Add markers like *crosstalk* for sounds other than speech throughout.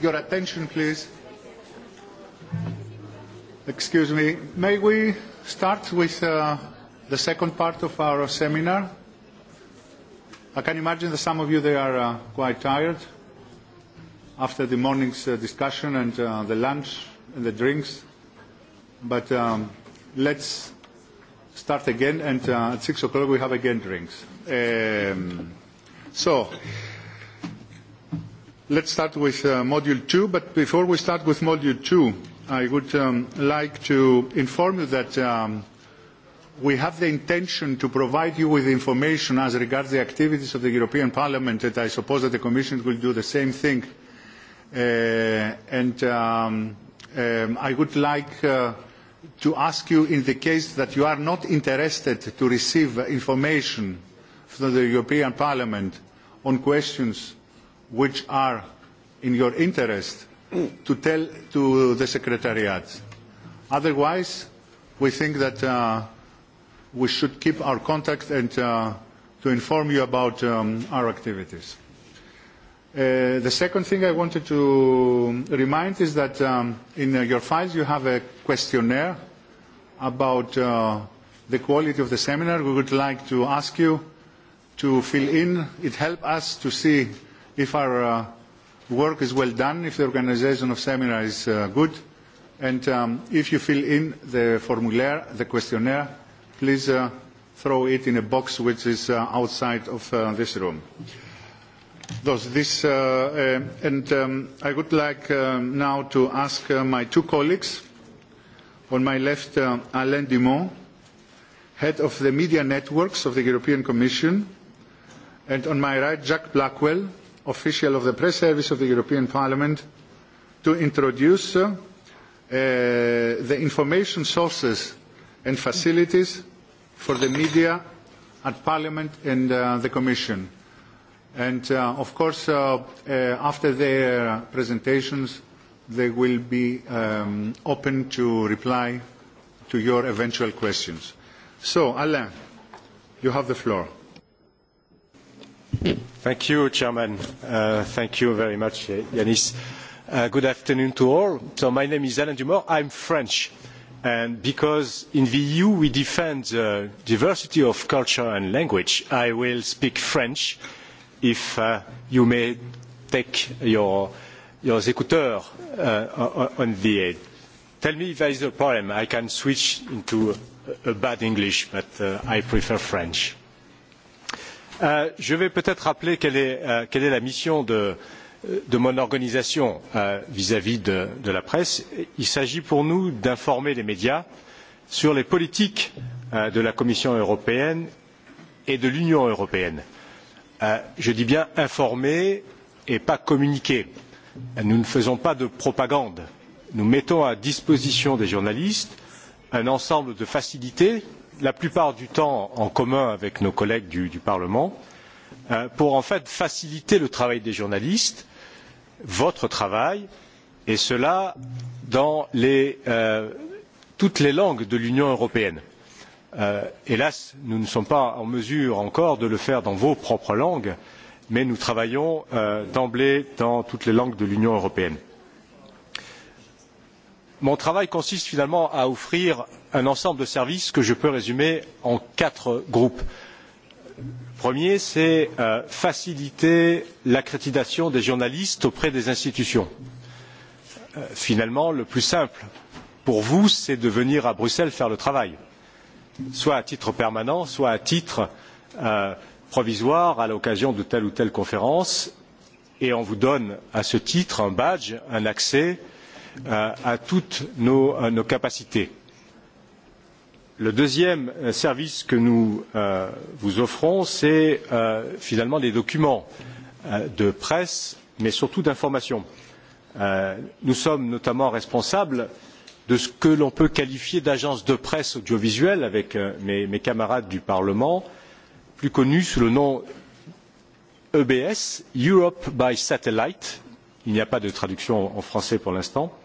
Your attention, please. Excuse me. May we start with uh, the second part of our seminar? I can imagine that some of you they are uh, quite tired after the morning's uh, discussion and uh, the lunch and the drinks. But um, let's start again, and uh, at six o'clock we have again drinks. Um, so. Let's start with uh, Module Two. but before we start with Module Two, I would um, like to inform you that um, we have the intention to provide you with information as regards the activities of the European Parliament, and I suppose that the Commission will do the same thing. Uh, and um, I would like uh, to ask you, in the case that you are not interested to receive information from the European Parliament on questions which are in your interest to tell to the Secretariat. Otherwise, we think that uh, we should keep our contact and uh, to inform you about um, our activities. Uh, the second thing I wanted to remind is that um, in uh, your files you have a questionnaire about uh, the quality of the seminar. We would like to ask you to fill in. It helps us to see if our uh, work is well done, if the organization of seminar is uh, good, and um, if you fill in the formulaire, the questionnaire, please uh, throw it in a box which is uh, outside of uh, this room. Those, this, uh, uh, and um, I would like uh, now to ask uh, my two colleagues. On my left, uh, Alain Dumont, head of the media networks of the European Commission, and on my right, Jack Blackwell, official of the press service of the European Parliament to introduce uh, the information sources and facilities for the media at Parliament and uh, the Commission. And uh, of course, uh, uh, after their presentations, they will be um, open to reply to your eventual questions. So, Alain, you have the floor. Thank you, Chairman. Uh, thank you very much, Yanis. Uh, good afternoon to all. So my name is Alain Dumas. I'm French. And because in the EU we defend the diversity of culture and language, I will speak French if uh, you may take your, écouteurs uh, on the aid. Tell me if there is a problem. I can switch into a, a bad English, but uh, I prefer French. Euh, je vais peut-être rappeler quelle est, euh, la mission de, mon organisation euh, vis-à-vis de, la presse. Il s'agit pour nous d'informer les médias sur les politiques de la Commission européenne et de l'Union européenne. je dis bien informer et pas communiquer. Nous ne faisons pas de propagande. Nous mettons à disposition des journalistes un ensemble de facilités la plupart du temps en commun avec nos collègues du, du Parlement, euh, pour en fait faciliter le travail des journalistes, votre travail, et cela dans les, euh, toutes les langues de l'Union européenne. Euh, hélas, nous ne sommes pas en mesure encore de le faire dans vos propres langues, mais nous travaillons euh, d'emblée dans toutes les langues de l'Union européenne. Mon travail consiste finalement à offrir un ensemble de services que je peux résumer en quatre groupes. Le premier, c'est euh, faciliter l'accréditation des journalistes auprès des institutions. Euh, finalement, le plus simple pour vous, c'est de venir à Bruxelles faire le travail, soit à titre permanent, soit à titre euh, provisoire à l'occasion de telle ou telle conférence, et on vous donne à ce titre un badge, un accès euh, à toutes nos, à euh, nos capacités le deuxième euh, service que nous euh, vous offrons, c'est euh, finalement des documents euh, de presse, mais surtout d'information. Euh, nous sommes notamment responsables de ce que l'on peut qualifier d'agence de presse audiovisuelle avec euh, mes, mes camarades du Parlement, plus connue sous le nom EBS, Europe by Satellite. Il n'y a pas de traduction en français pour l'instant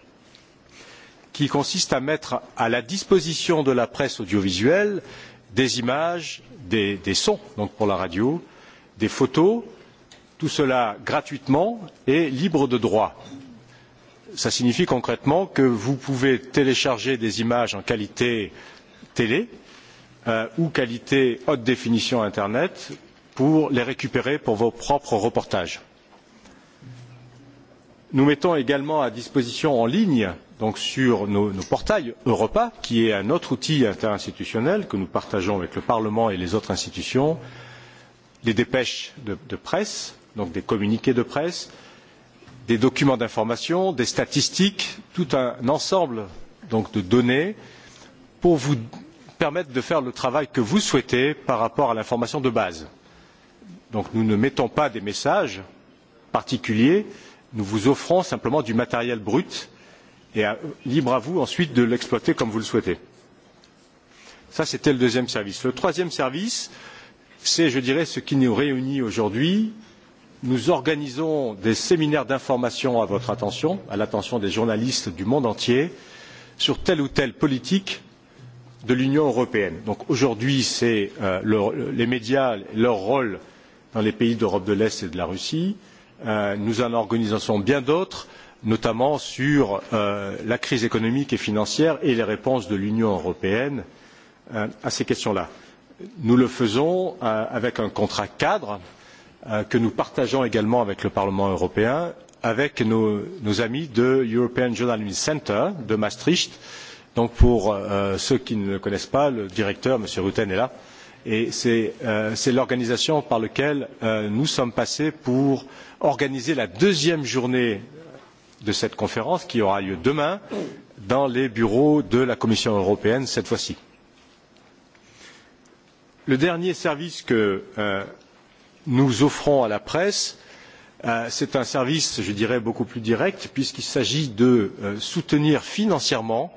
qui consiste à mettre à la disposition de la presse audiovisuelle des images, des, des sons, donc pour la radio, des photos, tout cela gratuitement et libre de droit. Ça signifie concrètement que vous pouvez télécharger des images en qualité télé euh, ou qualité haute définition Internet pour les récupérer pour vos propres reportages. Nous mettons également à disposition en ligne euh, donc sur nos, nos portails Europa, qui est un autre outil interinstitutionnel que nous partageons avec le Parlement et les autres institutions, les dépêches de, de presse, donc des communiqués de presse, des documents d'information, des statistiques, tout un ensemble donc, de données pour vous permettre de faire le travail que vous souhaitez par rapport à l'information de base. Donc nous ne mettons pas des messages particuliers, nous vous offrons simplement du matériel brut et à, euh, libre à vous ensuite de l'exploiter comme vous le souhaitez. Ça, c'était le deuxième service. Le troisième service, c'est, je dirais, ce qui nous réunit aujourd'hui. Nous organisons des séminaires d'information à votre attention, à l'attention des journalistes du monde entier, sur telle ou telle politique de l'Union européenne. Donc aujourd'hui, c'est euh, le, les médias, leur rôle dans les pays d'Europe de l'Est et de la Russie. Euh, nous en organisons bien d'autres. Euh, notamment sur euh, la crise économique et financière et les réponses de l'Union européenne euh, à ces questions-là. Nous le faisons euh, avec un contrat cadre que nous partageons également avec le Parlement européen, avec nos, amis de European Journalism centre de Maastricht. Donc pour ceux qui ne le connaissent pas, le directeur, M. Rutten, est là. Et c'est l'organisation par laquelle nous sommes passés pour organiser la deuxième journée de cette conférence qui aura lieu demain dans les bureaux de la Commission européenne cette fois-ci. Le dernier service que euh, nous offrons à la presse, euh, c'est un service, je dirais, beaucoup plus direct, puisqu'il s'agit de euh, soutenir financièrement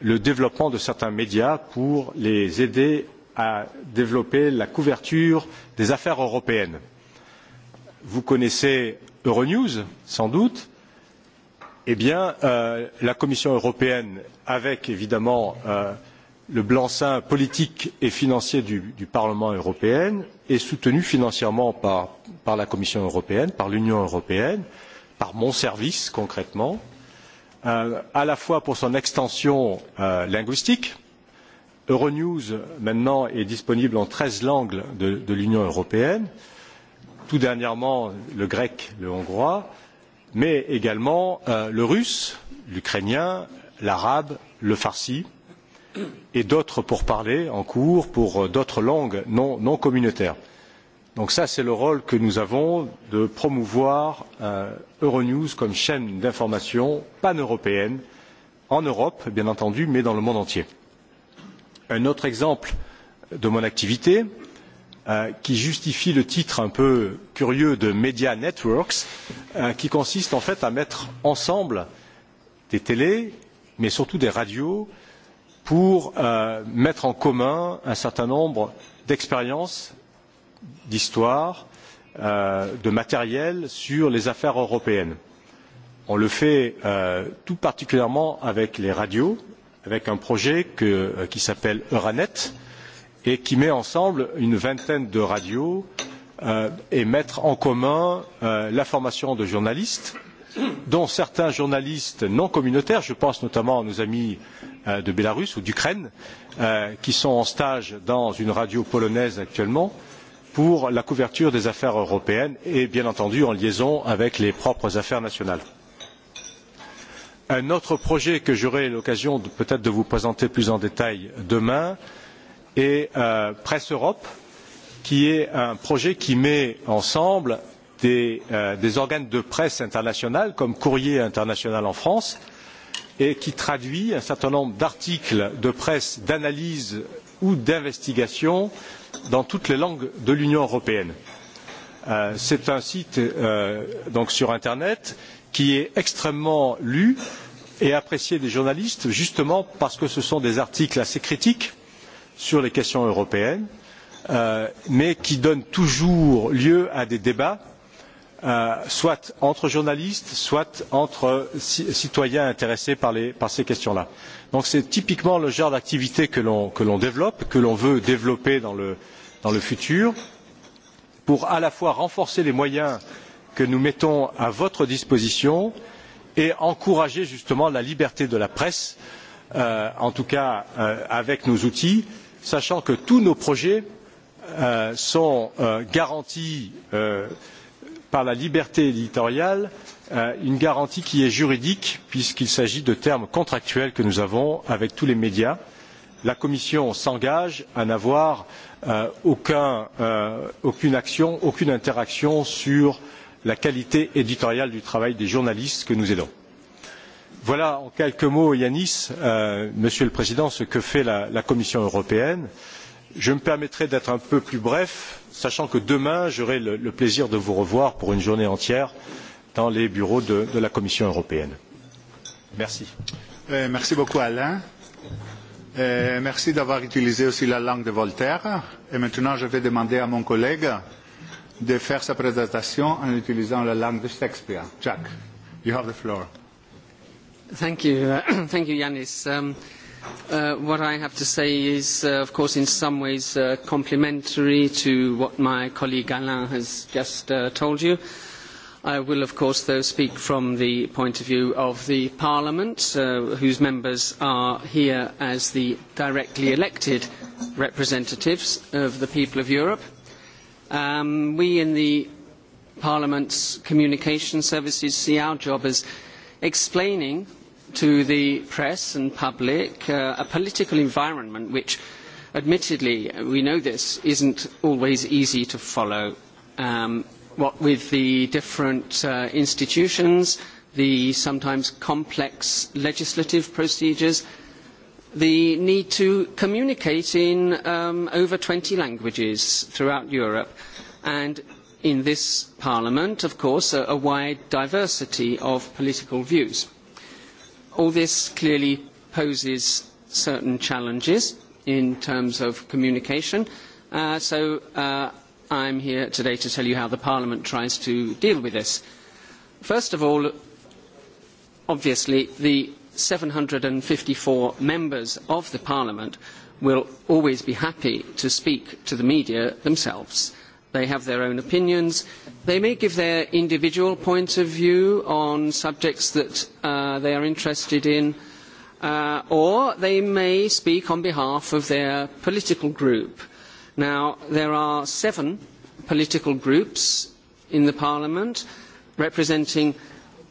le développement de certains médias pour les aider à développer la couverture des affaires européennes. Vous connaissez Euronews, sans doute, eh bien euh, la commission européenne avec évidemment euh, le blanc seing politique et financier du, parlement européen est soutenue financièrement par, la commission européenne par l'union européenne par mon service concrètement euh, à la fois pour son extension linguistique euronews maintenant est disponible en treize langues de, l'union européenne tout dernièrement le grec le hongrois et mais également euh, le russe, l'ukrainien, l'arabe, le farsi et d'autres pourparlers en cours pour euh, d'autres langues non, communautaires. Donc ça, c'est le rôle que nous avons de promouvoir euh, Euronews comme chaîne d'information paneuropéenne en Europe, bien entendu, mais dans le monde entier. Un autre exemple de mon activité, Euh, qui justifie le titre un peu curieux de Media Networks, euh, qui consiste en fait à mettre ensemble des télés, mais surtout des radios, pour euh, mettre en commun un certain nombre d'expériences, d'histoires, de matériel sur les affaires européennes. On le fait tout particulièrement avec les radios, avec un projet que, qui s'appelle Euranet, euh, et qui met ensemble une vingtaine de radios euh, et mettre en commun euh, la formation de journalistes, dont certains journalistes non communautaires, je pense notamment à nos amis euh, de Bélarus ou d'Ukraine, euh, qui sont en stage dans une radio polonaise actuellement, pour la couverture des affaires européennes et bien entendu en liaison avec les propres affaires nationales. Un autre projet que j'aurai l'occasion peut-être de vous présenter plus en détail demain, euh, et euh, Presse Europe, qui est un projet qui met ensemble des, euh, des organes de presse internationale comme Courrier international en France et qui traduit un certain nombre d'articles de presse d'analyse ou d'investigation dans toutes les langues de l'Union européenne. Euh, C'est un site euh, donc sur Internet qui est extrêmement lu et apprécié des journalistes justement parce que ce sont des articles assez critiques sur les questions européennes, euh, mais qui donne toujours lieu à des débats, euh, soit entre journalistes, soit entre citoyens intéressés par, les, par ces questions-là. Donc c'est typiquement le genre d'activité que l'on développe, que l'on veut développer dans le, dans le futur, pour à la fois renforcer les moyens que nous mettons à votre disposition et encourager justement la liberté de la presse, euh, en tout cas euh, avec nos outils, sachant que tous nos projets euh, sont euh, garantis euh, par la liberté éditoriale, euh, une garantie qui est juridique puisqu'il s'agit de termes contractuels que nous avons avec tous les médias. La Commission s'engage à n'avoir euh, aucun, euh, aucune action, aucune interaction sur la qualité éditoriale du travail des journalistes que nous aidons voilà en quelques mots Yanis, euh, Monsieur le Président, ce que fait la, Commission européenne. Je me permettrai d'être un peu plus bref, sachant que demain j'aurai le, plaisir de vous revoir pour une journée entière dans les bureaux de, la Commission européenne. Merci. Euh, merci beaucoup Alain. Euh, merci d'avoir utilisé aussi la langue de Voltaire. Et maintenant je vais demander à mon collègue de faire sa présentation en utilisant la langue de Shakespeare. Jack, you have the floor. Thank you. Uh, *clears throat* thank you, Yanis. Um, uh, what I have to say is, uh, of course, in some ways uh, complementary to what my colleague Alain has just uh, told you. I will, of course, though, speak from the point of view of the Parliament, uh, whose members are here as the directly elected representatives of the people of Europe. Um, we in the Parliament's communication services see our job as explaining to the press and public uh, a political environment which admittedly, we know this, isn't always easy to follow. Um, what with the different uh, institutions, the sometimes complex legislative procedures, the need to communicate in um, over 20 languages throughout Europe, and in this Parliament, of course, a, a wide diversity of political views all this clearly poses certain challenges in terms of communication. Uh, so uh, I'm here today to tell you how the Parliament tries to deal with this. First of all, obviously, the 754 members of the Parliament will always be happy to speak to the media themselves. They have their own opinions. They may give their individual point of view on subjects that uh, they are interested in, uh, or they may speak on behalf of their political group. Now, there are seven political groups in the Parliament representing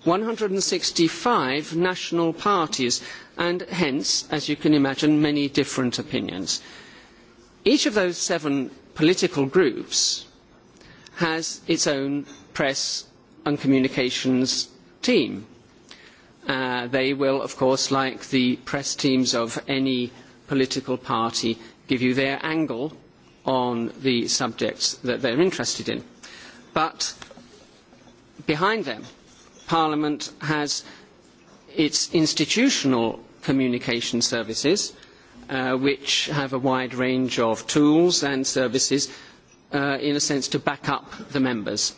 165 national parties and hence, as you can imagine, many different opinions. Each of those seven political groups has its own press and communications team. Uh, they will, of course, like the press teams of any political party, give you their angle on the subjects that they're interested in. But behind them, Parliament has its institutional communication services, uh, which have a wide range of tools and services uh, in a sense, to back up the members.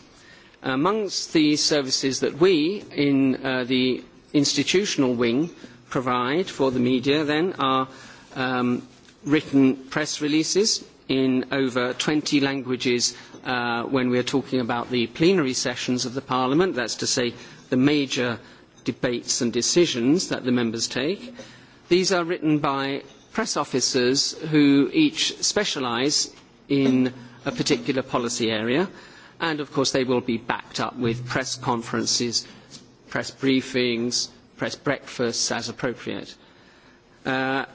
Amongst the services that we in uh, the institutional wing provide for the media then are um, written press releases in over 20 languages uh, when we are talking about the plenary sessions of the Parliament, that's to say the major debates and decisions that the members take. These are written by press officers who each specialise in a particular policy area. And of course, they will be backed up with press conferences, press briefings, press breakfasts as appropriate. Uh,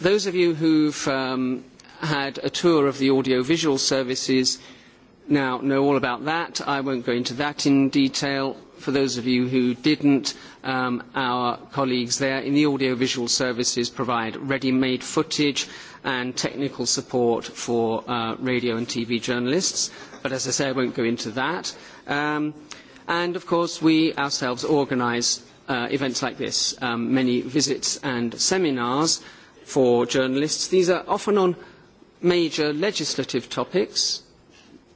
those of you who've um, had a tour of the audiovisual services now know all about that. I won't go into that in detail. For those of you who didn't, um, our colleagues there in the audiovisual services provide ready-made footage and technical support for uh, radio and TV journalists. But as I say, I won't go into that. Um, and of course, we ourselves organise uh, events like this, um, many visits and seminars for journalists. These are often on major legislative topics,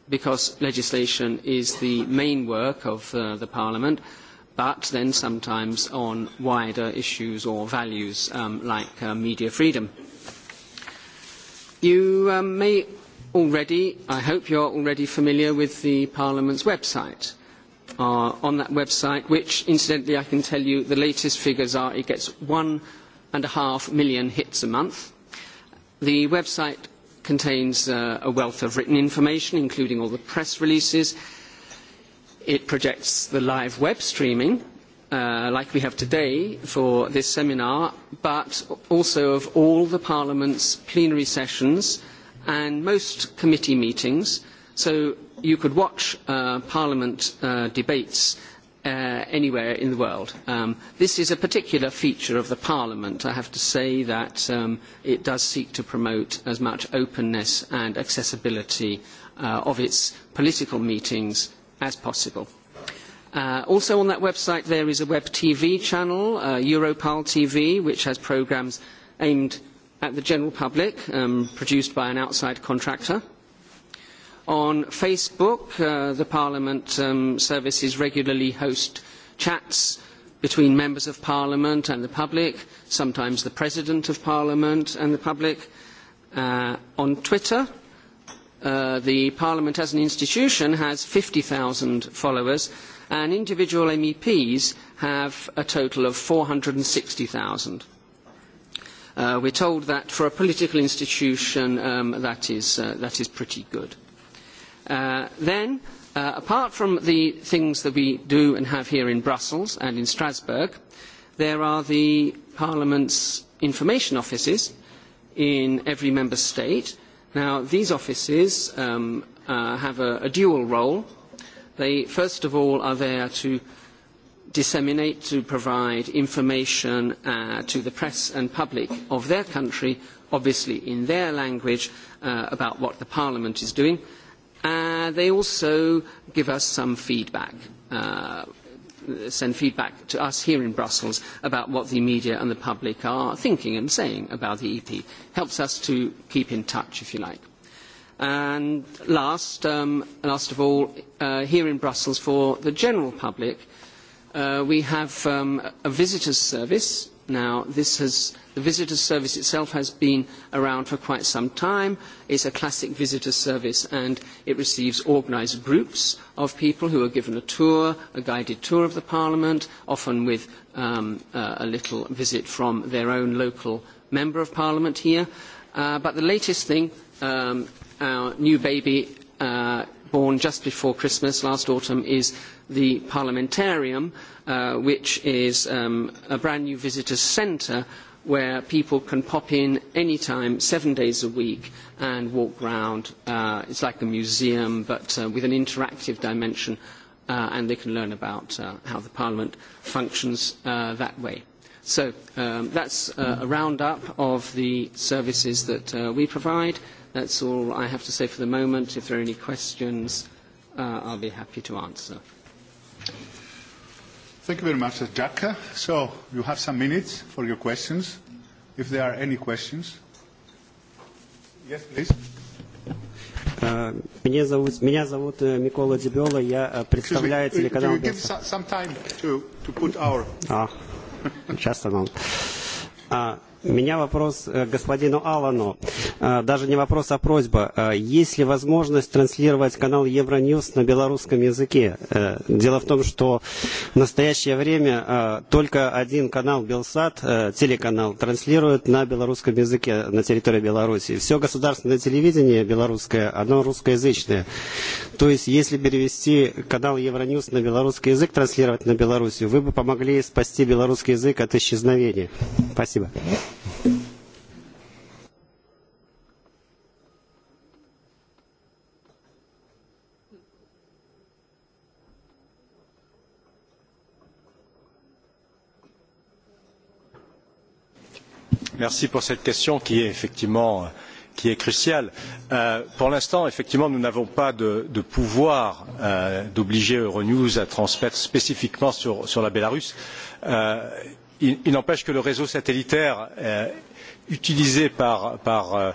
because legislation is the main work of uh, the Parliament, but then sometimes on wider issues or values um, like uh, media freedom. You um, may already, I hope you're already familiar with the Parliament's website. Uh, on that website, which incidentally I can tell you the latest figures are it gets one and a half million hits a month. The website contains uh, a wealth of written information, including all the press releases. It projects the live web streaming, uh, like we have today for this seminar, but also of all the Parliament's plenary sessions and most committee meetings. So you could watch uh, Parliament uh, debates uh, anywhere in the world. Um, this is a particular feature of the Parliament. I have to say that um, it does seek to promote as much openness and accessibility uh, of its political meetings as possible. Uh, also on that website there is a web TV channel, uh, Europal TV, which has programmes aimed at the general public, um, produced by an outside contractor. On Facebook, uh, the Parliament um, services regularly host chats between members of Parliament and the public, sometimes the President of Parliament and the public. Uh, on Twitter, uh, the Parliament as an institution has 50,000 followers and individual MEPs have a total of 460,000. Uh, we're told that for a political institution um, that, is, uh, that is pretty good. Uh, then, uh, apart from the things that we do and have here in Brussels and in Strasbourg, there are the Parliament's information offices in every member state. Now, these offices um, uh, have a, a dual role. They, first of all, are there to disseminate, to provide information uh, to the press and public of their country, obviously in their language, uh, about what the Parliament is doing Uh, they also give us some feedback. Uh, send feedback to us here in Brussels about what the media and the public are thinking and saying about the EP. Helps us to keep in touch, if you like. And last, um, last of all, uh, here in Brussels for the general public, uh, we have um, a visitors service Now, this has, the visitor service itself has been around for quite some time. It's a classic visitor service and it receives organised groups of people who are given a tour, a guided tour of the Parliament, often with um, uh, a little visit from their own local Member of Parliament here. Uh, but the latest thing, um, our new baby, uh, born just before Christmas last autumn is the Parliamentarium, uh, which is um, a brand new visitor centre where people can pop in any time, seven days a week, and walk round. Uh, it's like a museum, but uh, with an interactive dimension, uh, and they can learn about uh, how the Parliament functions uh, that way. So um, that's uh, a roundup of the services that uh, we provide. That's all I have to say for the moment. If there are any questions, uh, I'll be happy to answer. Thank you very much, Jack. So you have some minutes for your questions, if there are any questions. Yes, please. Uh, меня зовут, меня зовут э, Микола Дебела, я э, представляю телеканал... Some time to, to put our... *laughs* А, сейчас, У меня вопрос к господину Аллану. Даже не вопрос, а просьба. Есть ли возможность транслировать канал Евроньюз на белорусском языке? Дело в том, что в настоящее время только один канал Белсат, телеканал, транслирует на белорусском языке на территории Беларуси. Все государственное телевидение белорусское, оно русскоязычное. То есть, если перевести канал Евроньюз на белорусский язык, транслировать на Белоруссию, вы бы помогли спасти белорусский язык от исчезновения. Спасибо. Спасибо. Merci pour cette question qui est effectivement qui est cruciale. Euh, pour l'instant, effectivement, nous n'avons pas de, de pouvoir euh, d'obliger Euronews à transmettre spécifiquement sur, sur la Bélarus. Euh, il, il n'empêche que le réseau satellitaire euh, utilisé par, par euh,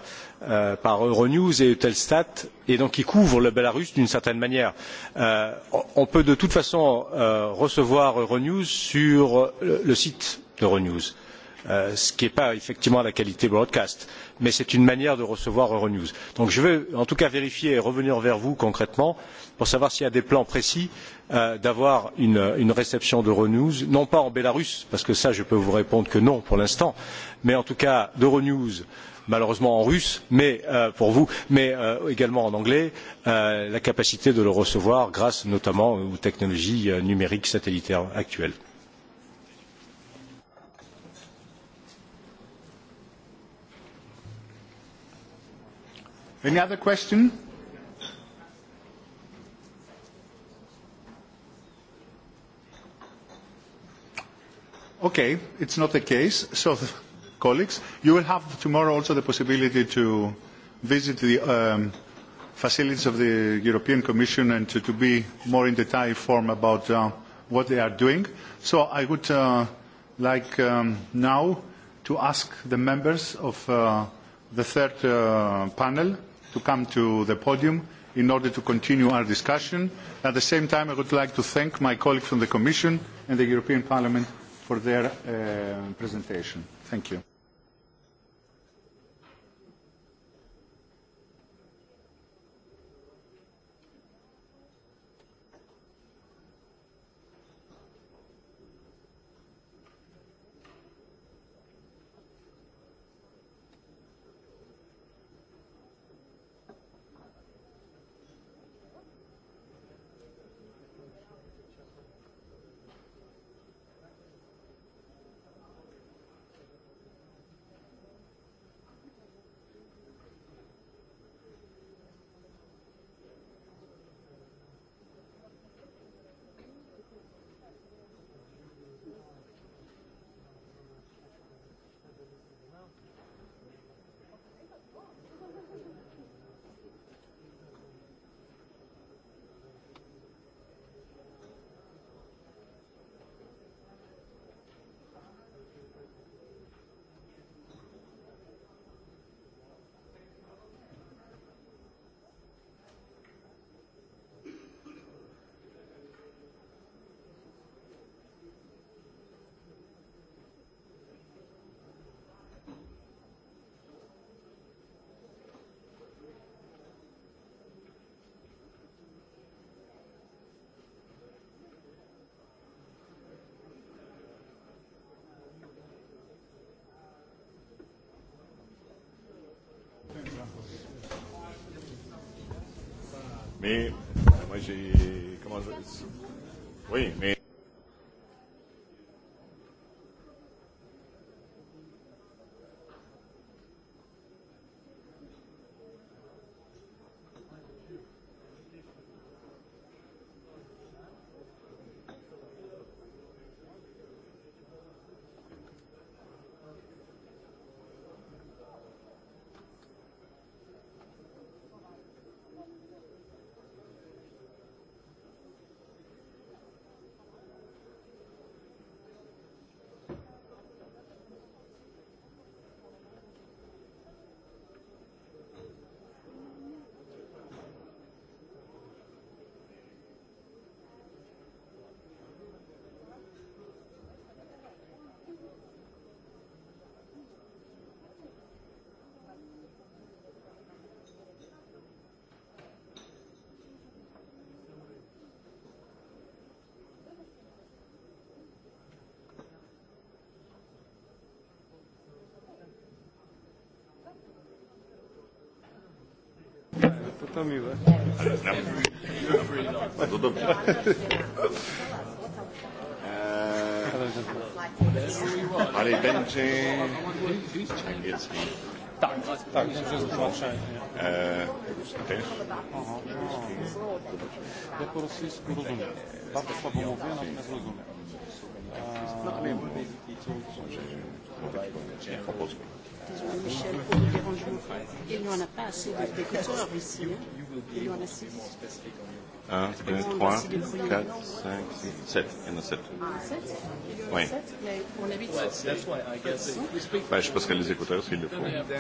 euh par Euronews et Eutelstat et donc qui couvre le Belarus d'une certaine manière. Euh, on peut de toute façon euh, recevoir Euronews sur le, le site d'Euronews. Euh, ce qui n'est pas effectivement la qualité broadcast mais c'est une manière de recevoir euronews. donc je veux en tout cas vérifier et revenir vers vous concrètement pour savoir s'il y a des plans précis euh, d'avoir une, une réception d'euronews non pas en biélorussie parce que ça je peux vous répondre que non pour l'instant mais en tout cas d'euronews malheureusement en russe mais euh, pour vous mais euh, également en anglais euh, la capacité de le recevoir grâce notamment aux technologies euh, numériques satellitaires actuelles. Any other question? Okay, it's not the case. So, the, *laughs* colleagues, you will have tomorrow also the possibility to visit the um, facilities of the European Commission and to, to be more in detail form about uh, what they are doing. So I would uh, like um, now to ask the members of uh, the third uh, panel to come to the podium in order to continue our discussion. At the same time, I would like to thank my colleagues from the Commission and the European Parliament for their uh, presentation. Thank you. mais moi j'ai. Comment. Oui, mais. To a miłe. Bardzo dobrze. Ale będzie angielski. Tak, tak, przez tłumaczenie. Ruski też? Ja po rosyjsku rozumiem. Bardzo słabo mówię, natomiast rozumiem. No ale mówię po polsku. Désolé Michel pour le dérangement. Il n'y en a pas assez d'écouteurs ici. Il y en a six. 1, 2, 3, 4, 5, 6, 7. Il y en a 7. Oui. Ouais, je passerai les écouteurs s'il le faut.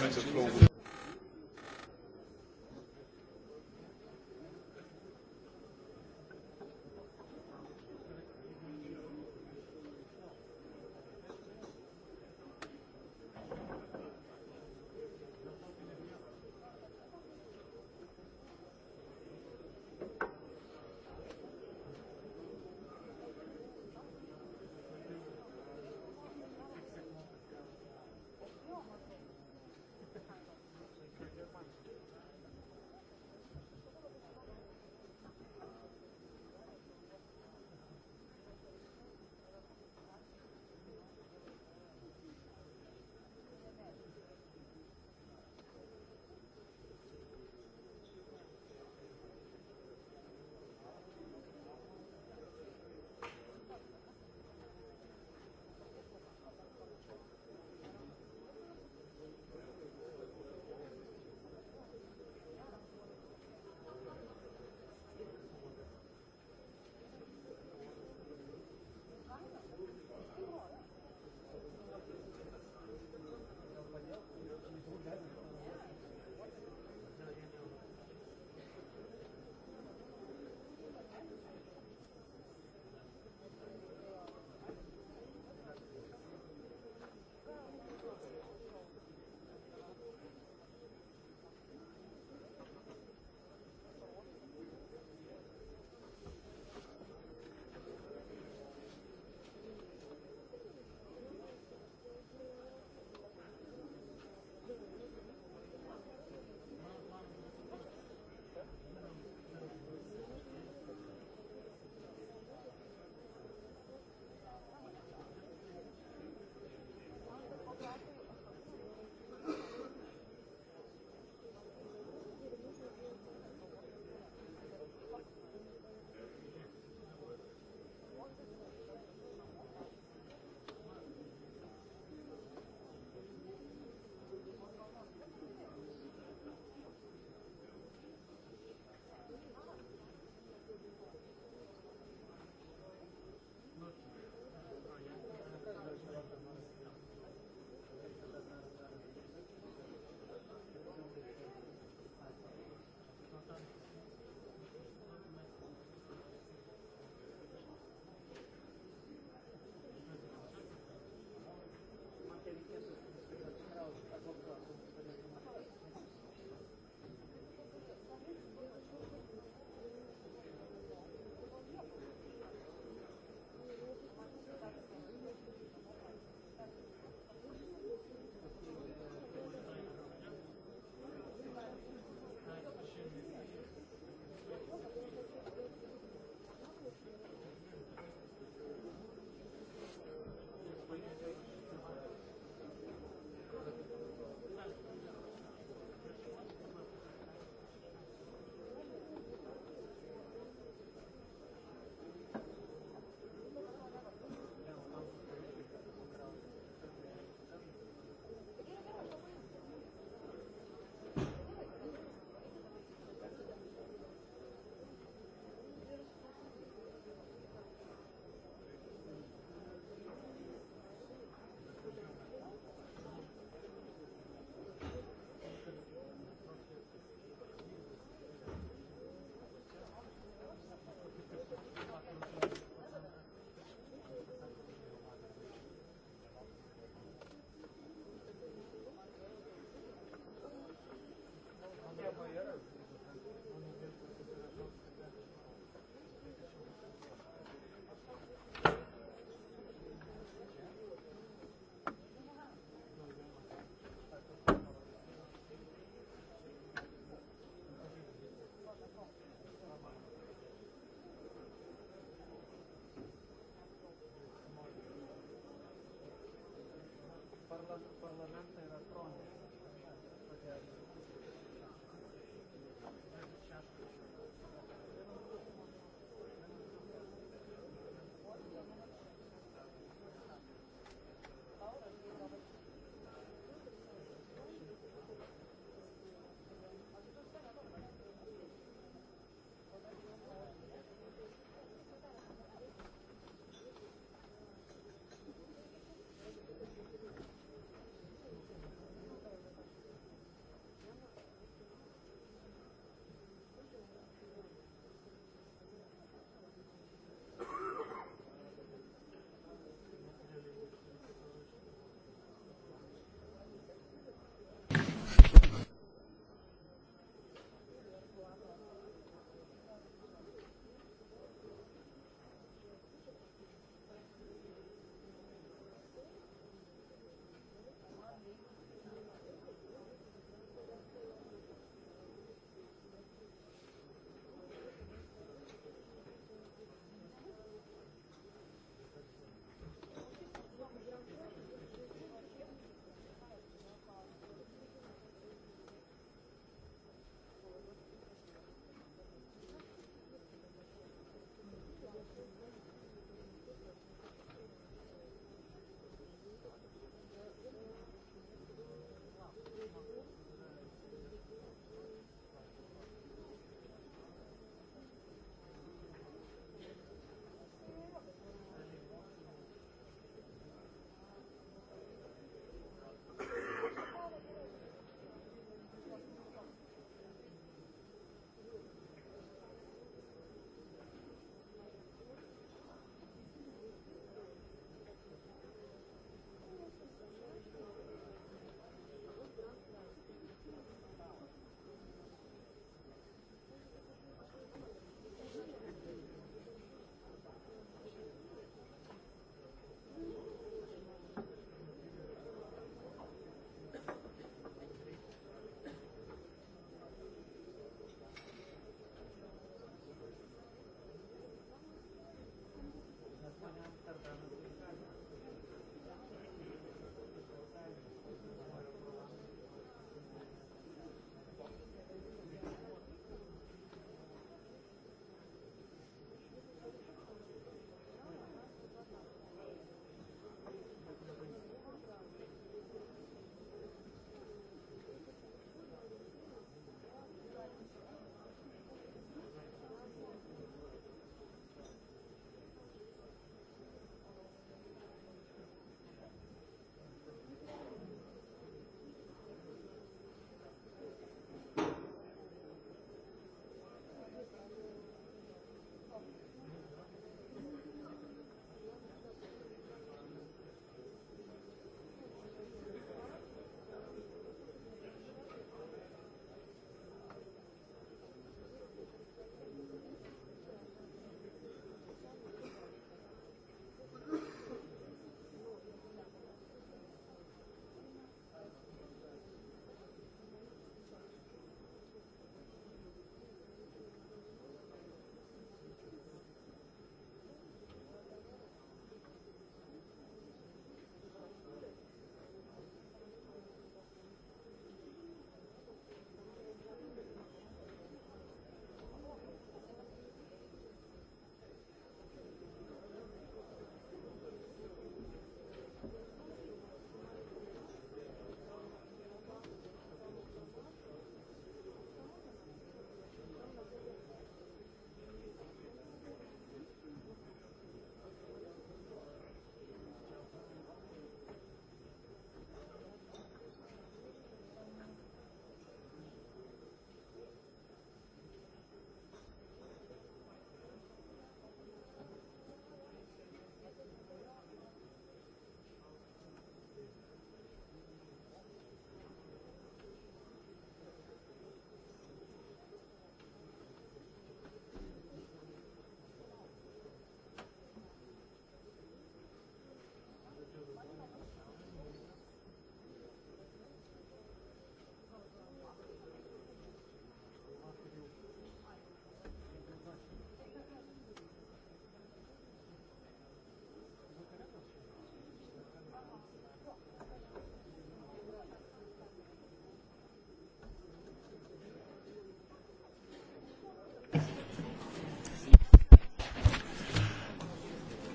parlament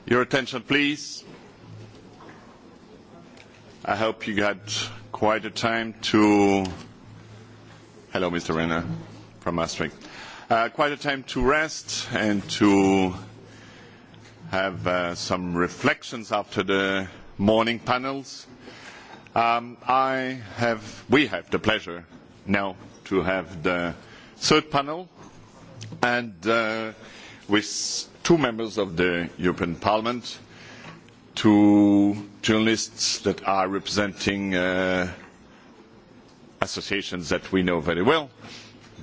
Your attention, please. I hope you got quite a time to. Hello, Mr. Renner from Maastricht. Uh, quite a time to rest and to have uh, some reflections after the morning panels. Um, I have, we have the pleasure now to have the third panel, and uh, with two members of the European Parliament, two journalists that are representing uh, associations that we know very well,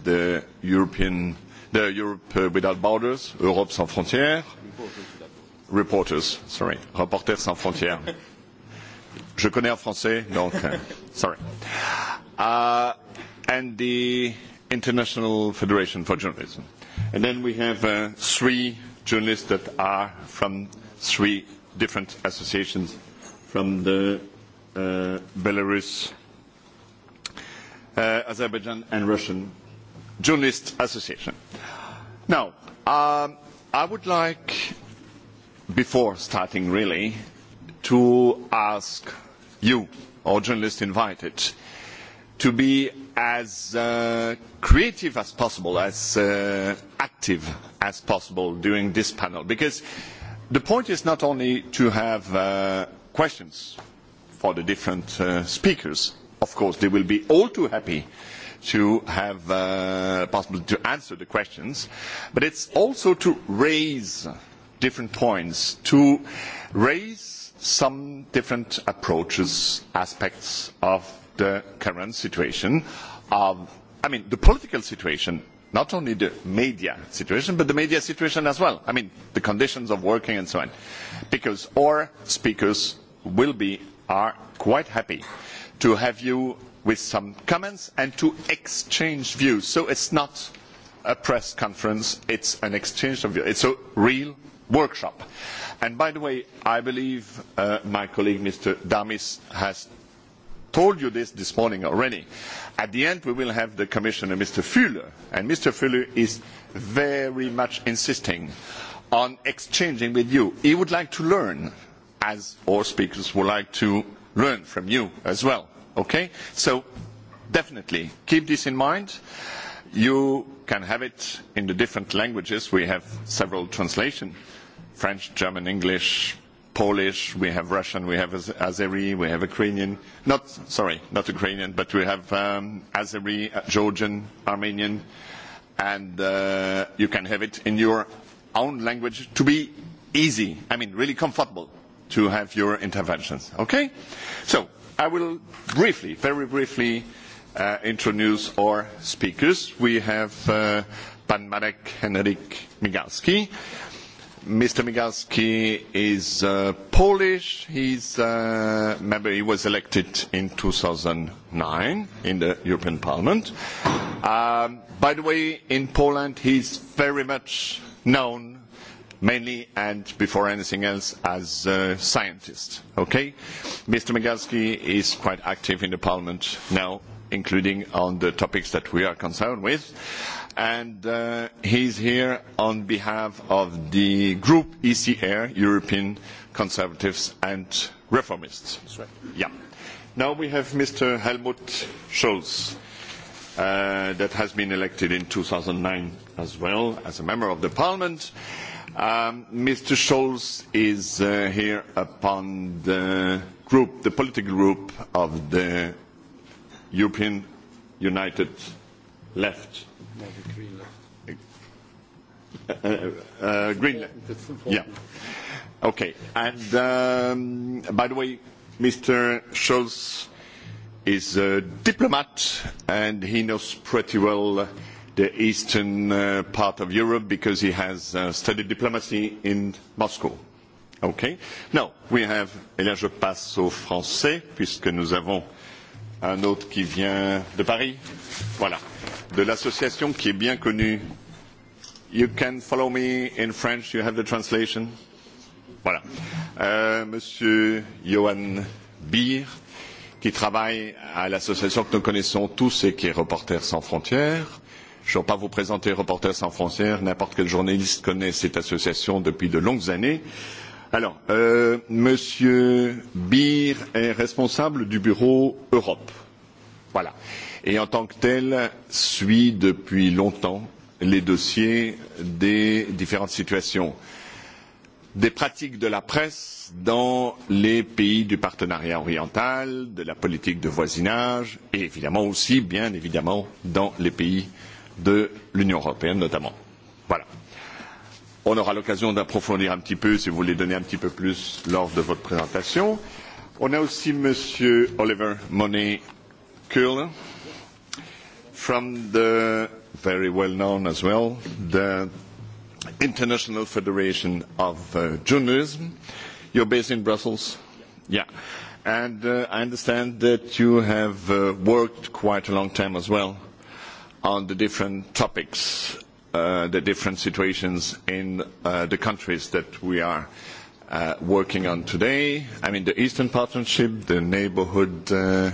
the European, the Europe uh, Without Borders, Europe Sans Frontières, reporters, sorry, Reporters Sans Frontières. Je connais en français, donc, uh, sorry. Uh, and the International Federation for Journalism. And then we have uh, three journalists that are from three different associations from the uh, Belarus, uh, Azerbaijan and Russian Journalist Association. Now, um, I would like, before starting really, to ask you, all journalists invited, to be as uh, creative as possible, as uh, active as possible during this panel, because the point is not only to have uh, questions for the different uh, speakers, of course they will be all too happy to have uh, possible to answer the questions, but it's also to raise different points, to raise some different approaches, aspects of the current situation of, I mean, the political situation, not only the media situation, but the media situation as well. I mean, the conditions of working and so on. Because our speakers will be, are quite happy to have you with some comments and to exchange views. So it's not a press conference, it's an exchange of views. It's a real workshop. And by the way, I believe uh, my colleague Mr. Damis has told you this this morning already. At the end, we will have the Commissioner, Mr. Fühle, and Mr. Fühle is very much insisting on exchanging with you. He would like to learn, as all speakers would like to learn from you as well. Okay? So definitely keep this in mind. You can have it in the different languages. We have several translations, French, German, English, Polish, we have Russian, we have Azeri, we have Ukrainian, not, sorry, not Ukrainian, but we have um, Azeri, uh, Georgian, Armenian, and uh, you can have it in your own language to be easy, I mean, really comfortable to have your interventions, okay? So, I will briefly, very briefly, uh, introduce our speakers. We have uh, Pan Marek Henryk Migalski, Mr. Migalski is uh, Polish. He's uh, member. He was elected in 2009 in the European Parliament. Um, by the way, in Poland, he's very much known, mainly and before anything else, as a scientist. Okay, Mr. Migalski is quite active in the Parliament now, including on the topics that we are concerned with and uh, he's here on behalf of the group ECR, European Conservatives and Reformists. That's right. Yeah. Now we have Mr. Helmut Scholz, uh, that has been elected in 2009 as well as a member of the parliament. Um, Mr. Scholz is uh, here upon the group, the political group of the European United Left Maybe green left. Uh, uh, green left. Yeah. Okay. And um, by the way, Mr. Scholz is a diplomat and he knows pretty well the eastern uh, part of Europe because he has uh, studied diplomacy in Moscow. Okay. Now, we have, et là je passe au français, puisque nous avons un autre qui vient de Paris, voilà, de l'association qui est bien connue. You can follow me in French, you have the translation. Voilà. Euh, monsieur Johan Beer, qui travaille à l'association que nous connaissons tous et qui est Reporters sans frontières. Je ne vais pas vous présenter Reporters sans frontières, n'importe quel journaliste connaît cette association depuis de longues années. Alors, euh, Monsieur Beer est responsable du bureau Europe. Voilà. Et en tant que tel, suit depuis longtemps les dossiers des différentes situations des pratiques de la presse dans les pays du partenariat oriental, de la politique de voisinage et évidemment aussi, bien évidemment, dans les pays de l'Union européenne notamment. Voilà. On aura l'occasion d'approfondir un petit peu si vous voulez donner un petit peu plus lors de votre présentation. On a aussi Monsieur Oliver Monet Curler from the very well known as well, the International Federation of uh, Journalism. You're based in Brussels? Yeah. And uh, I understand that you have uh, worked quite a long time as well on the different topics Uh, the different situations in uh, the countries that we are uh, working on today. I mean, the Eastern Partnership, the neighborhood uh,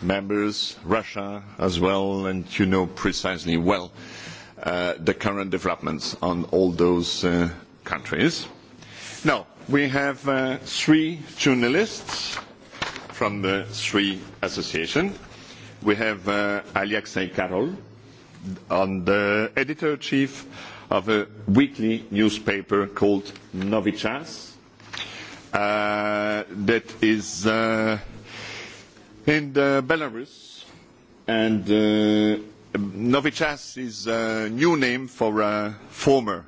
members, Russia as well, and you know precisely well uh, the current developments on all those uh, countries. Now, we have uh, three journalists from the three associations. We have uh, Alexei Karol, and the editor-chief of a weekly newspaper called Novi Czas uh, that is uh, in uh, Belarus. And uh, Novi Czas is a new name for a former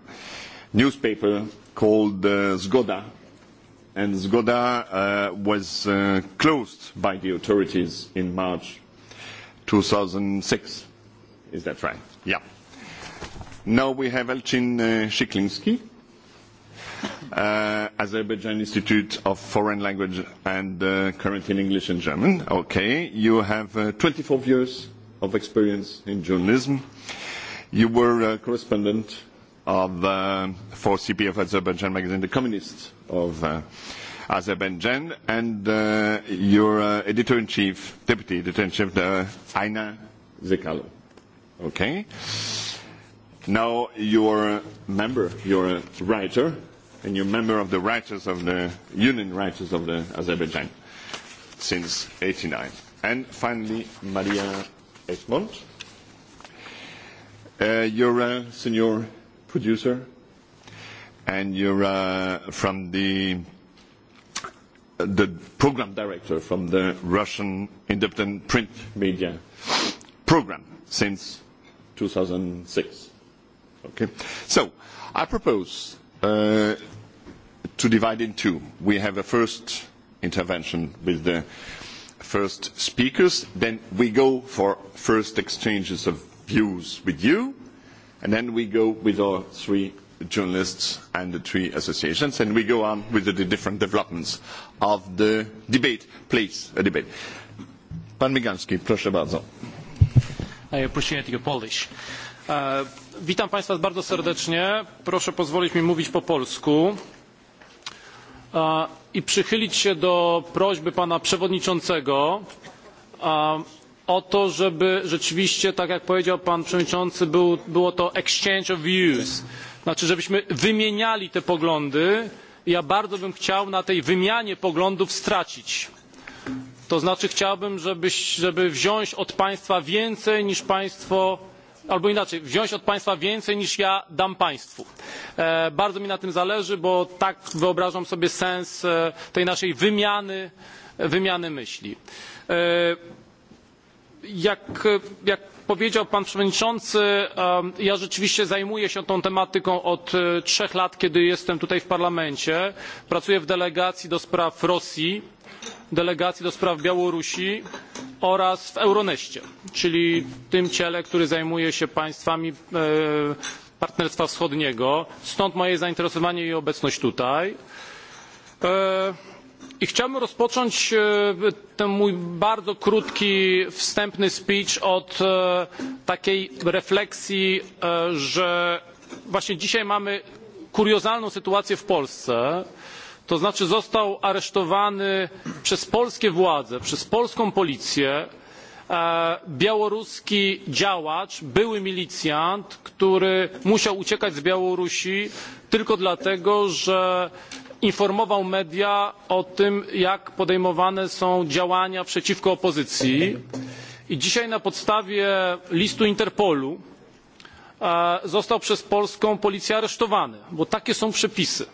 newspaper called uh, Zgoda. And Zgoda uh, was uh, closed by the authorities in March 2006 is that right? Yeah. Now we have Elchin uh, Shiklinsky, uh, Azerbaijan Institute of Foreign Language and uh, currently in English and German. Okay, you have uh, 24 years of experience in journalism. You were a correspondent of, uh, for CP of Azerbaijan magazine, the Communist of uh, Azerbaijan, and uh, your uh, editor-in-chief, deputy editor-in-chief, uh, Aina Zekalo Okay. Now you're a member, you're a writer, and you're a member of the writers of the Union Writers of the Azerbaijan since 89. And finally, Maria Esmont. Uh, you're a uh, senior producer, and you're uh, from the the program director from the Russian independent print media program since 2006. Okay. So I propose uh, to divide in two. We have a first intervention with the first speakers, then we go for first exchanges of views with you, and then we go with our three journalists and the three associations, and we go on with the different developments of the debate. Please, a debate. Pan Migalski, proszę bardzo. Witam Państwa bardzo serdecznie. Proszę pozwolić mi mówić po polsku i przychylić się do prośby pana przewodniczącego o to, żeby rzeczywiście, tak jak powiedział pan przewodniczący, było to exchange of views. Znaczy, żebyśmy wymieniali te poglądy. Ja bardzo bym chciał na tej wymianie poglądów stracić to znaczy chciałbym żeby, wziąć od państwa więcej niż państwo albo inaczej wziąć od państwa więcej niż ja dam państwu. E, bardzo mi na tym zależy bo tak wyobrażam sobie sens e, tej naszej wymiany, e, myśli. jak powiedział pan przewodniczący ja rzeczywiście zajmuję się tą tematyką od trzech lat kiedy jestem tutaj w parlamencie pracuję w delegacji do spraw rosji delegacji do spraw białorusi oraz w euroneście czyli tym ciele które zajmuje się państwami e, partnerstwa wschodniego stąd moje zainteresowanie i obecność tutaj. E, I chciałbym rozpocząć e, ten mój bardzo krótki wstępny speech od takiej refleksji że właśnie dzisiaj mamy kuriozalną sytuację w polsce gdyż to znaczy został aresztowany przez polskie władze przez polską policję e, białoruski działacz były milicjant który musiał uciekać z białorusi tylko dlatego że informował media o tym jak podejmowane są działania przeciwko opozycji i dzisiaj na podstawie listu interpolu e, został przez polską policję aresztowany bo takie są przepisy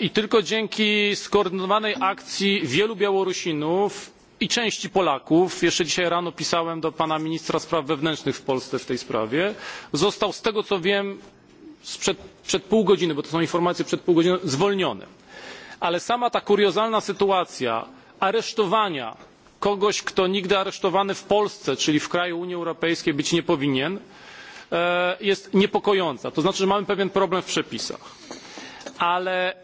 i tylko dzięki skoordynowanej akcji wielu białorusinów i części polaków jeszcze dzisiaj rano pisałem do pana ministra spraw wewnętrznych w polsce w tej sprawie został z tego co wiem przed pół godziny bo to są informacje przed pół godziny zwolniony. ale sama ta kuriozalna sytuacja aresztowania kogoś kto nigdy aresztowany w polsce czyli w kraju unii europejskiej być nie powinien e, jest niepokojąca to znaczy że mamy pewien problem w przepisach ale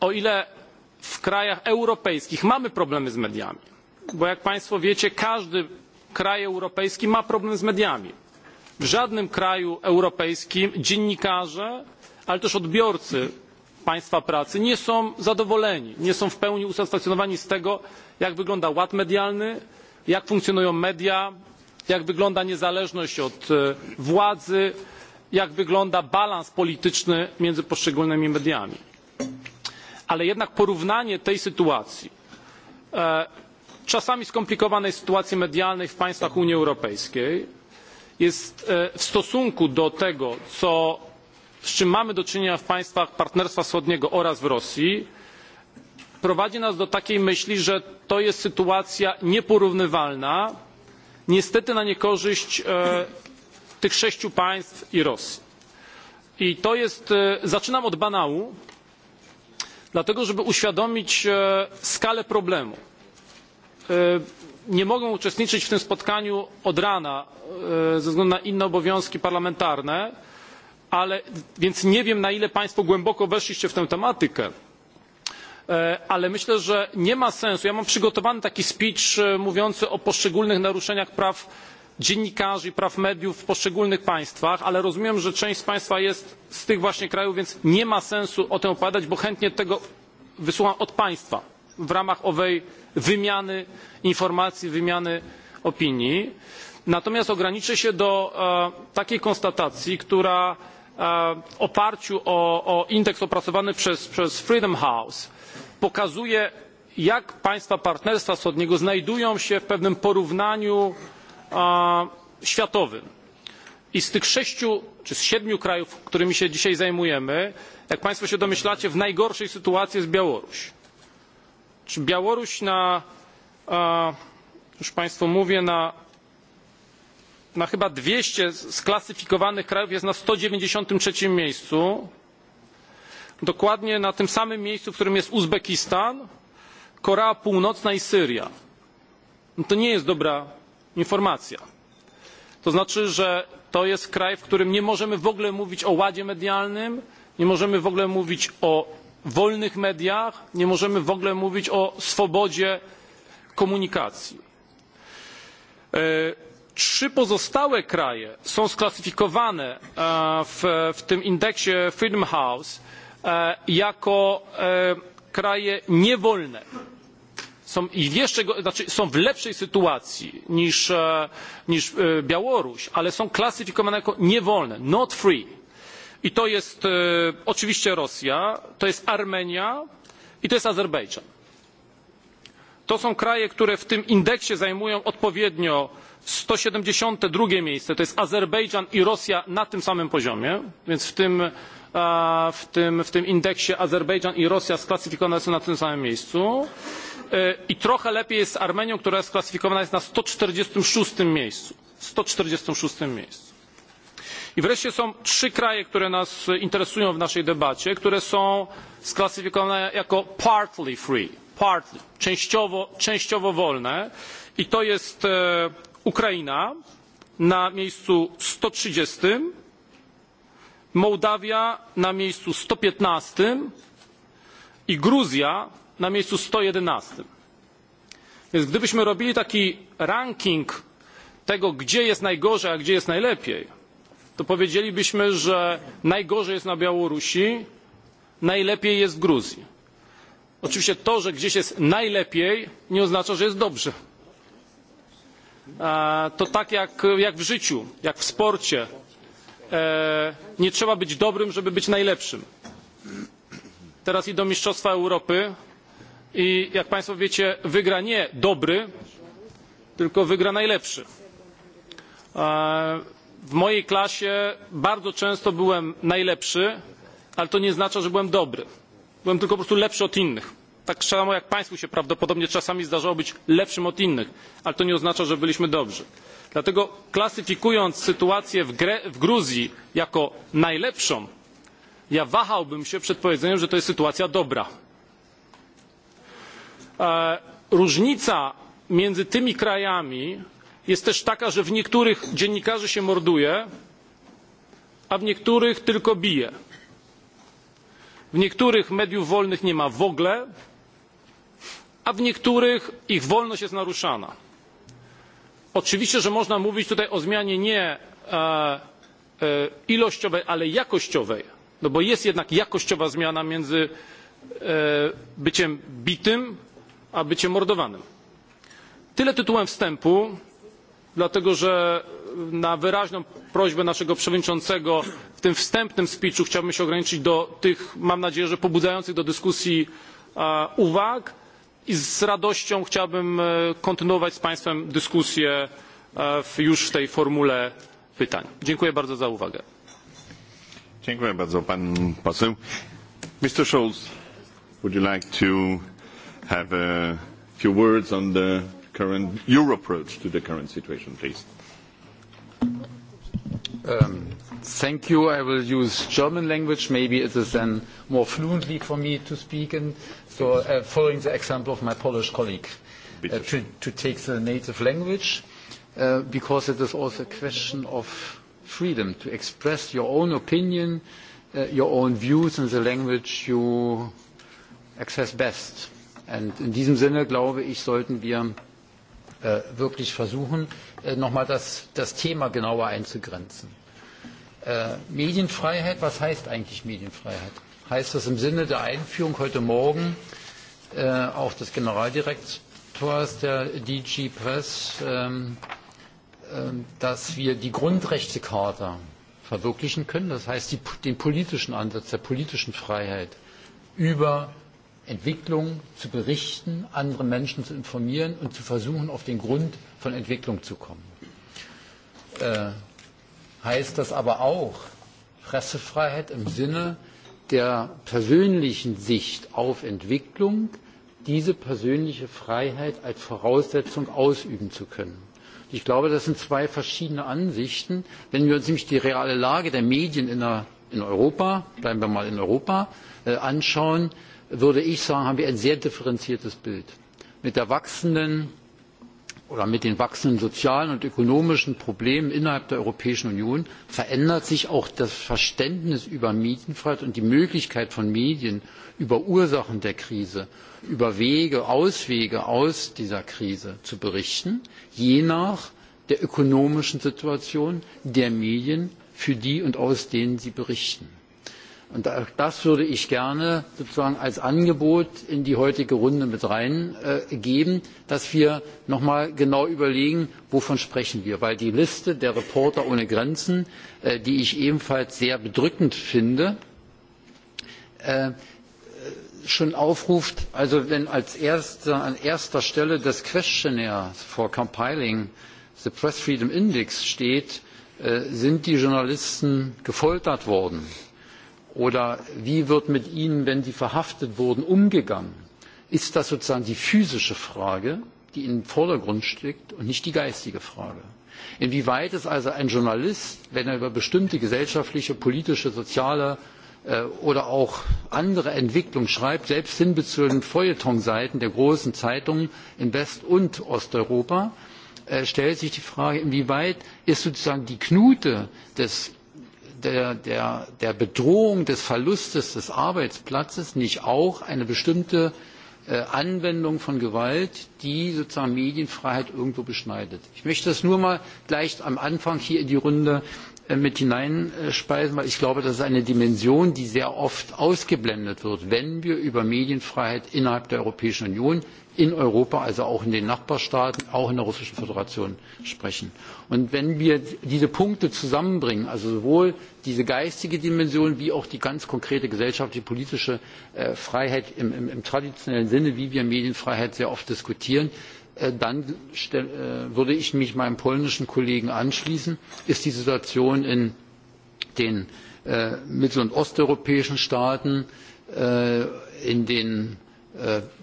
o ile w krajach europejskich mamy problemy z mediami bo jak państwo wiecie każdy kraj europejski ma problem z mediami w żadnym kraju europejskim dziennikarze ale też odbiorcy państwa pracy nie są zadowoleni nie są w pełni usatysfakcjonowani z tego jak wygląda ład medialny jak funkcjonują media jak wygląda niezależność od e, władzy jak wygląda balans polityczny między poszczególnymi mediami ale jednak porównanie tej sytuacji e, czasami skomplikowanej sytuacji medialnej w państwach unii europejskiej jest e, w stosunku do tego z czym mamy do czynienia w państwach partnerstwa wschodniego oraz w rosji prowadzi nas do takiej myśli że to jest sytuacja nieporównywalna niestety na niekorzyść e, tych sześciu państw i Rosji. I to jest, e, zaczynam od banału, dlatego żeby uświadomić e, skalę problemu. E, nie mogę uczestniczyć w tym spotkaniu od rana ze względu na inne obowiązki parlamentarne, więc nie wiem na ile Państwo głęboko weszliście w tę tematykę ale myślę że nie ma sensu ja mam przygotowany taki speech mówiący o poszczególnych naruszeniach praw dziennikarzy i praw mediów w poszczególnych państwach ale rozumiem że część z państwa jest z tych właśnie krajów więc nie ma sensu o tym opowiadać bo chętnie tego wysłucham od państwa w ramach owej wymiany informacji wymiany opinii. natomiast ograniczę się do e, takiej konstatacji która e, w oparciu o, indeks opracowany przez freedom house pokazuje jak państwa partnerstwa wschodniego znajdują się w pewnym porównaniu światowym i z tych sześciu czy z siedmiu krajów którymi się dzisiaj zajmujemy jak państwo się domyślacie w najgorszej sytuacji jest białoruś. białoruś na już państwu mówię na, na chyba dwieście sklasyfikowanych krajów jest na sto dziewięćdzisiąt trzy miejscu dokładnie na tym samym miejscu w którym jest uzbekistan korea północna i syria. No to nie jest dobra informacja. to znaczy że to jest kraj w którym nie możemy w ogóle mówić o ładzie medialnym nie możemy w ogóle mówić o wolnych mediach nie możemy w ogóle mówić o swobodzie komunikacji. E, trzy pozostałe kraje są sklasyfikowane e, w, tym indeksie freedom house e, jako kraje niewolne są, w lepszej sytuacji niż, e, e, Białoruś, ale są klasyfikowane jako niewolne, not free. I to jest e, oczywiście Rosja, to jest Armenia i to jest Azerbejdżan. To są kraje, które w tym indeksie zajmują odpowiednio sto siedemdziesiąt dwa miejsce, to jest Azerbejdżan i Rosja na tym samym poziomie, więc w tym indeksie Azerbejdżan i Rosja sklasyfikowane są na tym samym miejscu. E, i trochę lepiej jest z armenią która jest sklasyfikowana na sto czterdzieści sześć miejscu sto czterdzieści sześć miejscu. i wreszcie są trzy kraje które nas interesują w naszej debacie które są sklasyfikowane jako partly free partly częściowo, częściowo wolne i to jest e, ukraina na miejscu sto trzydzieści mołdawia na miejscu sto piętnaście i gruzja na miejscu sto jedenaście więc gdybyśmy robili taki ranking tego gdzie jest najgorzej a gdzie jest najlepiej to powiedzielibyśmy że najgorzej jest na białorusi najlepiej jest w gruzji. oczywiście to że gdzieś jest najlepiej nie oznacza że jest dobrze. E, to tak jak, jak w życiu jak w sporcie e, nie trzeba być dobrym żeby być najlepszym. teraz idą mistrzostwa europy i jak państwo wiecie wygra nie dobry tylko wygra najlepszy. E, w mojej klasie bardzo często byłem najlepszy ale to nie znaczy że byłem dobry byłem tylko po prostu lepszy od innych. tak samo jak państwu się prawdopodobnie czasami zdarzało być lepszym od innych ale to nie oznacza że byliśmy dobrzy. dlatego klasyfikując sytuację w, gruzji jako najlepszą ja wahałbym się przed powiedzeniem że to jest sytuacja dobra E, różnica między tymi krajami jest też taka że w niektórych dziennikarzy się morduje a w niektórych tylko bije. w niektórych mediów wolnych nie ma w ogóle a w niektórych ich wolność jest naruszana. oczywiście że można mówić tutaj o zmianie nie e, e, ilościowej ale jakościowej no bo jest jednak jakościowa zmiana między byciem bitym a bycie mordowanym. Tyle tytułem wstępu, dlatego że na wyraźną prośbę naszego przewodniczącego w tym wstępnym speechu chciałbym się ograniczyć do tych, mam nadzieję, że pobudzających do dyskusji uwag i z radością chciałbym e, kontynuować z Państwem dyskusję e, już w tej formule pytań. Dziękuję bardzo za uwagę. Dziękuję bardzo pan poseł. Mr. Scholz, would you like to have a few words on the current, your approach to the current situation, please. Um, thank you. I will use German language. Maybe it is then more fluently for me to speak, and so uh, following the example of my Polish colleague, uh, to, to take the native language, uh, because it is also a question of freedom to express your own opinion, uh, your own views in the language you access best Und in diesem Sinne, glaube ich, sollten wir äh, wirklich versuchen, äh, nochmal das, das Thema genauer einzugrenzen. Äh, Medienfreiheit, was heißt eigentlich Medienfreiheit? Heißt das im Sinne der Einführung heute Morgen auch des Generaldirektors der DG Press, ähm, ähm, dass wir die Grundrechtecharta verwirklichen können, das heißt die, den politischen Ansatz der politischen Freiheit über Entwicklung zu berichten, andere Menschen zu informieren und zu versuchen, auf den Grund von Entwicklung zu kommen. Äh, heißt das aber auch Pressefreiheit im Sinne der persönlichen Sicht auf Entwicklung, diese persönliche Freiheit als Voraussetzung ausüben zu können. Ich glaube, das sind zwei verschiedene Ansichten. Wenn wir uns nämlich die reale Lage der Medien in, der, in Europa, bleiben wir mal in Europa, äh, anschauen, äh, würde ich sagen, haben wir ein sehr differenziertes Bild. Mit den wachsenden sozialen und ökonomischen Problemen innerhalb der Europäischen Union verändert sich auch das Verständnis über Medienfreiheit und die Möglichkeit von Medien über Ursachen der Krise, über Wege, Auswege aus dieser Krise zu berichten, je nach der ökonomischen Situation der Medien, für die und aus denen sie berichten. Und auch das würde ich gerne sozusagen als Angebot in die heutige Runde mit hineingeben äh, dass wir noch einmal genau überlegen, wovon wir sprechen Weil die Liste der Reporter ohne Grenzen, äh, die ich ebenfalls sehr bedrückend finde, äh, schon aufruft, also wenn an erster Stelle des Questionnaires for Compiling the Press Freedom Index steht, sind die Journalisten gefoltert worden Oder wie wird mit ihnen, wenn sie verhaftet wurden, umgegangen? Ist das sozusagen die physische Frage, die im Vordergrund steht und nicht die geistige Frage? Inwieweit ist also ein Journalist, wenn er über bestimmte gesellschaftliche, politische, soziale äh, oder auch andere Entwicklungen schreibt, selbst hin bis zu den Feuilletonseiten der großen Zeitungen in West- und Osteuropa, äh, stellt sich die Frage, inwieweit ist sozusagen die Knute des der, bedrohung des verlustes des arbeitsplatzes nicht auch eine bestimmte äh, anwendung von gewalt die sozusagen medienfreiheit irgendwo beschneidet? ich möchte das nur mal gleich am anfang hier in die runde äh, mit hineinspeisen weil ich glaube das ist eine dimension die sehr oft ausgeblendet wird wenn wir über medienfreiheit innerhalb der europäischen union in europa also auch in den nachbarstaaten auch in der russischen föderation sprechen und wenn wir diese punkte zusammenbringen also sowohl diese geistige dimension wie auch die ganz konkrete gesellschaftliche politische äh, freiheit im, traditionellen sinne wie wir medienfreiheit sehr oft diskutieren äh, dann äh, würde ich mich meinem polnischen kollegen anschließen ist die situation in den mittel und osteuropäischen staaten in den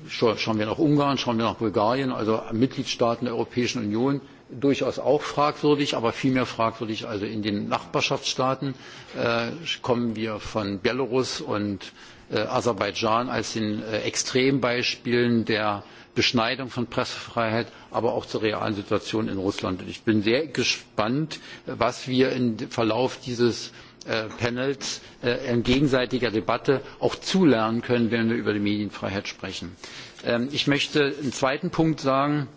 schauen wir nach ungarn schauen wir nach bulgarien also mitgliedstaaten der europäischen union durchaus auch fragwürdig, aber viel mehr fragwürdig. Also in den Nachbarschaftsstaaten äh, kommen wir von Belarus und äh, Aserbaidschan als den äh, Extrembeispielen der Beschneidung von Pressefreiheit, aber auch zur realen Situation in Russland. Und ich bin sehr gespannt, was wir im Verlauf dieses äh, Panels äh, in gegenseitiger Debatte auch zulernen können, wenn wir über die Medienfreiheit sprechen. Ähm, ich möchte einen zweiten Punkt sagen,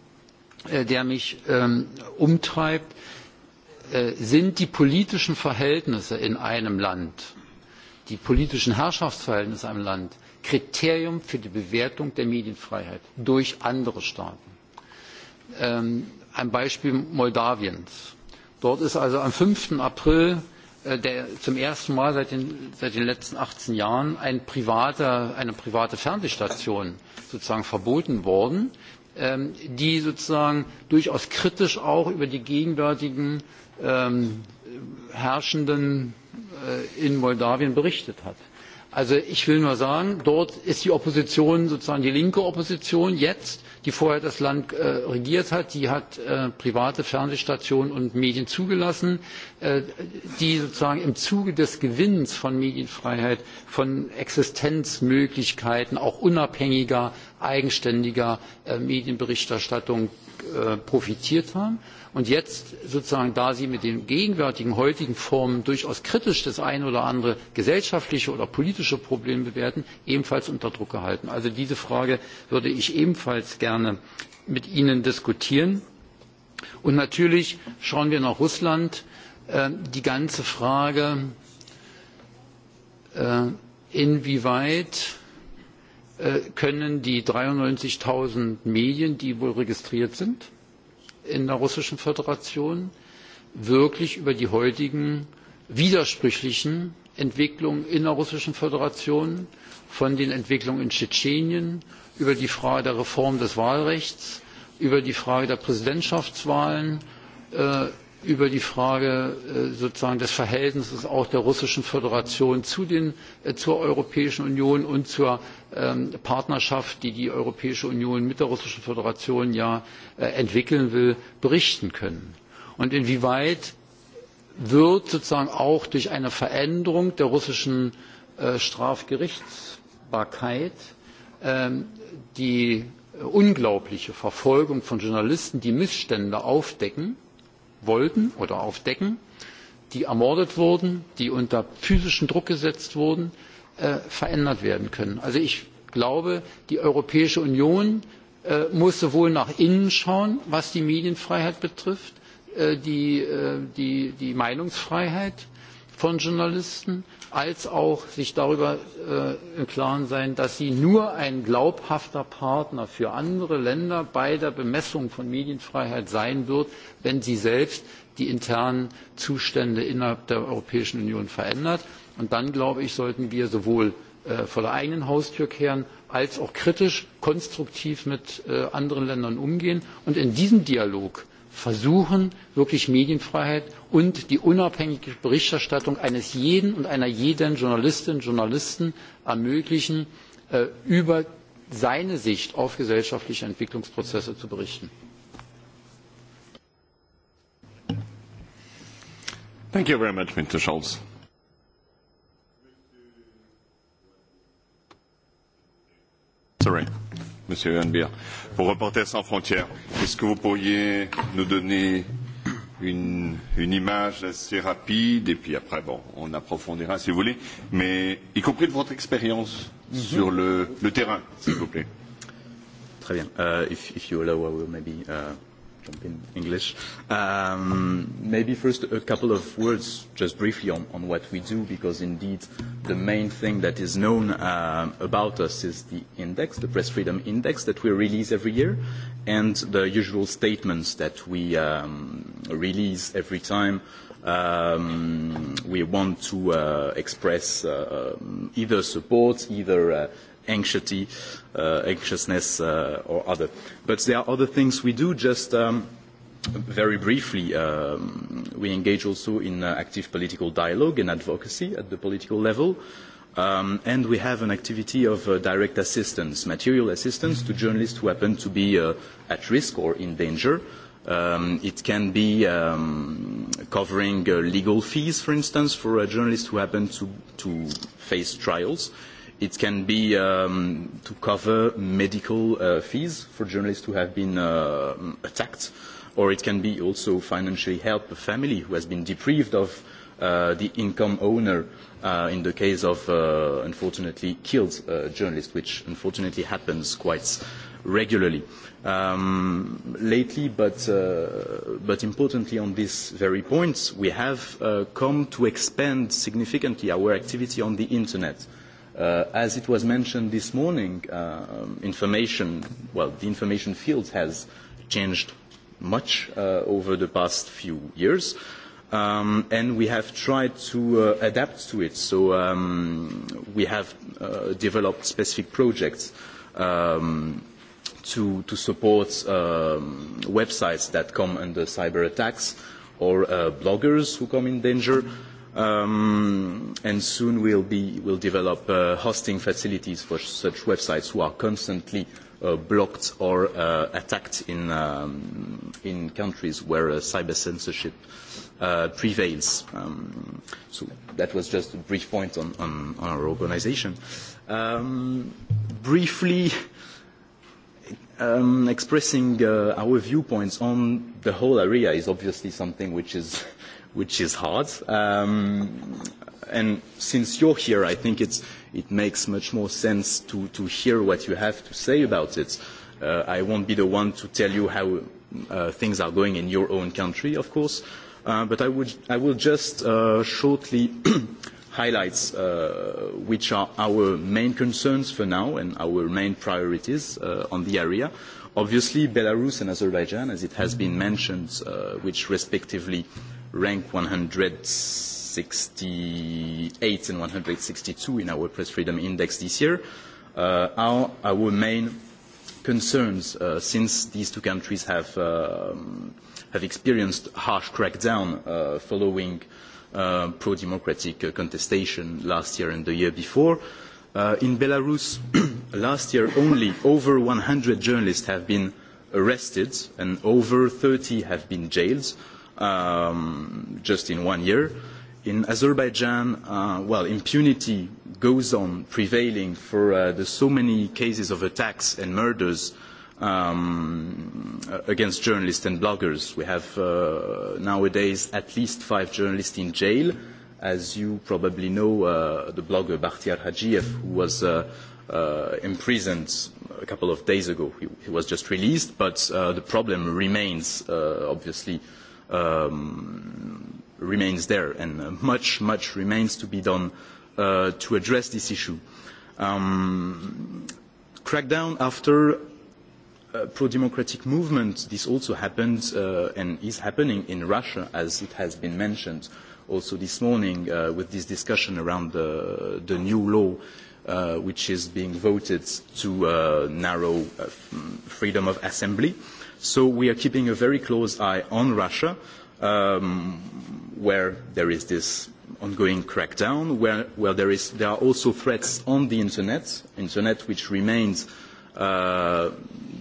Äh, der mich ähm, umtreibt äh, sind die politischen Verhältnisse in einem Land, die politischen Herrschaftsverhältnisse in einem Land Kriterium für die Bewertung der Medienfreiheit durch andere Staaten. Ähm, ein Beispiel Moldawiens. Dort ist also am 5. April äh, zum ersten Mal seit den, letzten 18 Jahren eine private Fernsehstation sozusagen verboten worden, Ähm, die sozusagen durchaus kritisch auch über die gegenwärtigen ähm, herrschenden äh, in moldawien berichtet hat. also ich will nur sagen dort ist die opposition sozusagen die linke opposition jetzt die vorher das land äh, regiert hat die hat äh, private fernsehstationen und medien zugelassen die sozusagen im zuge des gewinns von medienfreiheit von existenzmöglichkeiten auch unabhängiger eigenständiger äh, medienberichterstattung äh, profitiert haben und jetzt sozusagen da sie mit den gegenwärtigen heutigen formen durchaus kritisch das eine oder andere gesellschaftliche oder politische problem bewerten ebenfalls unter druck geraten. also diese frage würde ich ebenfalls gerne mit ihnen diskutieren. und natürlich schauen wir nach russland äh, die ganze frage inwieweit Äh, können die dreiundneunzig null medien die wohl registriert sind in der russischen föderation wirklich über die heutigen widersprüchlichen entwicklungen in der russischen föderation von den entwicklungen in tschetschenien über die frage der reform des wahlrechts über die frage der präsidentschaftswahlen äh, über die Frage äh, sozusagen des Verhältnisses auch der russischen Föderation zu den, äh, zur Europäischen Union und zur ähm, Partnerschaft, die die Europäische Union mit der russischen Föderation ja äh, entwickeln will, berichten können. Und inwieweit wird sozusagen auch durch eine Veränderung der russischen Strafgerichtsbarkeit ähm, die unglaubliche Verfolgung von Journalisten, die Missstände aufdecken, wollten oder aufdecken die ermordet wurden die unter physischen druck gesetzt wurden äh, verändert werden können. also ich glaube die europäische union äh, muss sowohl nach innen schauen was die medienfreiheit betrifft äh, die meinungsfreiheit von journalisten als auch sich darüber äh, im klaren sein dass sie nur ein glaubhafter partner für andere länder bei der bemessung von medienfreiheit sein wird wenn sie selbst die internen zustände innerhalb der europäischen union verändert. und dann sollten wir sowohl äh, vor der eigenen haustür kehren als auch kritisch konstruktiv mit äh, anderen ländern umgehen und in diesem dialog versuchen wirklich medienfreiheit und die unabhängige berichterstattung eines jeden und einer jeden journalistin und journalisten ermöglichen äh, über seine sicht auf gesellschaftliche entwicklungsprozesse zu berichten. Thank you very much, Mr. Scholz. Sorry. Monsieur Huanbir, pour Reporters sans frontières. Est-ce que vous pourriez nous donner une, une image assez rapide et puis après, bon, on approfondira si vous voulez, mais y compris de votre expérience mm -hmm. sur le, le terrain, s'il vous plaît. Très bien. Uh, if, if you allow, I will maybe uh, in English. Um, maybe first a couple of words just briefly on, on what we do, because indeed the main thing that is known uh, about us is the index, the Press Freedom Index that we release every year, and the usual statements that we um, release every time um, we want to uh, express uh, um, either support, either uh, anxiety, uh, anxiousness, uh, or other. But there are other things we do. Just um, very briefly, um, we engage also in uh, active political dialogue and advocacy at the political level. Um, and we have an activity of uh, direct assistance, material assistance to journalists who happen to be uh, at risk or in danger. Um, it can be um, covering uh, legal fees, for instance, for a uh, journalist who happen to, to face trials. It can be um, to cover medical uh, fees for journalists who have been uh, attacked, or it can be also financially help a family who has been deprived of uh, the income owner uh, in the case of, uh, unfortunately, killed uh, which unfortunately happens quite regularly. Um, lately, but, uh, but importantly on this very point, we have uh, come to expand significantly our activity on the Internet Uh, as it was mentioned this morning, uh, information, well, the information field has changed much uh, over the past few years. Um, and we have tried to uh, adapt to it. So um, we have uh, developed specific projects um, to, to support um, websites that come under cyber attacks or uh, bloggers who come in danger. Mm-hmm Um, and soon we'll, be, we'll develop uh, hosting facilities for such websites who are constantly uh, blocked or uh, attacked in, um, in countries where uh, cyber censorship uh, prevails. Um, so that was just a brief point on, on, on our organisation. Um, briefly, um, expressing uh, our viewpoints on the whole area is obviously something which is which is hard. Um, and since you're here, I think it's, it makes much more sense to, to hear what you have to say about it. Uh, I won't be the one to tell you how uh, things are going in your own country, of course, uh, but I, would, I will just uh, shortly *coughs* highlight uh, which are our main concerns for now and our main priorities uh, on the area. Obviously, Belarus and Azerbaijan, as it has been mentioned, uh, which respectively rank 168 and 162 in our press freedom index this year, uh, are our main concerns uh, since these two countries have, um, have experienced harsh crackdown uh, following uh, pro-democratic uh, contestation last year and the year before. Uh, in Belarus, *clears throat* last year only over 100 journalists have been arrested and over 30 have been jailed. Uh, um, just in one year. In Azerbaijan, uh, well, impunity goes on prevailing for uh, the so many cases of attacks and murders um, against journalists and bloggers. We have uh, nowadays at least five journalists in jail. As you probably know, uh, the blogger Bakhtiar Hajiev, who was uh, uh, imprisoned a couple of days ago, he, he was just released, but uh, the problem remains, uh, obviously, uh, um, remains there, and much, much remains to be done uh, to address this issue. Um, crackdown after pro-democratic movement, this also happened uh, and is happening in Russia, as it has been mentioned also this morning uh, with this discussion around the, the new law uh, which is being voted to uh, narrow uh, freedom of assembly. So we are keeping a very close eye on Russia, um, where there is this ongoing crackdown, where, where there, is, there are also threats on the internet, internet which remains uh,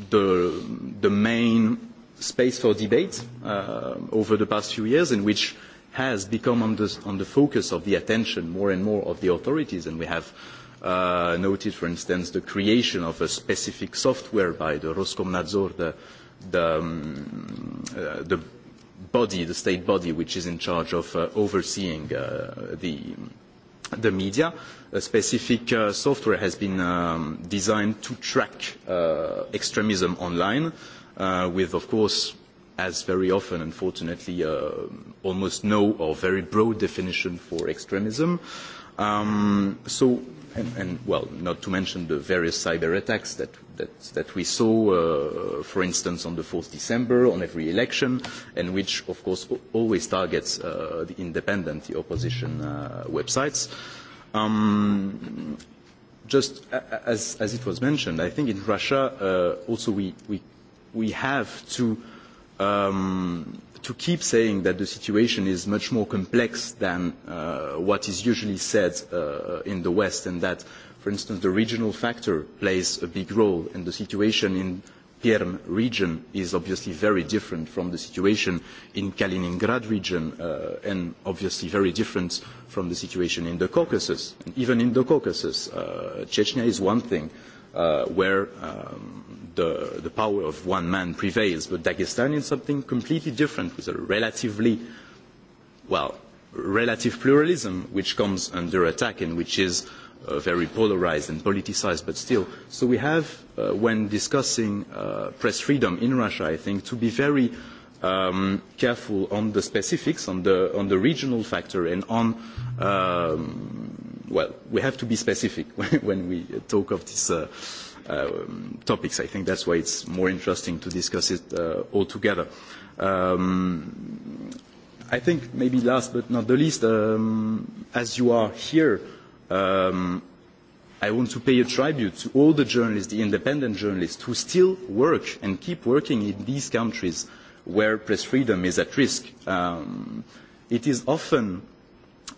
the, the main space for debate uh, over the past few years and which has become on the, on the focus of the attention more and more of the authorities. And we have uh, uh, noted, for instance, the creation of a specific software by the Roskomnadzor, the, the, um, uh, the body, the state body, which is in charge of uh, overseeing uh, the, the media. A specific uh, software has been um, designed to track uh, extremism online, uh, with, of course, as very often, unfortunately, uh, almost no or very broad definition for extremism. Um, so and, and well, not to mention the various cyber attacks that, that, that we saw, uh, for instance, on the 4th December, on every election, and which, of course, always targets uh, the independent, the opposition uh, websites. Um, just as, as it was mentioned, I think in Russia uh, also we, we, we have to uh, um, to keep saying that the situation is much more complex than uh, what is usually said uh, in the West and that, for instance, the regional factor plays a big role and the situation in Perm region is obviously very different from the situation in Kaliningrad region uh, and obviously very different from the situation in the Caucasus. And even in the Caucasus, uh, Chechnya is one thing uh, where um, the, the power of one man prevails, but Dagestan is something completely different with a relatively, well, relative pluralism which comes under attack and which is uh, very polarized and politicized, but still. So we have, uh, when discussing uh, press freedom in Russia, I think, to be very um, careful on the specifics, on the, on the regional factor, and on, um, well, we have to be specific *laughs* when we talk of this. Uh, Uh, topics. I think that's why it's more interesting to discuss it uh, all together. Um, I think maybe last but not the least, um, as you are here, um, I want to pay a tribute to all the journalists, the independent journalists, who still work and keep working in these countries where press freedom is at risk. Um, it is often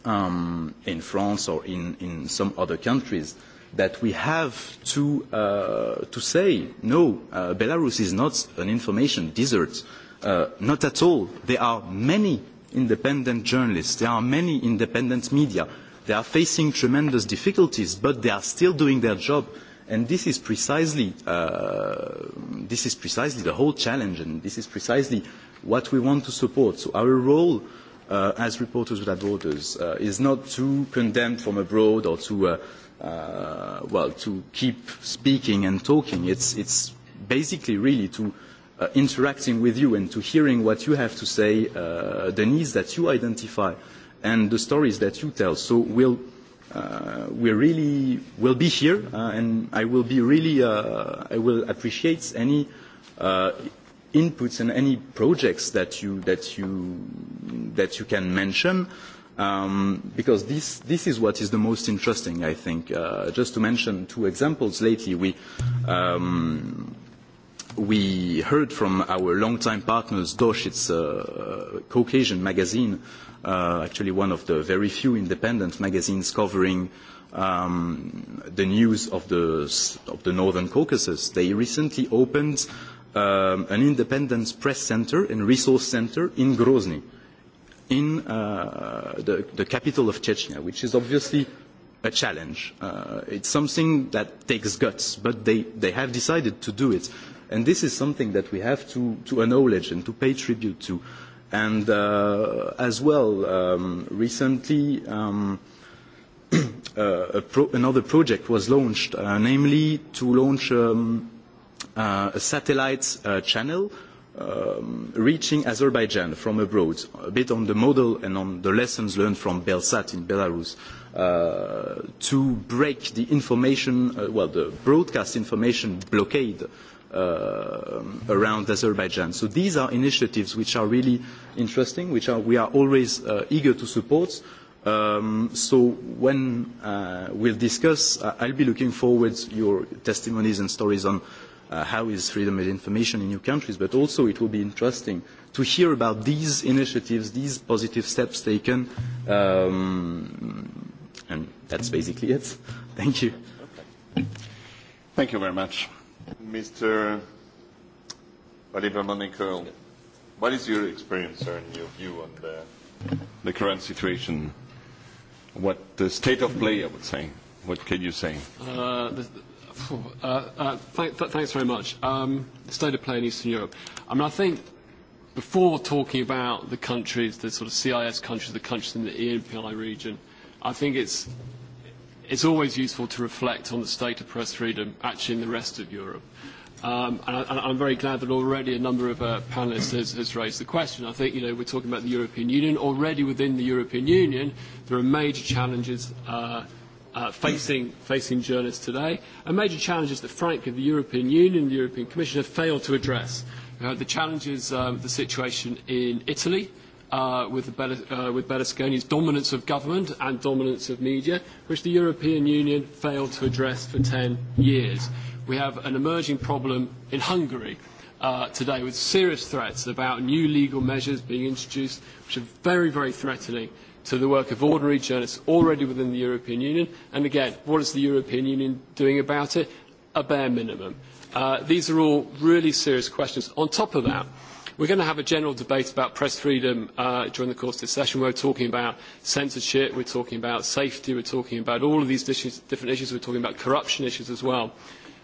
um, in France or in, in some other countries that we have to, uh, to say, no, uh, Belarus is not an information desert. Uh, not at all. There are many independent journalists. There are many independent media. They are facing tremendous difficulties, but they are still doing their job. And this is precisely, uh, this is precisely the whole challenge, and this is precisely what we want to support. So our role uh, as Reporters Without Borders uh, is not to condemn from abroad or to uh, well, to keep speaking and talking. It's, it's basically really to uh, interacting with you and to hearing what you have to say, uh, the needs that you identify, and the stories that you tell. So we'll, uh, really will be here, uh, and I will be really, uh, I will appreciate any uh, inputs and any projects that you that you that you can mention um, because this, this is what is the most interesting, I think. Uh, just to mention two examples, lately we, um, we heard from our longtime partners, Dosh, it's a Caucasian magazine, uh, actually one of the very few independent magazines covering um, the news of the, of the Northern Caucasus. They recently opened um, an independent press center and resource center in Grozny in uh, the, the capital of Chechnya, which is obviously a challenge. Uh, it's something that takes guts, but they, they have decided to do it. And this is something that we have to, to acknowledge and to pay tribute to. And uh, as well, um, recently, um, *clears throat* uh, a pro another project was launched, uh, namely to launch um, uh, a satellite uh, channel uh, um, reaching Azerbaijan from abroad, a bit on the model and on the lessons learned from Belsat in Belarus, uh, to break the information, uh, well, the broadcast information blockade uh, around Azerbaijan. So these are initiatives which are really interesting, which are, we are always uh, eager to support. Um, so when uh, we'll discuss, uh, I'll be looking forward to your testimonies and stories on uh, how is freedom of information in new countries, but also it will be interesting to hear about these initiatives, these positive steps taken. Um, and that's basically it. *laughs* Thank you. Okay. Thank you very much. Mr. Oliver Monaco, what is your experience and your view on the, the current situation? What the state of play, I would say. What can you say? Uh, the, Uh, uh, thanks very much. Um, state of play in Eastern Europe. I mean, I think before talking about the countries, the sort of CIS countries, the countries in the ENPI region, I think it's it's always useful to reflect on the state of press freedom actually in the rest of Europe. Um, and I, am very glad that already a number of uh, panelists has, has raised the question. I think, you know, we're talking about the European Union. Already within the European Union, there are major challenges uh, uh, facing, facing journalists today, and major challenges that, frankly, the European Union and the European Commission have failed to address. Uh, the challenge is um, uh, the situation in Italy, uh, with, the uh, with Berlusconi's dominance of government and dominance of media, which the European Union failed to address for 10 years. We have an emerging problem in Hungary uh, today with serious threats about new legal measures being introduced, which are very, very threatening to the work of ordinary journalists already within the European Union. And again, what is the European Union doing about it? A bare minimum. Uh, these are all really serious questions. On top of that, we're going to have a general debate about press freedom uh, during the course of this session. We're talking about censorship, we're talking about safety, we're talking about all of these issues, different issues, we're talking about corruption issues as well.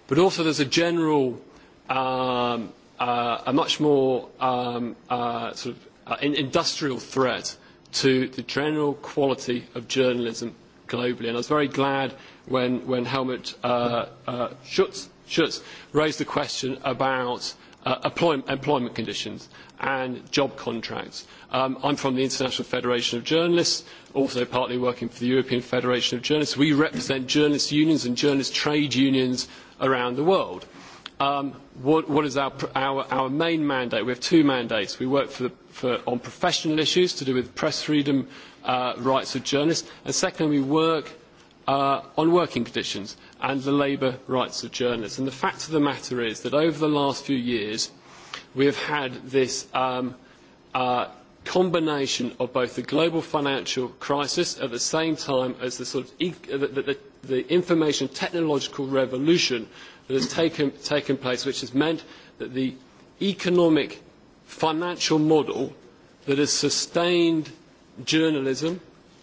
But also there's a general, um, uh, a much more um, uh, sort of uh, industrial threat to the general quality of journalism globally. And I was very glad when, when Helmut uh, uh, Schutz, Schutz raised the question about uh, employment, employment conditions and job contracts. Um, I'm from the International Federation of Journalists, also partly working for the European Federation of Journalists. We represent journalists' unions and journalists' trade unions around the world Um, what, what is our, our, our main mandate? We have two mandates. We work for the, for, on professional issues to do with press freedom, uh, rights of journalists, and secondly, we work uh, on working conditions and the labour rights of journalists. And the fact of the matter is that over the last few years, we have had this um, uh, combination of both the global financial crisis at the same time as the, sort of e the, the, the information technological revolution that has taken, taken place which has meant that the economic financial model that has sustained journalism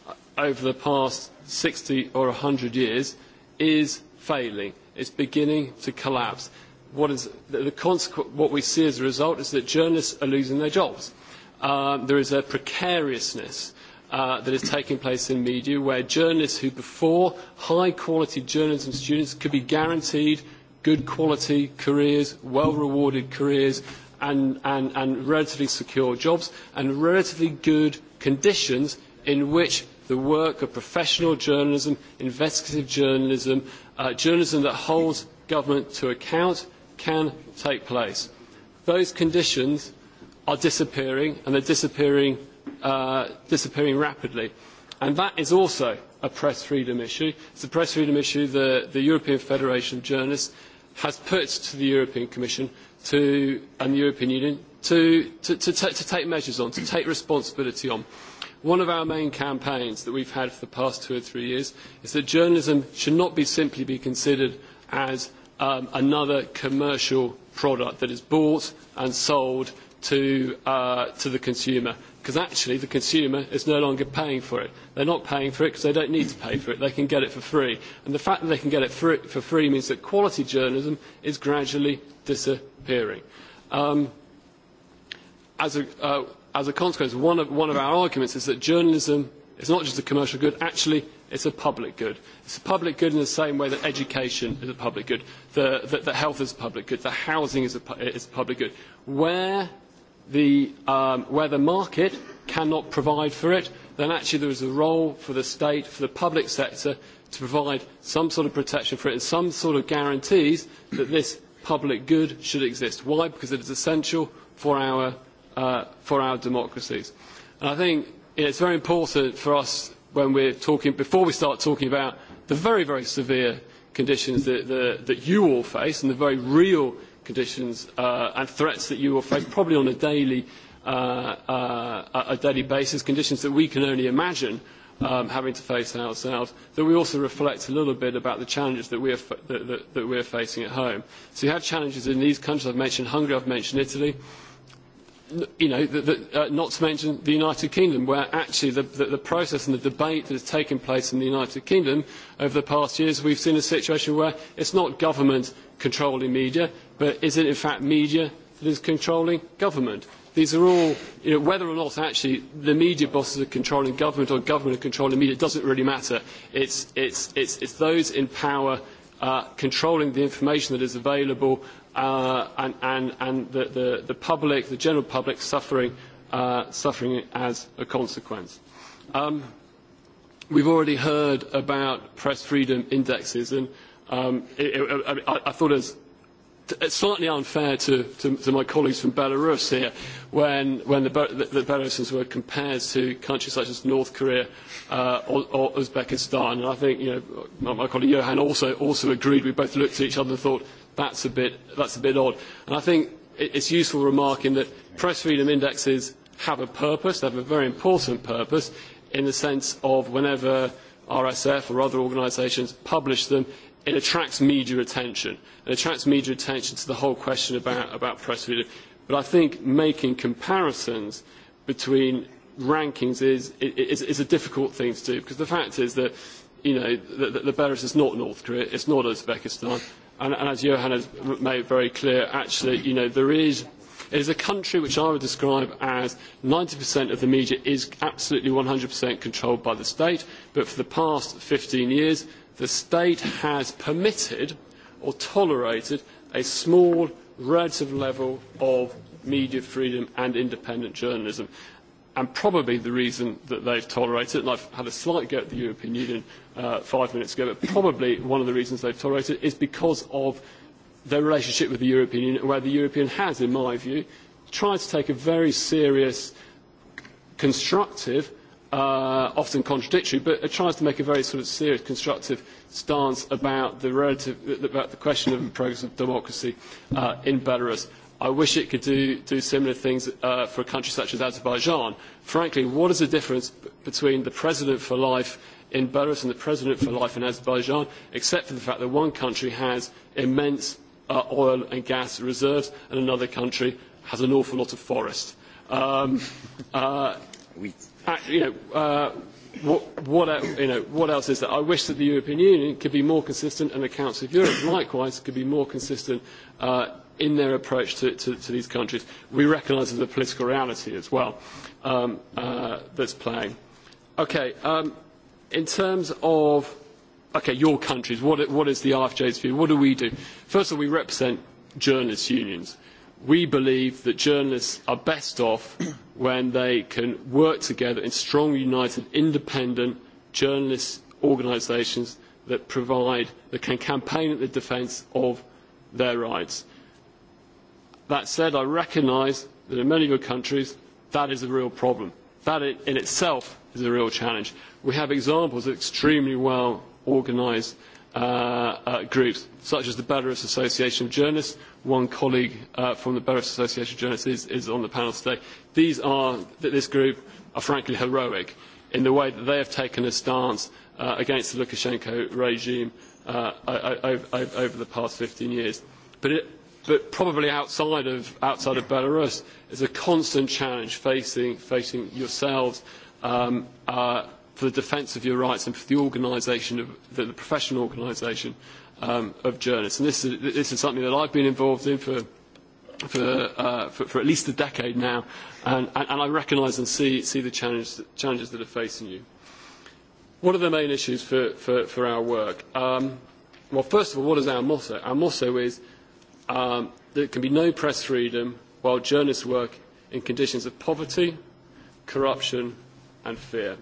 uh, over the past 60 or 100 years is failing. It's beginning to collapse. What, is, the, the what we see as a result is that journalists are losing their jobs. Um, there is a precariousness uh, that is taking place in media where journalists who before high quality journalism students could be guaranteed good quality careers, well-rewarded careers, and, relatively secure jobs, and relatively good conditions in which the work of professional journalism, investigative journalism, uh, journalism that holds government to account can take place. Those conditions are disappearing, and they're uh, disappearing, rapidly. And that is also a press freedom issue. It's a press freedom issue that the European Federation of Journalists has put to the European Commission to, and the European Union to, to, to, to take measures on, to take responsibility on. One of our main campaigns that we've had for the past two or three years is that journalism should not be simply be considered as um, another commercial product that is bought and sold to, uh, to the consumer because actually the consumer is no longer paying for it. They're not paying for it because they don't need to pay for it. They can get it for free. And the fact that they can get it for, it for free means that quality journalism is gradually disappearing. Um, as, a, uh, as a consequence, one of, one of our arguments is that journalism is not just a commercial good, actually it's a public good. It's a public good in the same way that education is a public good, that the, the health is a public good, that housing is a, is a public good. Where the, um, where the market cannot provide for it, then actually there is a role for the state, for the public sector, to provide some sort of protection for it and some sort of guarantees that this public good should exist. Why? Because it is essential for our, uh, for our democracies. And I think it's very important for us when we're talking, before we start talking about the very, very severe conditions that, the, that you all face and the very real conditions uh, and threats that you will face probably on a daily, uh, uh, a daily basis, conditions that we can only imagine um, having to face ourselves, that we also reflect a little bit about the challenges that we are, that, that, that we are facing at home. So you have challenges in these countries. I've mentioned Hungary, I've mentioned Italy you know, the, the, uh, not to mention the United Kingdom, where actually the, the, the process and the debate that has taken place in the United Kingdom over the past years, we've seen a situation where it's not government controlling media, but is it in fact media that is controlling government? These are all, you know, whether or not actually the media bosses are controlling government or government are controlling media, it doesn't really matter. It's, it's, it's, it's those in power uh, controlling the information that is available uh, and, and, and the, the, the public, the general public, suffering, uh, suffering as a consequence. Um, we've already heard about press freedom indexes and Um, it, it, I, I, thought it was slightly unfair to, to, to, my colleagues from Belarus here when, when the, the, the Belarusians were compared to countries such as North Korea uh, or, or, Uzbekistan. And I think you know, my, my colleague Johan also, also agreed. We both looked at each other and thought, that's a bit, that's a bit odd. And I think it, it's useful remarking that press freedom indexes have a purpose, they have a very important purpose in the sense of whenever RSF or other organisations publish them, it attracts media attention. It attracts media attention to the whole question about, about press freedom. But I think making comparisons between rankings is, is, is a difficult thing to do because the fact is that you know, the, the Belarus is not North Korea, it's not Uzbekistan. And, and as Johan has made very clear, actually, you know, there is, it is a country which I would describe as 90% of the media is absolutely 100% controlled by the state, but for the past 15 years, the state has permitted or tolerated a small relative level of media freedom and independent journalism. And probably the reason that they've tolerated it, and I've had a slight go at the European Union uh, five minutes ago, but probably one of the reasons they've tolerated it is because of their relationship with the European Union, where the European has, in my view, tried to take a very serious, constructive, uh, often contradictory, but it tries to make a very sort of serious, constructive stance about the, relative, about the question of the progress of democracy uh, in Belarus. I wish it could do, do similar things uh, for a country such as Azerbaijan. Frankly, what is the difference b- between the president for life in Belarus and the president for life in Azerbaijan, except for the fact that one country has immense uh, oil and gas reserves and another country has an awful lot of forest? Um, uh, Uh, you know, uh, what, what, you know, what else is there? I wish that the European Union could be more consistent and the Council of Europe, likewise, could be more consistent uh, in their approach to, to, to these countries. We recognise the political reality as well um, uh, that's playing. Okay, um, in terms of okay, your countries, what, what is the RFJ's view? What do we do? First of all, we represent journalists' unions we believe that journalists are best off *clears throat* when they can work together in strong, united, independent journalist organisations that provide, that can campaign at the defence of their rights. That said, I recognise that in many of your countries, that is a real problem. That in itself is a real challenge. We have examples of extremely well organised uh, uh, uh, groups, such as the Belarus Association of Journalists. One colleague uh, from the Belarus Association of Journalists is, is on the panel today. These are, this group are frankly heroic in the way that they have taken a stance uh, against the Lukashenko regime uh, over, over the past 15 years. But, it, but probably outside of, outside of Belarus is a constant challenge facing, facing yourselves um, uh, for the defence of your rights and for the organisation, of the, the professional organisation um, of journalists. And this is, this is something that I've been involved in for for, uh, for, for at least a decade now, and, and, and I recognise and see, see the challenges, challenges that are facing you. What are the main issues for, for, for our work? Um, well, first of all, what is our motto? Our motto is um, there can be no press freedom while journalists work in conditions of poverty, corruption, and fear.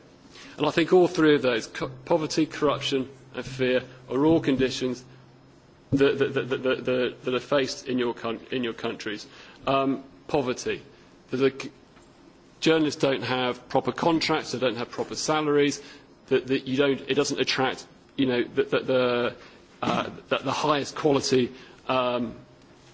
And I think all three of those, co poverty, corruption and fear, are all conditions that, that, that, that, that, that are faced in your, con in your countries. Um, poverty. The, the journalists don't have proper contracts, they don't have proper salaries, that, that you don't, it doesn't attract you know, the, the, the, uh, the, the highest quality um,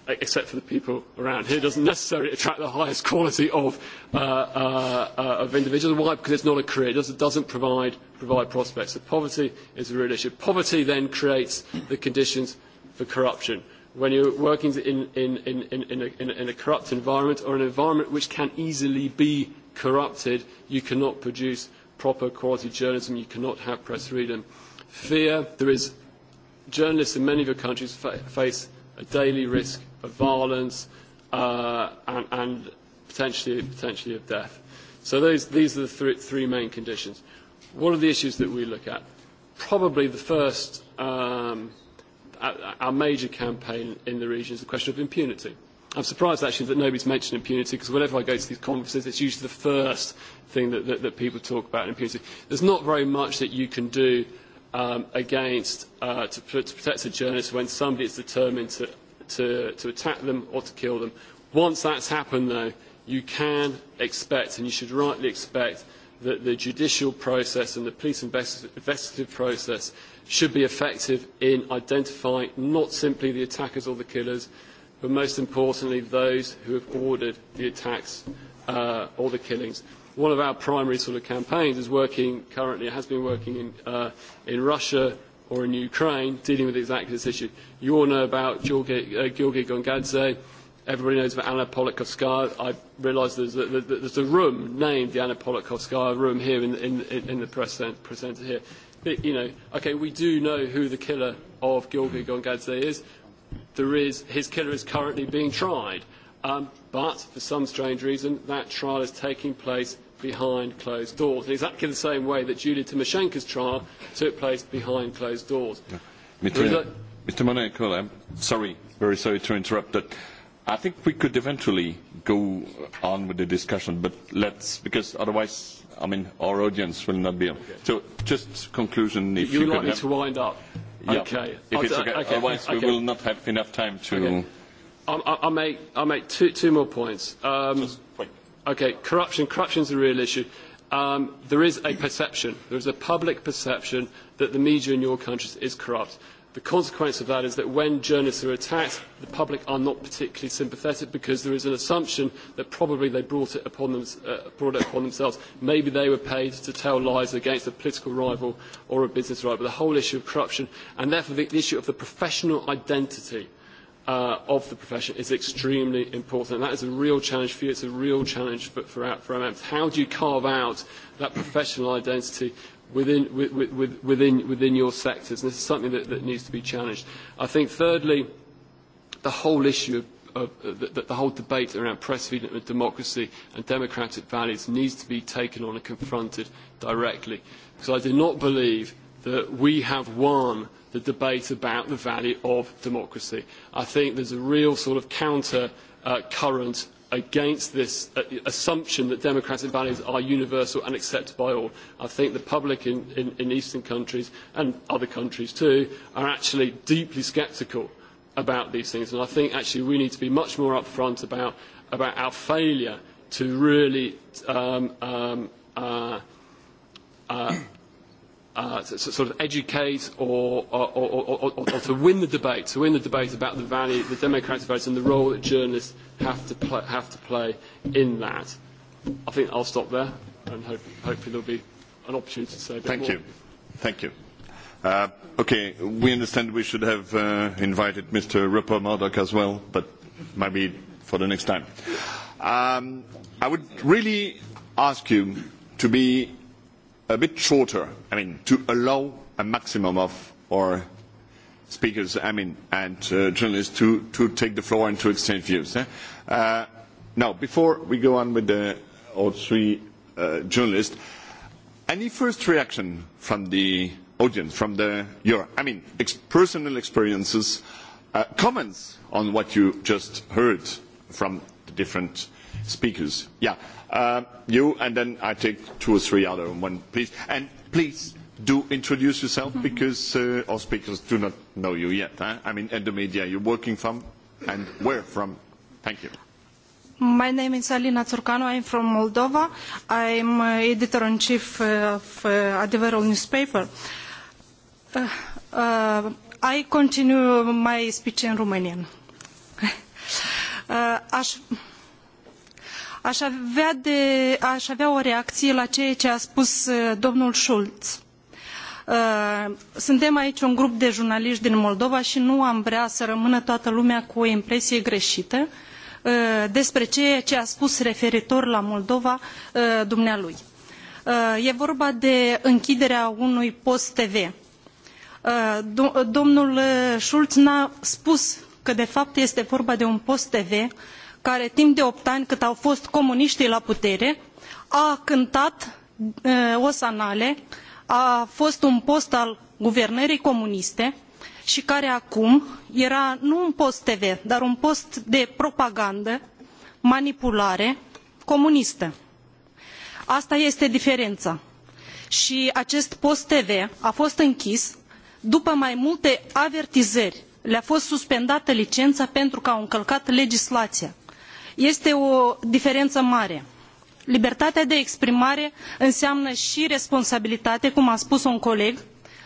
except for the people around here, doesn't necessarily attract the highest quality of, uh, uh, uh, of individuals. Why? Because it's not a career. It doesn't, doesn't provide, provide prospects. So poverty is a real issue. Poverty then creates the conditions for corruption. When you're working in, in, in, in, in, a, in, a, in a corrupt environment or an environment which can easily be corrupted, you cannot produce proper quality journalism. You cannot have press freedom. Fear. There is journalists in many of your countries fa face a daily risk of violence uh, and, and potentially, potentially of death. So those, these are the three, three main conditions. What are the issues that we look at? Probably the first, um, our major campaign in the region is the question of impunity. I'm surprised actually that nobody's mentioned impunity because whenever I go to these conferences, it's usually the first thing that, that, that people talk about impunity. There's not very much that you can do um, against uh, to, to protect a journalist when somebody is determined to, to, to attack them or to kill them. Once that's happened, though, you can expect, and you should rightly expect, that the judicial process and the police investigative process should be effective in identifying not simply the attackers or the killers, but most importantly, those who have ordered the attacks uh, or the killings one of our primary sort of campaigns is working currently, has been working in, uh, in Russia or in Ukraine, dealing with exactly this issue. You all know about Georgi, uh, Gongadze. Everybody knows about Anna Politkovskaya. I realise there's, a, there's a room named the Anna Politkovskaya room here in, in, in the press presenter here. But, you know, okay, we do know who the killer of Georgi Gongadze is. There is his killer is currently being tried. Um, but for some strange reason, that trial is taking place behind closed doors, in exactly the same way that Julia Timoshenko's trial took place behind closed doors. Yeah. Mr. A... Monaco, I'm sorry, very sorry to interrupt, but I think we could eventually go on with the discussion, but let's, because otherwise, I mean, our audience will not be able. Okay. So just conclusion, if you, you like could me have... to wind up? Yeah. Okay. If I'll it's okay. okay. Otherwise, okay. we will not have enough time to... Okay. I'll, I'll make, I'll make two, two more points. Um, just quick. Okay, corruption. Corruption is a real issue. Um, there is a perception, there is a public perception that the media in your countries is corrupt. The consequence of that is that when journalists are attacked, the public are not particularly sympathetic because there is an assumption that probably they brought it upon, them, uh, brought it upon themselves. Maybe they were paid to tell lies against a political rival or a business rival. The whole issue of corruption and therefore the issue of the professional identity uh, of the profession is extremely important. that is a real challenge for you. It's a real challenge for, for, for MMs. How do you carve out that professional identity within, with, with, within, within your sectors? And this is something that, that needs to be challenged. I think, thirdly, the whole issue of, of the, the whole debate around press freedom and democracy and democratic values needs to be taken on and confronted directly. Because I do not believe that we have won the debate about the value of democracy. I think there's a real sort of counter uh, current against this uh, assumption that democratic values are universal and accepted by all. I think the public in, in, in Eastern countries and other countries too are actually deeply sceptical about these things. And I think actually we need to be much more upfront about, about our failure to really um, um, uh, uh, uh, to, to sort of educate or, or, or, or, or to win the debate, to win the debate about the value, the democratic values and the role that journalists have to, pl- have to play in that. I think I'll stop there and hope, hopefully there'll be an opportunity to say a bit Thank more. you. Thank you. Uh, okay, we understand we should have uh, invited Mr. Rupert Murdoch as well, but maybe for the next time. Um, I would really ask you to be a bit shorter, I mean, to allow a maximum of our speakers, I mean, and uh, journalists to, to take the floor and to exchange views. Eh? Uh, now, before we go on with the, all three uh, journalists, any first reaction from the audience, from the your, I mean, ex personal experiences, uh, comments on what you just heard from the different speakers. Yeah, uh, you, and then I take two or three other one, please. And please do introduce yourself mm-hmm. because uh, our speakers do not know you yet. Huh? I mean, in the media you're working from and where from. Thank you. My name is Alina Turcanu. I'm from Moldova. I'm uh, editor-in-chief of uh, Adevărul newspaper. Uh, uh, I continue my speech in Romanian. *laughs* uh, Aș avea, de, aș avea o reacție la ceea ce a spus uh, domnul Schulz. Uh, suntem aici un grup de jurnaliști din Moldova și nu am vrea să rămână toată lumea cu o impresie greșită uh, despre ceea ce a spus referitor la Moldova dumnealui. E vorba de închiderea unui post TV. Domnul Schulz n-a spus că de fapt este vorba de un post TV care timp de opt ani cât au fost comuniștii la putere a cântat e, osanale a fost un post al guvernării comuniste și care acum era nu un post tv dar un post de propagandă manipulare comunistă. asta este diferența și acest post tv a fost închis după mai multe avertizări le a fost suspendată licența pentru că au încălcat legislația este o diferență mare. Libertatea de exprimare înseamnă și responsabilitate, cum a spus un coleg,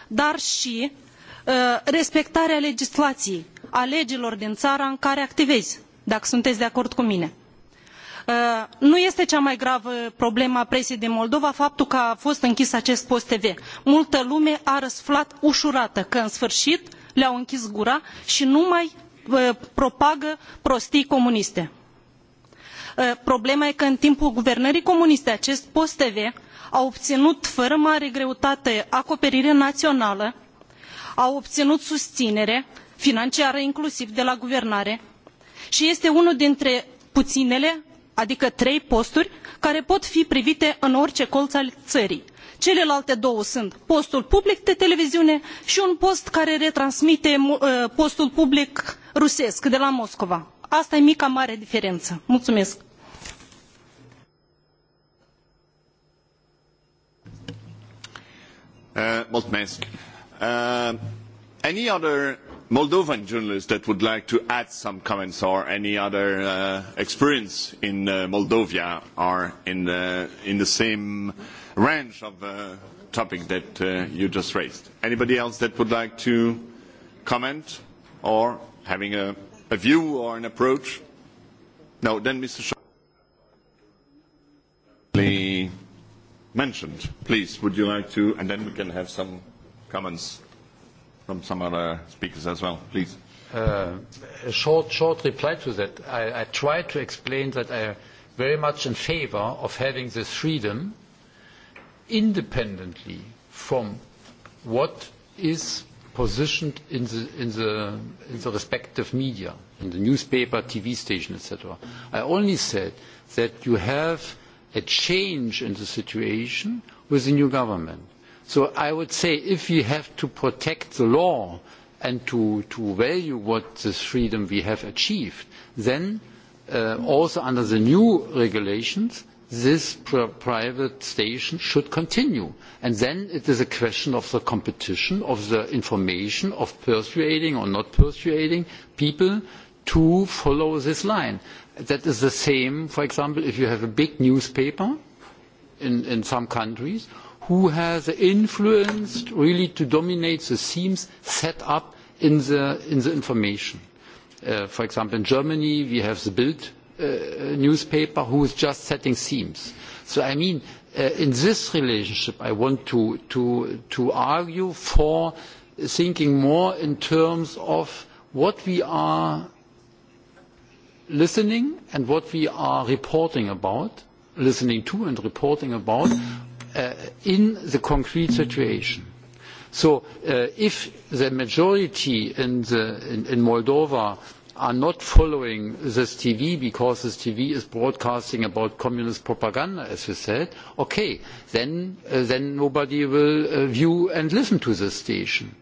dar și uh, respectarea legislației, a legilor din țara în care activezi, dacă sunteți de acord cu mine. Uh, nu este cea mai gravă problemă a presiei din Moldova faptul că a fost închis acest post TV. Multă lume a răsflat ușurată că în sfârșit le-au închis gura și nu mai uh, propagă prostii comuniste problema e că în timpul guvernării comuniste acest post tv a obținut fără mare greutate acoperire națională a obținut susținere financiară inclusiv de la guvernare și este unul dintre puținele adică trei posturi care pot fi privite în orice colț al țării. celelalte două sunt postul public de televiziune și un post care retransmite postul public rusesc de la moscova Asta e mica mare diferenă. Mulțumesc! Uh, Mulțumesc. Uh, any other Moldovan journalist that would like to add some comments or any other uh, experience in uh, Moldova or in the, in the same range of uh, topic that uh, you just raised? Anybody else that would like to comment or having a a view or an approach? No, then Mr. Schäuble mentioned. Please, would you like to, and then we can have some comments from some other speakers as well, please. Uh, a short, short reply to that. I, I tried to explain that I am very much in favor of having this freedom independently from what is positioned in the, in, the, in the respective media, in the newspaper, TV station, etc. I only said that you have a change in the situation with the new government. So I would say if we have to protect the law and to, to value what this freedom we have achieved, then uh, also under the new regulations, this private station should continue and then it is a question of the competition of the information of persuading or not persuading people to follow this line. that is the same for example if you have a big newspaper in, in some countries who has the influence really to dominate the themes set up in the, in the information. Uh, for example in germany we have the bild Uh, newspaper who is just setting themes. So I mean, uh, in this relationship, I want to, argue for thinking more in terms of what we are listening and what we are reporting about, listening to and reporting about uh, in the concrete situation. So if the majority in Moldova are not following this tv because this tv is broadcasting about communist propaganda as you said okay then, uh, then nobody will uh, view and listen to this station.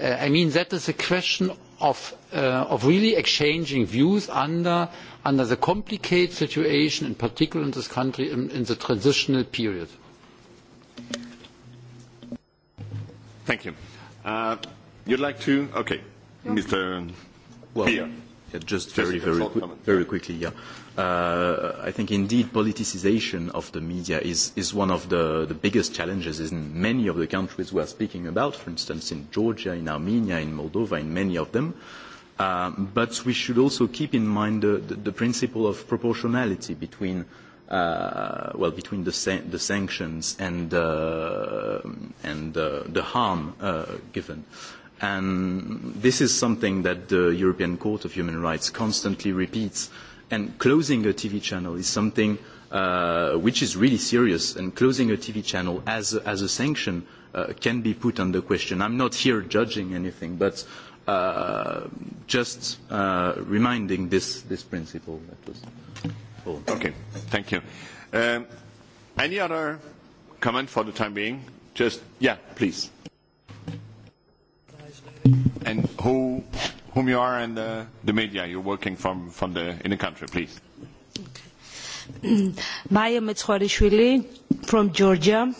Uh, i mean that is a question of, of really exchanging views under, under the complicated situation in particular in this country in, the transitional period. thank you. you'd like to okay mr Beer. Yeah, just, just very, very, qu comment. very quickly, yeah. Uh, I think indeed politicization of the media is, is one of the, the biggest challenges in many of the countries we are speaking about, for instance, in Georgia, in Armenia, in Moldova, in many of them. Um, but we should also keep in mind the, the, the principle of proportionality between uh, well, between the, san the sanctions and, uh, and uh, the harm uh, given. Uh, And this is something that the European Court of Human Rights constantly repeats. And closing a TV channel is something uh, which is really serious. And closing a TV channel as, a, as a sanction uh, can be put under question. I'm not here judging anything, but uh, just uh, reminding this, this principle. That was all. Okay, thank you. Um, any other comment for the time being? Just, yeah, please. And who, whom you are and the, the media you're working from, from the, in the country, please. Maya e Metzwarishvili from Georgia.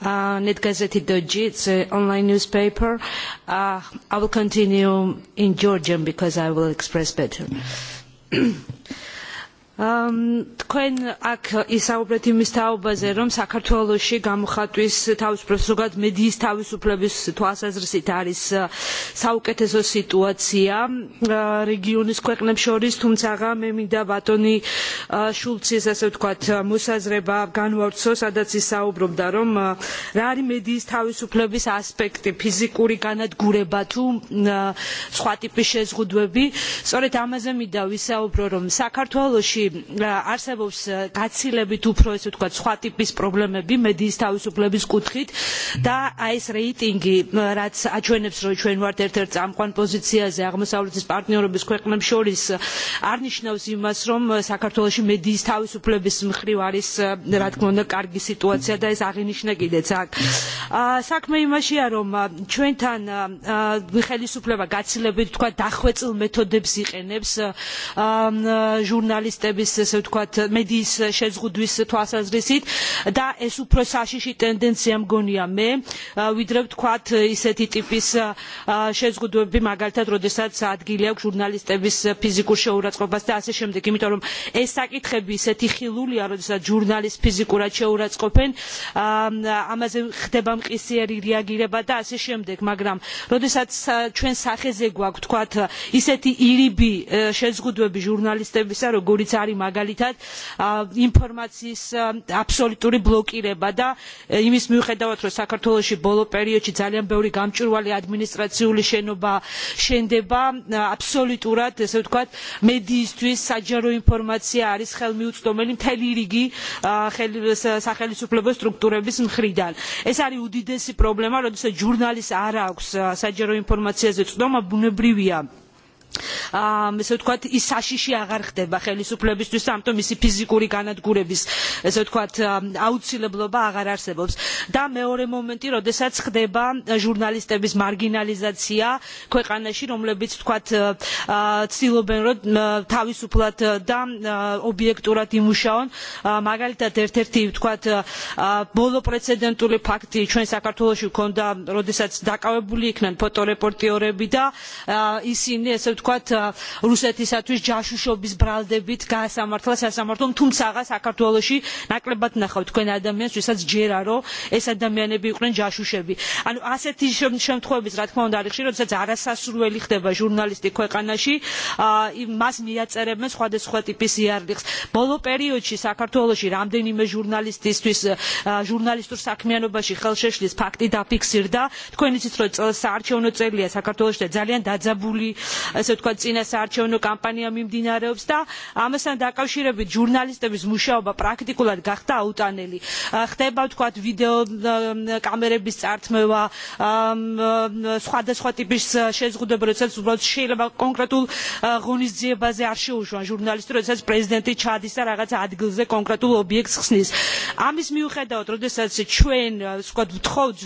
Uh, Netgazeti.gi, it's an online newspaper. Uh, I will continue in Georgian because I will express better. *clears throat* თქვენ აქ ისაუბრეთ იმის თაობაზე რომ საქართველოში გამოხატვის თავისუფლებას ზოგად მედიის თავისუფლების თვალსაზრისით არის საუკეთესო სიტუაცია რეგიონის ქვეყნებს შორის თუმცაღა მე მინდა ბატონი შულცის ასე ვთქვათ მოსაზრება განვავრცო სადაც ისაუბრობდა რომ რა არის მედიის თავისუფლების ასპექტი ფიზიკური განადგურება თუ სხვა ტიპის შეზღუდვები სწორედ ამაზე მინდა ვისაუბრო რომ საქართველოში არსებობს გაცილებით უფრო ესე ვთქვათ სხვა ტიპის პრობლემები მედიის თავისუფლების კუთხით და აი ეს რეიტინგი რაც აჩვენებს რომ ჩვენ ვართ ერთ-ერთ წამყვან პოზიციაზე აღმოსავლეთის პარტნიორობის ქვეყნებს შორის არ ნიშნავს იმას რომ საქართველოში მედიის თავისუფლების მხრივ არის რა თქმა უნდა კარგი სიტუაცია და ეს აღინიშნა კიდეც აქ საქმე იმაშია რომ ჩვენთან ხელისუფლება გაცილებით თქვა დახვეწილ მეთოდებს იყენებს ჟურნალისტებს services ვთქვათ მედიის შეზღუდვის თვალსაზრისით და ეს უფრო საშიში ტენდენცია მგონია მე ვიდრე ვთქვათ ისეთი ტიპის შეზღუდვები მაგალითად როდესაც ადგილი აქვს ჟურნალისტების ფიზიკურ შეურაცხყოფას და ასე შემდეგ იმიტომ რომ ეს საკითხები ისეთი ხილულია როდესაც ჟურნალისტს ფიზიკურად შეურაცხყოფენ ამაზე ხდება მყისიერი რეაგირება და ასე შემდეგ მაგრამ როდესაც ჩვენ სახეზე გვაქვს ვთქვათ ისეთი ირიბი შეზღუდვები ჟურნალისტებისა როგორიც არის მაგალითად ინფორმაციის აბსოლუტური ბლოკირება და იმის მიუხედავად რომ საქართველოში ბოლო პერიოდში ძალიან ბევრი გამჭვირვალე ადმინისტრაციული შენობა შენდება აბსოლუტურად ესე ვთქვათ მედიისთვის საჯარო ინფორმაცია არის ხელმიუწვდომელი მთელი რიგი სახელისუფლებო სტრუქტურების მხრიდან ეს არის უდიდესი პრობლემა როდესაც ჟურნალისტს არ აქვს საჯარო ინფორმაციაზე წვდომა ბუნებრივია ესე ვთქვათ ის საშიში აღარ ხდება ხელისუფლებისთვის ამიტომ მისი ფიზიკური განადგურების ესე ვთქვათ აუცილებლობა აღარ არსებობს და მეორე მომენტი როდესაც ხდება ჟურნალისტების მარგინალიზაცია ქვეყანაში რომლებიც ვთქვათ ცდილობენ რომ თავისუფლად და ობიექტურად იმუშაონ მაგალითად ერთ-ერთი ვთქვათ ბოლო პრეცედენტული ფაქტი ჩვენ საქართველოში გვქონდა როდესაც დაკავებული იქნენ ფოტორეპორტიორები და ისინი ესე ვთქვათ თქვათ რუსეთისათვის ჯაშუშობის ბრალდებით გაასამართლა სასამართლომ თუმცაღა საქართველოში ნაკლებად ნახავთ თქვენ ადამიანს ვისაც ჯერა რომ ეს ადამიანები იყვნენ ჯაშუშები ანუ ასეთი შემთხვევების რა თქმა უნდა არის ხშირი როდესაც არასასურველი ხდება ჟურნალისტი ქვეყანაში მას მიაწერებენ სხვადასხვა ტიპის იარლიხს ბოლო პერიოდში საქართველოში რამდენიმე ჟურნალისტისთვის ჟურნალისტურ საქმიანობაში ხელშეშლის ფაქტი დაფიქსირდა თქვენ იცით რომ საარჩევნო წელია საქართველოში და ძალიან დაძაბული ესე შეთქვა წინა საარჩევნო კამპანია მიმდინარეობს და ამასთან დაკავშირებით ჟურნალისტების მუშაობა პრაქტიკულად გახდა აუტანელი. ხდება თქვა ვიდეო კამერების წართმევა სხვადასხვა ტიპის შეზღუდვები როდესაც უბრალოდ შეიძლება კონკრეტულ ღონისძიებაზე არ შეუშვან ჟურნალისტი როდესაც პრეზიდენტი ჩადის და რაღაც ადგილზე კონკრეტულ ობიექტს ხსნის. ამის მიუხედავად როდესაც ჩვენ ვთქვათ ვთხოვთ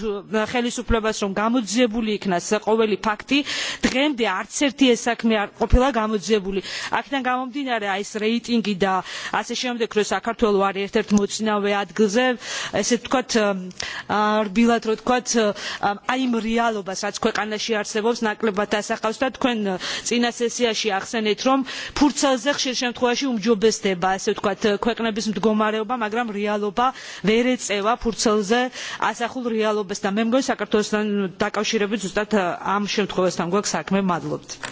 ხელისუფლებას რომ გამოძიებული იქნას ყოველი ფაქტი დღემდე არც ერთი ეს საქმე არ ყოფილა გამოძიებული აქედან გამომდინარე აი ეს რეიტინგი და ასე შემდეგ რომ საქართველო არის ერთ ერთი მოწინავე ადგილზე ესე ვთქვათ რბილად რო ვთქვათ აი იმ რეალობას რაც ქვეყანაში არსებობს ნაკლებად ასახავს და თქვენ წინა სესიაში ახსენეთ რომ ფურცელზე ხშირ შემთხვევაში უმჯობესდება ასე ვთქვათ ქვეყნების მდგომარეობა მაგრამ რეალობა ვერ ეწევა ფურცელზე ასახულ რეალობას და მე მგონი საქართველოსთან დაკავშირებით ზუსტად ამ შემთხვევასთან გვაქვს საქმე მადლობთ.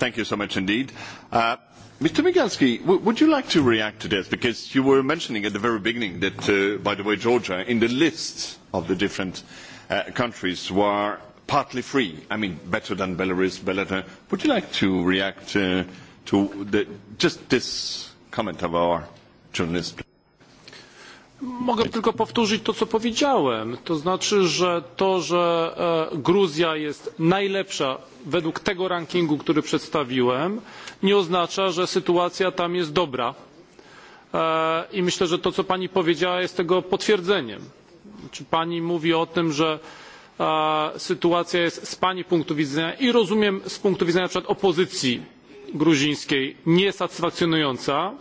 Thank you so much indeed. Uh, Mr. Migalski, would you like to react to this? Because you were mentioning at the very beginning that, uh, by the way, Georgia, in the list of the different uh, countries, were partly free. I mean, better than Belarus, Belarus. Would you like to react uh, to the, just this comment of our journalist? Mogę tylko powtórzyć to, co powiedziałem. To znaczy, że to, że e, Gruzja jest najlepsza według tego rankingu, który przedstawiłem, nie oznacza, że sytuacja tam jest dobra. E, I myślę, że to, co pani powiedziała, jest tego potwierdzeniem. Czy pani mówi o tym, że e, sytuacja jest z pani punktu widzenia i rozumiem z punktu widzenia na przykład opozycji gruzińskiej niesatysfakcjonująca,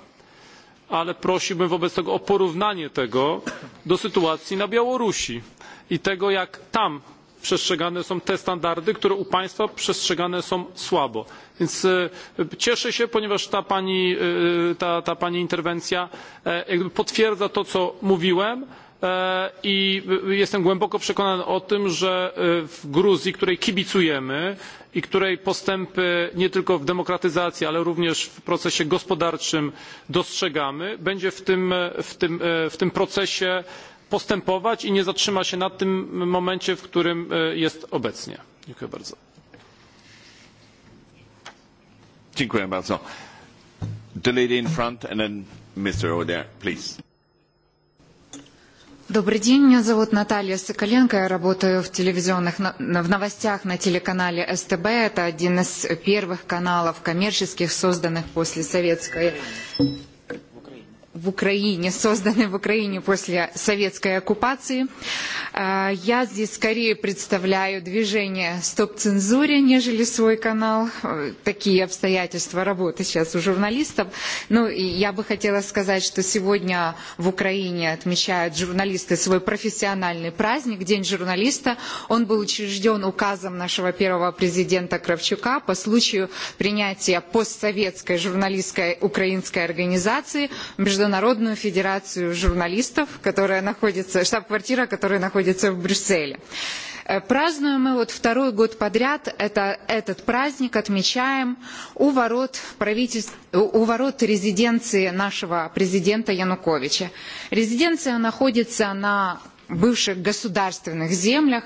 ale prosiłbym wobec tego o porównanie tego do sytuacji na białorusi i tego jak tam przestrzegane są te standardy które u państwa przestrzegane są słabo. więc e, cieszę się ponieważ ta pani, e, interwencja e, potwierdza to co mówiłem. E, i jestem głęboko przekonany o tym że e, w gruzji której kibicujemy i której postępy nie tylko w demokratyzacji ale również w procesie gospodarczym dostrzegamy będzie w tym, e, procesie postępować i nie zatrzyma się na tym momencie w którym jest obecnie. dziękuję bardzo. Добрый день, меня зовут Наталья Соколенко, я работаю в телевизионных, в новостях на телеканале СТБ. Это один из первых каналов коммерческих, созданных после советской в Украине, созданы в Украине после советской оккупации. Я здесь скорее представляю движение «Стоп цензуре», нежели свой канал. Такие обстоятельства работы сейчас у журналистов. Ну, и я бы хотела сказать, что сегодня в Украине отмечают журналисты свой профессиональный праздник, День журналиста. Он был учрежден указом нашего первого президента Кравчука по случаю принятия постсоветской журналистской украинской организации между Международную федерацию журналистов, которая находится, штаб-квартира, которая находится в Брюсселе. Празднуем мы вот второй год подряд это, этот праздник, отмечаем у ворот, правительств, у ворот резиденции нашего президента Януковича. Резиденция находится на бывших государственных землях,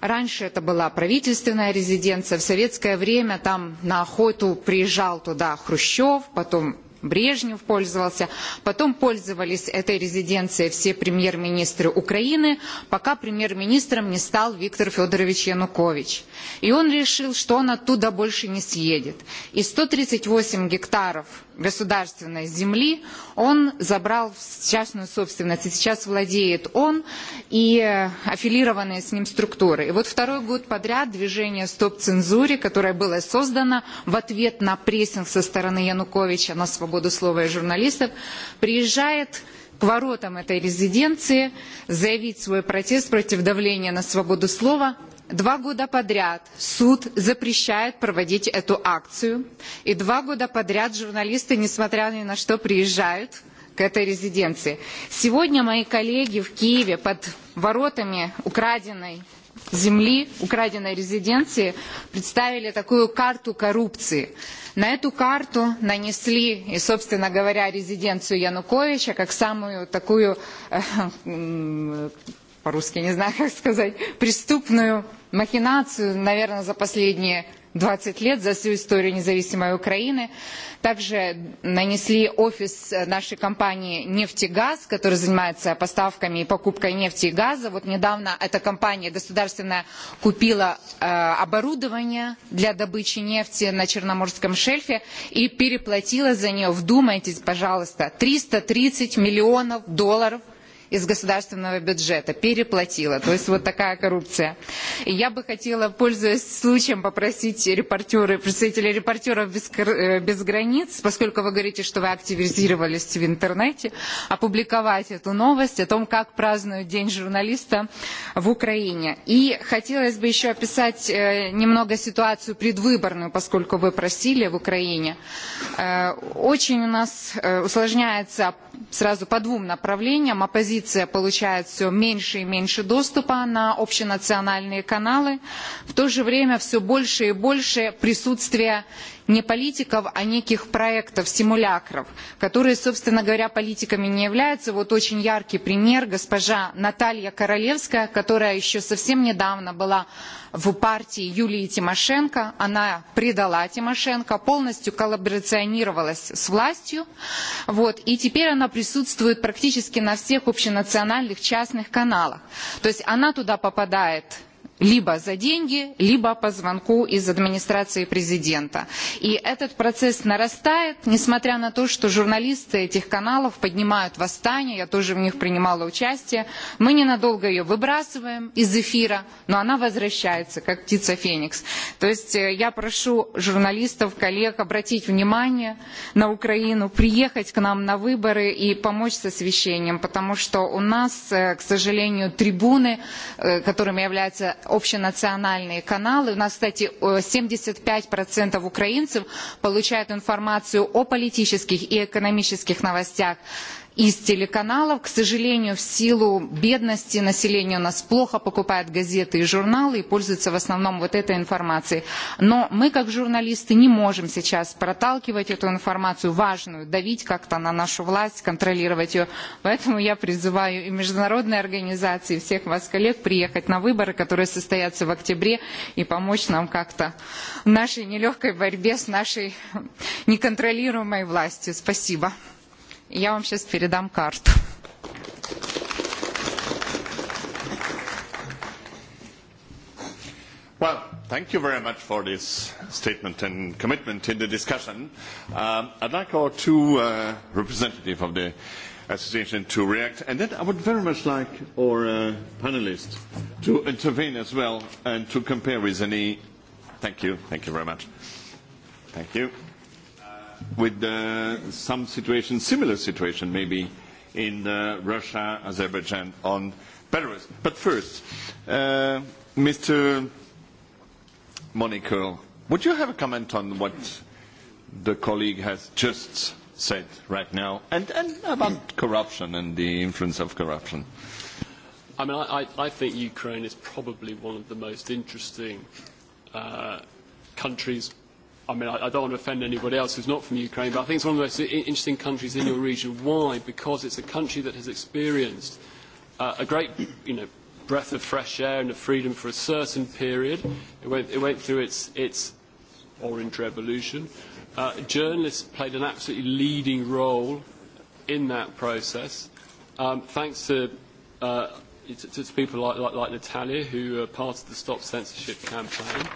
Раньше это была правительственная резиденция. В советское время там на охоту приезжал туда Хрущев, потом Брежнев пользовался. Потом пользовались этой резиденцией все премьер-министры Украины, пока премьер-министром не стал Виктор Федорович Янукович. И он решил, что он оттуда больше не съедет. И 138 гектаров государственной земли он забрал в частную собственность. И сейчас владеет он и аффилированные с ним структуры. И вот второй год подряд движение «Стоп цензуре», которое было создано в ответ на прессинг со стороны Януковича на свободу свободу слова и журналистов, приезжает к воротам этой резиденции заявить свой протест против давления на свободу слова. Два года подряд суд запрещает проводить эту акцию. И два года подряд журналисты, несмотря ни на что, приезжают к этой резиденции. Сегодня мои коллеги в Киеве под воротами украденной земли, украденной резиденции, представили такую карту коррупции. На эту карту нанесли и, собственно говоря, резиденцию Януковича как самую такую, по-русски не знаю, как сказать, преступную махинацию, наверное, за последние 20 лет, за всю историю независимой Украины. Также нанесли офис нашей компании «Нефтегаз», который занимается поставками и покупкой нефти и газа. Вот недавно эта компания государственная купила э, оборудование для добычи нефти на Черноморском шельфе и переплатила за нее, вдумайтесь, пожалуйста, 330 миллионов долларов из государственного бюджета, переплатила. То есть вот такая коррупция. И я бы хотела, пользуясь случаем, попросить репортеры, представителей репортеров без, без границ, поскольку вы говорите, что вы активизировались в интернете, опубликовать эту новость о том, как празднуют День журналиста в Украине. И хотелось бы еще описать немного ситуацию предвыборную, поскольку вы просили в Украине. Очень у нас усложняется сразу по двум направлениям оппозиция оппозиция получает все меньше и меньше доступа на общенациональные каналы, в то же время все больше и больше присутствия не политиков, а неких проектов, симулякров, которые, собственно говоря, политиками не являются. Вот очень яркий пример госпожа Наталья Королевская, которая еще совсем недавно была в партии Юлии Тимошенко. Она предала Тимошенко, полностью коллаборационировалась с властью. Вот, и теперь она присутствует практически на всех общенациональных частных каналах. То есть она туда попадает либо за деньги, либо по звонку из администрации президента. И этот процесс нарастает, несмотря на то, что журналисты этих каналов поднимают восстание, я тоже в них принимала участие. Мы ненадолго ее выбрасываем из эфира, но она возвращается, как птица Феникс. То есть я прошу журналистов, коллег обратить внимание на Украину, приехать к нам на выборы и помочь с освещением, потому что у нас, к сожалению, трибуны, которыми является общенациональные каналы. У нас, кстати, 75% украинцев получают информацию о политических и экономических новостях из телеканалов. К сожалению, в силу бедности населения у нас плохо покупают газеты и журналы и пользуются в основном вот этой информацией. Но мы, как журналисты, не можем сейчас проталкивать эту информацию важную, давить как-то на нашу власть, контролировать ее. Поэтому я призываю и международные организации, и всех вас, коллег, приехать на выборы, которые состоятся в октябре, и помочь нам как-то в нашей нелегкой борьбе с нашей неконтролируемой властью. Спасибо. Я вам сейчас передам карту. Well, thank you very much for this statement and commitment in the discussion. Um, I'd like our two uh, representatives of the association to react, and then I would very much like our uh, panelists to intervene as well and to compare with any. Thank you. Thank you very much. Thank you with uh, some situation, similar situation maybe, in uh, Russia, Azerbaijan, on Belarus. But first, uh, Mr. Monaco, would you have a comment on what the colleague has just said right now, and, and about corruption and the influence of corruption? I mean, I, I think Ukraine is probably one of the most interesting uh, countries I mean, I, I don't want to offend anybody else who's not from Ukraine, but I think it's one of the most interesting countries in your region. Why? Because it's a country that has experienced uh, a great, you know, breath of fresh air and of freedom for a certain period. It went, it went through its, its orange revolution. Uh, journalists played an absolutely leading role in that process, um, thanks to, uh, to, to people like, like, like Natalia, who are part of the Stop Censorship campaign.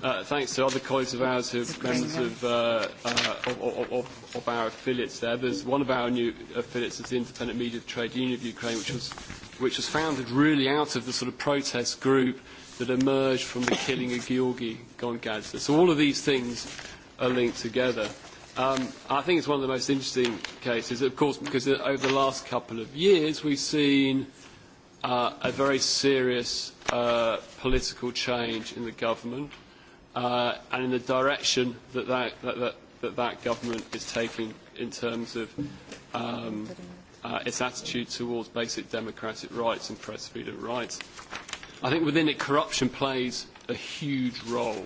Uh, thanks to other colleagues of ours who are members of, uh, uh, of, of, of our affiliates there. There's one of our new affiliates is the Independent Media Trade Union of Ukraine, which was, which was founded really out of the sort of protest group that emerged from the killing of Georgi Gongadze. So all of these things are linked together. Um, I think it's one of the most interesting cases, of course, because over the last couple of years we've seen uh, a very serious uh, political change in the government uh, and in the direction that that, that, that, that, that government is taking in terms of um, uh, its attitude towards basic democratic rights and press freedom rights. I think within it, corruption plays a huge role,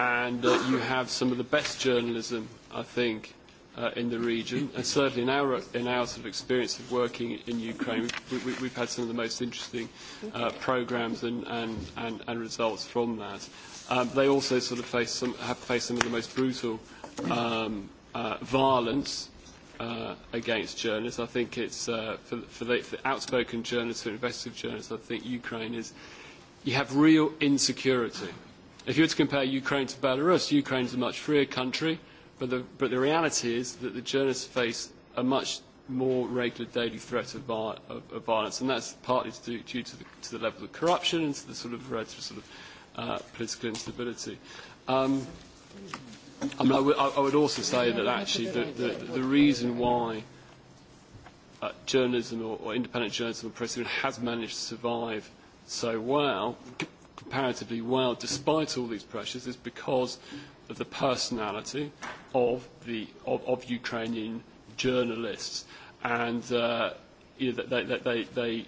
and uh, you have some of the best journalism, I think, uh, in the region, and certainly in our, in our sort of experience of working in Ukraine, we, we, we've had some of the most interesting uh, programs and, and, and, and results from that. Um, they also sort of face some, have faced some of the most brutal um, uh, violence uh, against journalists. I think it's uh, for, for, the, for outspoken journalists, for investigative journalists, I think Ukraine is, you have real insecurity. If you were to compare Ukraine to Belarus, Ukraine is a much freer country, but the, but the reality is that the journalists face a much more regular daily threat of, of, of violence, and that's partly to do, due to the, to the level of corruption and to the sort of, uh, to sort of Uh, political instability. Um, I, mean, I, w- I would also say that actually the, the, the reason why uh, journalism or, or independent journalism or press has managed to survive so well, comparatively well, despite all these pressures, is because of the personality of, the, of, of Ukrainian journalists. And uh, you know, they, they, they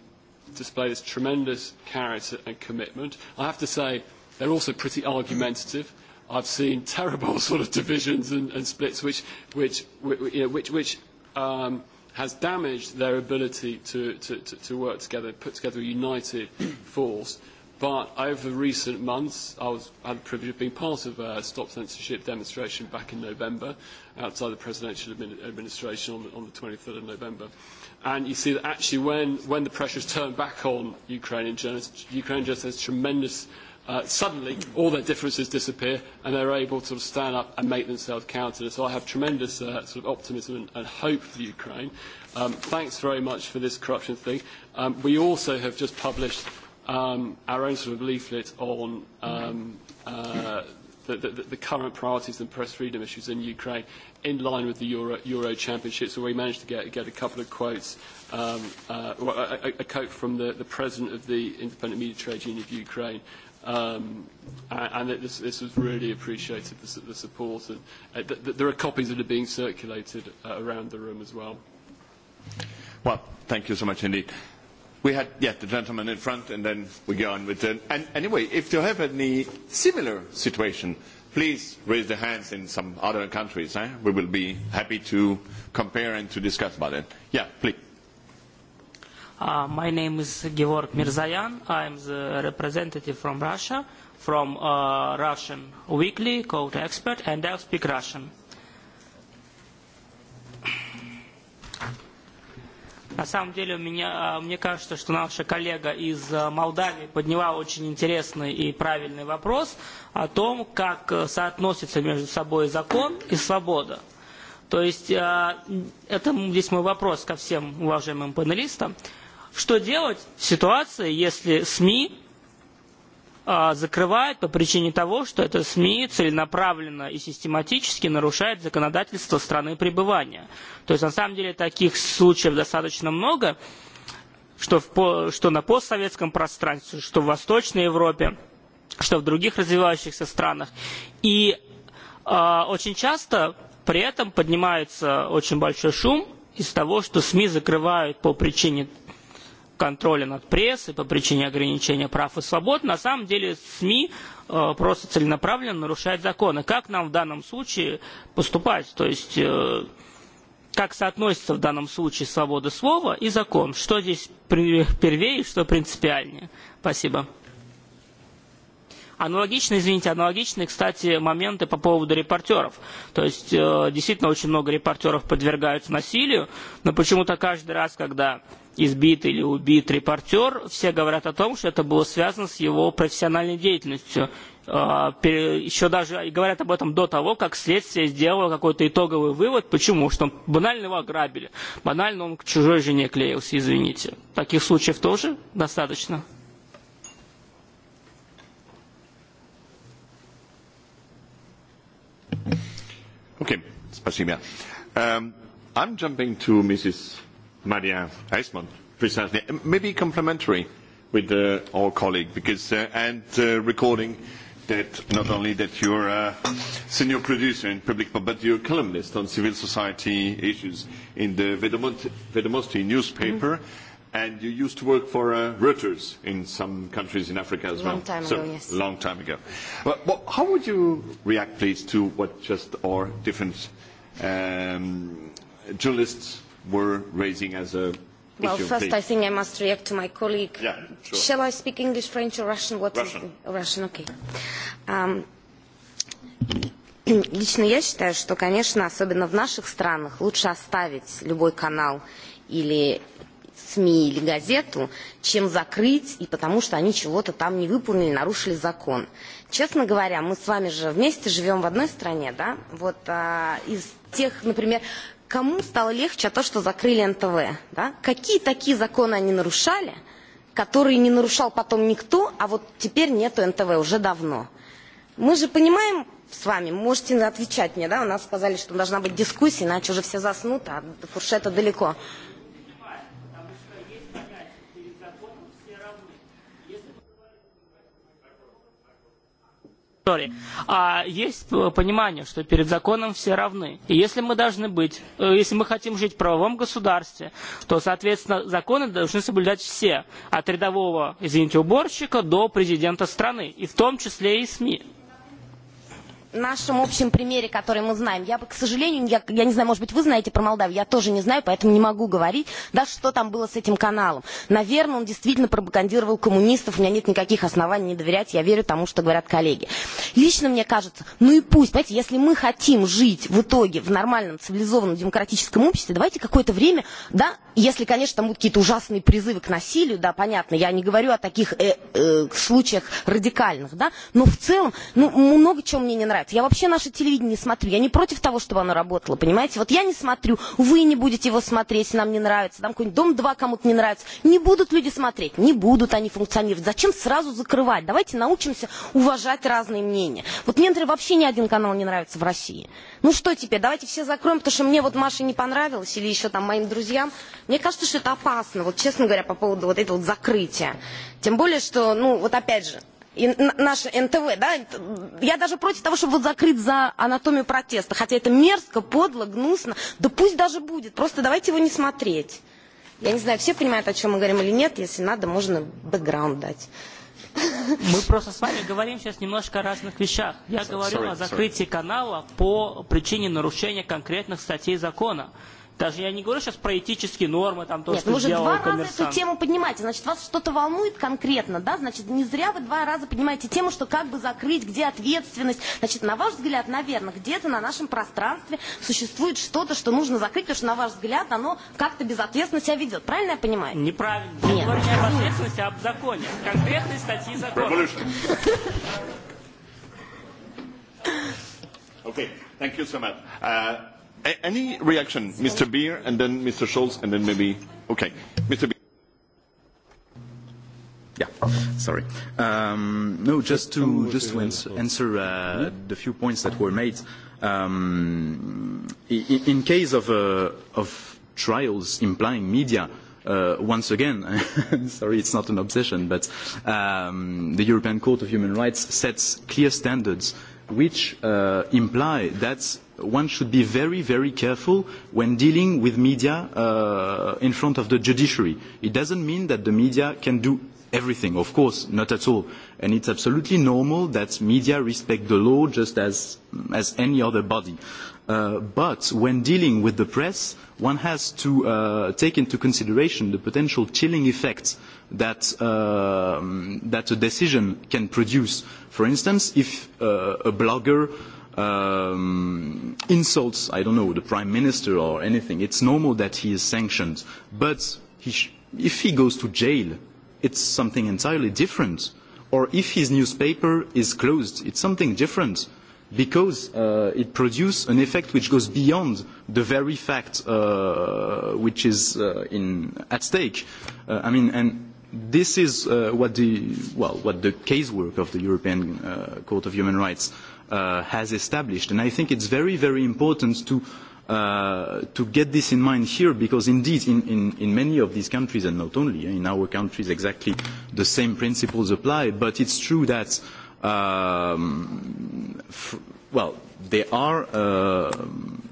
display this tremendous character and commitment. I have to say, They're also pretty argumentative. I've seen *laughs* terrible sort of divisions and, and splits, which, which, which, you know, which, which um, has damaged their ability to, to, to, to work together, put together a united *clears throat* force. But over recent months, I was, had the privilege of being part of a stop censorship demonstration back in November outside the presidential administration on the, on the 23rd of November. And you see that actually when, when the pressure is turned back on Ukrainian journalists, Ukrainian journalists has tremendous Uh, suddenly all their differences disappear and they're able to stand up and make themselves counted. So I have tremendous uh, sort of optimism and, and hope for Ukraine. Um, thanks very much for this corruption thing. Um, we also have just published um, our own sort of leaflet on um, uh, the, the, the current priorities and press freedom issues in Ukraine in line with the Euro, Euro Championships, where we managed to get, get a couple of quotes, um, uh, a, a, a quote from the, the president of the Independent Media Trade Union of Ukraine, Um, and it, this, this was really appreciated, the, the support. And, uh, th th there are copies that are being circulated uh, around the room as well. Well, thank you so much indeed. We had, yeah, the gentleman in front, and then we go on with the... And anyway, if you have any similar situation, please raise the hands in some other countries. Eh? We will be happy to compare and to discuss about it. Yeah, please. Uh, my name is Georg Mirzayan. I am the representative from Russia, from a Russian weekly called Expert, and I speak Russian. На самом деле, у меня, мне кажется, что наша коллега из Молдавии подняла очень интересный и правильный вопрос о том, как соотносится между собой закон и свобода. То есть, это здесь мой вопрос ко всем уважаемым панелистам что делать в ситуации, если СМИ э, закрывают по причине того, что это СМИ целенаправленно и систематически нарушает законодательство страны пребывания. То есть на самом деле таких случаев достаточно много, что, в, что на постсоветском пространстве, что в Восточной Европе, что в других развивающихся странах. И э, очень часто при этом поднимается очень большой шум из того, что СМИ закрывают по причине контроля над прессой по причине ограничения прав и свобод, на самом деле СМИ просто целенаправленно нарушают законы. Как нам в данном случае поступать? То есть как соотносится в данном случае свобода слова и закон? Что здесь первее, что принципиальнее? Спасибо. Аналогично, извините, аналогичные, кстати, моменты по поводу репортеров. То есть, э, действительно, очень много репортеров подвергаются насилию, но почему-то каждый раз, когда избит или убит репортер, все говорят о том, что это было связано с его профессиональной деятельностью. Еще даже говорят об этом до того, как следствие сделало какой-то итоговый вывод. Почему? Что банально его ограбили. Банально он к чужой жене клеился, извините. Таких случаев тоже достаточно? Okay, спасибо. Um, I'm jumping to Mrs. Maria Eismann, precisely. Maybe complementary with uh, our colleague, because uh, and uh, recording that not only that you're a uh, senior producer in public, but you're a columnist on civil society issues in the Vedomosti newspaper. Mm-hmm. And you used to work for uh, Reuters in some countries in Africa as long well. Long time so, ago, yes. Long time ago. But, well, how would you react, please, to what just our different um, journalists were raising as a Well, issue, first please. I think I must react to my colleague. Yeah, sure. Shall I speak English, French or Russian? What Russian. Is, Russian, okay. Um, лично я считаю, что, конечно, особенно в наших странах лучше оставить любой канал или СМИ или газету, чем закрыть, и потому что они чего-то там не выполнили, нарушили закон. Честно говоря, мы с вами же вместе живем в одной стране, да? Вот а, из тех, например, кому стало легче то, что закрыли НТВ? Да? Какие такие законы они нарушали, которые не нарушал потом никто, а вот теперь нету НТВ уже давно? Мы же понимаем с вами, можете отвечать мне, да, у нас сказали, что должна быть дискуссия, иначе уже все заснут, а фуршета далеко. истории. А есть понимание, что перед законом все равны. И если мы должны быть, если мы хотим жить в правовом государстве, то, соответственно, законы должны соблюдать все. От рядового, извините, уборщика до президента страны. И в том числе и СМИ нашем общем примере, который мы знаем. Я бы, к сожалению, я, я не знаю, может быть, вы знаете про Молдавию, я тоже не знаю, поэтому не могу говорить, да, что там было с этим каналом. Наверное, он действительно пропагандировал коммунистов, у меня нет никаких оснований не доверять, я верю тому, что говорят коллеги. Лично мне кажется, ну и пусть, понимаете, если мы хотим жить в итоге в нормальном, цивилизованном, демократическом обществе, давайте какое-то время, да, если, конечно, там будут какие-то ужасные призывы к насилию, да, понятно, я не говорю о таких э, э, случаях радикальных, да, но в целом, ну, много чего мне не нравится нравится. Я вообще наше телевидение не смотрю. Я не против того, чтобы оно работало, понимаете? Вот я не смотрю, вы не будете его смотреть, если нам не нравится. Там какой-нибудь «Дом-2» кому-то не нравится. Не будут люди смотреть, не будут они функционировать. Зачем сразу закрывать? Давайте научимся уважать разные мнения. Вот мне, например, вообще ни один канал не нравится в России. Ну что теперь, давайте все закроем, потому что мне вот Маше не понравилось, или еще там моим друзьям. Мне кажется, что это опасно, вот честно говоря, по поводу вот этого вот закрытия. Тем более, что, ну, вот опять же, и наше НТВ, да, я даже против того, чтобы вот закрыть за анатомию протеста, хотя это мерзко, подло, гнусно, да пусть даже будет, просто давайте его не смотреть. Я не знаю, все понимают, о чем мы говорим или нет, если надо, можно бэкграунд дать. Мы просто с вами говорим сейчас немножко о разных вещах. Я говорю о закрытии канала по причине нарушения конкретных статей закона. Даже я не говорю сейчас про этические нормы, там то, Нет, что сделал коммерсант. Нет, вы же два раза эту тему поднимаете, значит, вас что-то волнует конкретно, да? Значит, не зря вы два раза поднимаете тему, что как бы закрыть, где ответственность. Значит, на ваш взгляд, наверное, где-то на нашем пространстве существует что-то, что нужно закрыть, потому что, на ваш взгляд, оно как-то безответственно себя ведет. Правильно я понимаю? Неправильно. Нет. Я говорю не об ответственности, а об законе. Конкретной статьи закона. Okay, thank you so much. Uh, any reaction, Mr. Beer, and then Mr. Scholz, and then maybe... Okay, Mr. Beer. Yeah, sorry. Um, no, just to just to answer uh, the few points that were made. Um, in, in case of uh, of trials implying media, uh, once again, *laughs* sorry, it's not an obsession, but um, the European Court of Human Rights sets clear standards which uh, imply that one should be very, very careful when dealing with media uh, in front of the judiciary. It doesn't mean that the media can do everything, of course, not at all. And it's absolutely normal that media respect the law just as, as any other body. Uh, but when dealing with the press, one has to uh, take into consideration the potential chilling effects that, uh, that a decision can produce. For instance, if uh, a blogger um, insults, I don't know, the prime minister or anything, it's normal that he is sanctioned. But he if he goes to jail, it's something entirely different. Or if his newspaper is closed, it's something different because uh, it produces an effect which goes beyond the very fact uh, which is uh, in, at stake. Uh, I mean, and this is uh, what the well, what the casework of the European uh, Court of Human Rights uh, uh, has established. And I think it's very, very important to, uh, to get this in mind here because indeed in, in, in many of these countries and not only eh, in our countries exactly the same principles apply but it's true that um, well there are, uh,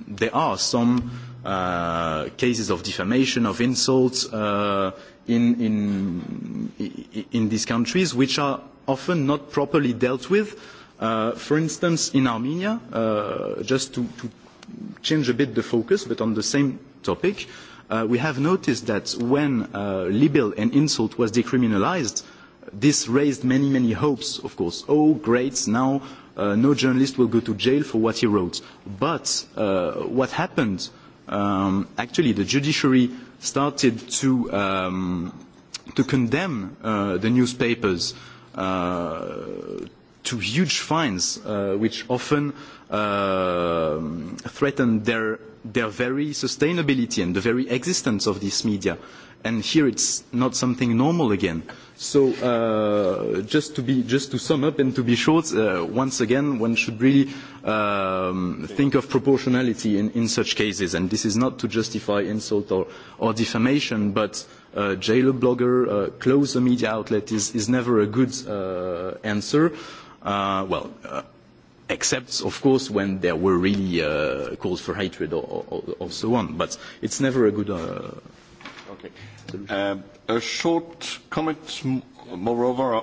there are some uh, cases of defamation, of insults uh, in, in, in these countries which are often not properly dealt with Uh, for instance, in Armenia, uh, just to, change a bit the focus, but on the same topic, uh, we have noticed that when libel and insult was decriminalized, this raised many, many hopes, of course. Oh, great, now no journalist will go to jail for what he wrote. But what happened? Um, actually, the judiciary started to, um, condemn the newspapers to huge fines, uh, which often uh, threaten their, their very sustainability and the very existence of these media. And here it's not something normal again. So uh, just, to be, just to sum up and to be short, uh, once again, one should really um, think of proportionality in, in such cases. And this is not to justify insult or, or defamation, but uh, jail a blogger, uh, close a media outlet is, is never a good uh, answer. Uh, Uh, well, uh, except, of course, when there were really uh, calls for hatred or, or, or so on. But it's never a good uh, okay. solution. Um, a short comment, moreover. Uh,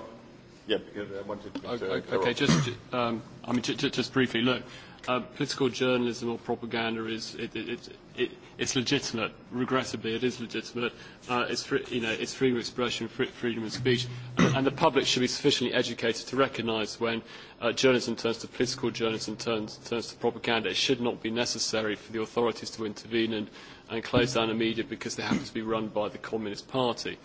yeah, because I wanted to... Oh, okay, okay just, um, I mean, just, just briefly, look, uh, political journalism or propaganda is... It, it, it, it's legitimate. Regrettably, it is legitimate. Uh, it's, free, you know, it's freedom of expression, freedom of speech, and, the public should be sufficiently educated to recognise when uh, journalism turns to political journalism, turns, turns to propaganda. It should not be necessary for the authorities to intervene and, and close down the media because they happen to be run by the Communist Party.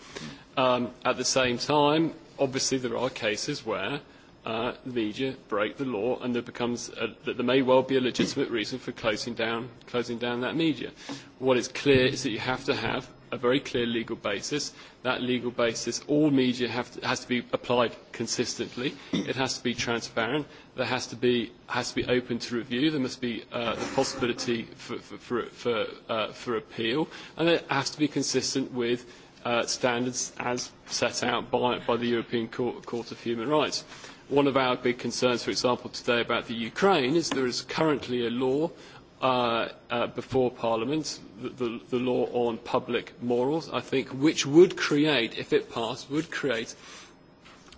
Um, at the same time, obviously, there are cases where uh, media break the law, and there becomes a, that there may well be a legitimate reason for closing down closing down that media. What is clear is that you have to have a very clear legal basis. That legal basis, all media have to, has to be applied consistently. It has to be transparent. There has to be has to be open to review. There must be uh, the possibility for for for, for, uh, for appeal, and it has to be consistent with. Uh, standards as set out by, by the European Court, Court of Human Rights. One of our big concerns, for example, today about the Ukraine is there is currently a law uh, uh, before Parliament, the, the, the law on public morals, I think, which would create, if it passed, would create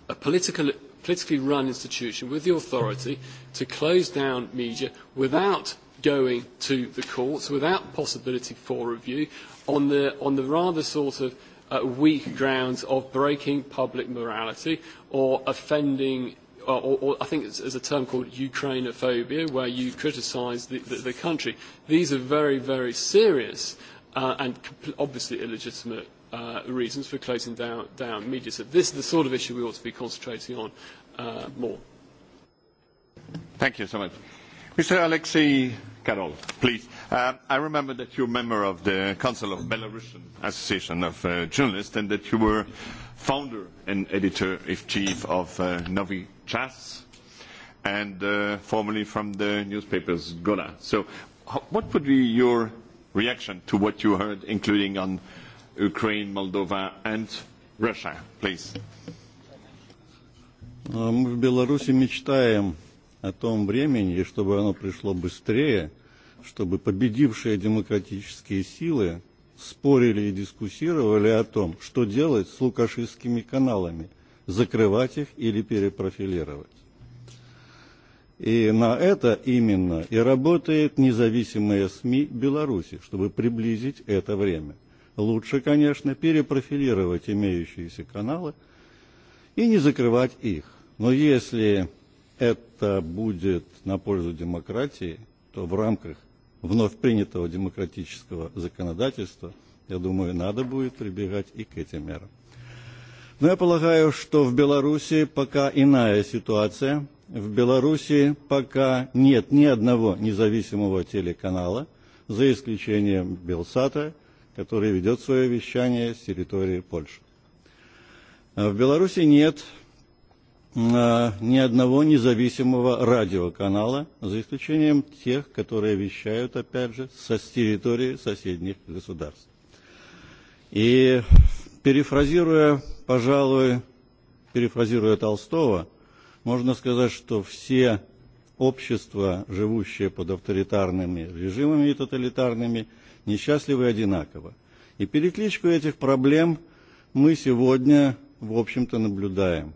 a political, politically run institution with the authority to close down media without going to the courts, without possibility for review, on the, on the rather sort of uh, weak grounds of breaking public morality or offending or, or I think there's a term called Ukrainophobia, where you criticise the, the, the country. These are very, very serious uh, and obviously illegitimate uh, reasons for closing down, down media. So this is the sort of issue we ought to be concentrating on uh, more. Thank you so much. Mr. Alexei Karol, please. Uh, I remember that you're a member of the Council of Belarusian Association of uh, Journalists and that you were founder and editor-in-chief of uh, Novi Chas, and uh, formerly from the newspapers Gola. So what would be your reaction to what you heard, including on Ukraine, Moldova, and Russia, please? Мы в Беларуси мечтаем о том времени, чтобы оно пришло быстрее, чтобы победившие демократические силы спорили и дискуссировали о том, что делать с лукашистскими каналами – закрывать их или перепрофилировать. И на это именно и работает независимые СМИ Беларуси, чтобы приблизить это время. Лучше, конечно, перепрофилировать имеющиеся каналы и не закрывать их. Но если это будет на пользу демократии, то в рамках вновь принятого демократического законодательства, я думаю, надо будет прибегать и к этим мерам. Но я полагаю, что в Беларуси пока иная ситуация. В Беларуси пока нет ни одного независимого телеканала, за исключением Белсата, который ведет свое вещание с территории Польши. В Беларуси нет ни одного независимого радиоканала, за исключением тех, которые вещают, опять же, с территории соседних государств. И перефразируя, пожалуй, перефразируя Толстого, можно сказать, что все общества, живущие под авторитарными режимами и тоталитарными, несчастливы одинаково. И перекличку этих проблем мы сегодня, в общем-то, наблюдаем.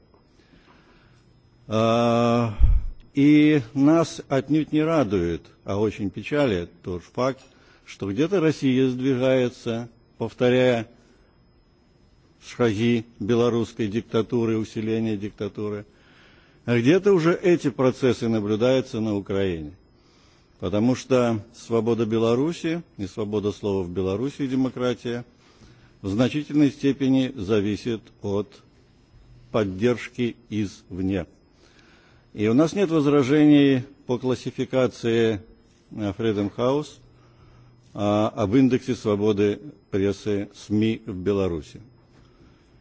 И нас отнюдь не радует, а очень печалит тот факт, что где-то Россия сдвигается, повторяя шаги белорусской диктатуры, усиления диктатуры. А где-то уже эти процессы наблюдаются на Украине. Потому что свобода Беларуси и свобода слова в Беларуси и демократия в значительной степени зависит от поддержки извне. И у нас нет возражений по классификации Freedom House об индексе свободы прессы СМИ в Беларуси.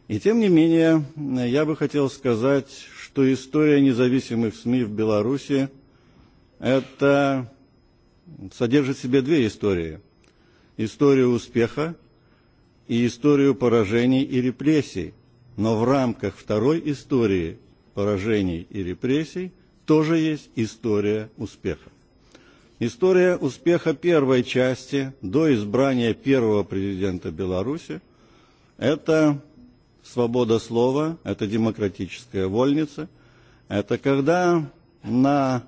И тем не менее, я бы хотел сказать, что история независимых СМИ в Беларуси это содержит в себе две истории. Историю успеха и историю поражений и репрессий. Но в рамках второй истории поражений и репрессий тоже есть история успеха. История успеха первой части до избрания первого президента Беларуси – это свобода слова, это демократическая вольница, это когда на,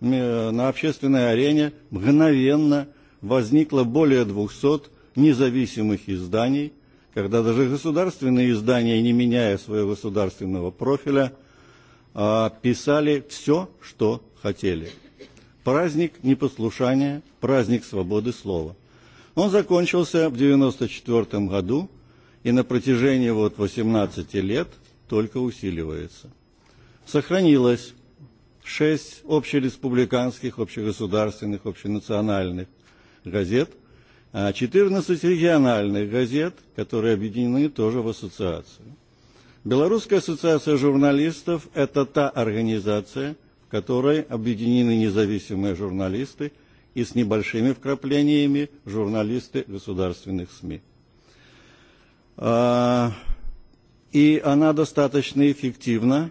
на общественной арене мгновенно возникло более 200 независимых изданий, когда даже государственные издания, не меняя своего государственного профиля, писали все, что хотели. Праздник непослушания, праздник свободы слова. Он закончился в 1994 году и на протяжении вот 18 лет только усиливается. Сохранилось шесть общереспубликанских, общегосударственных, общенациональных газет, 14 региональных газет, которые объединены тоже в ассоциацию. Белорусская ассоциация журналистов – это та организация, в которой объединены независимые журналисты и с небольшими вкраплениями журналисты государственных СМИ – И она достаточно эффективна,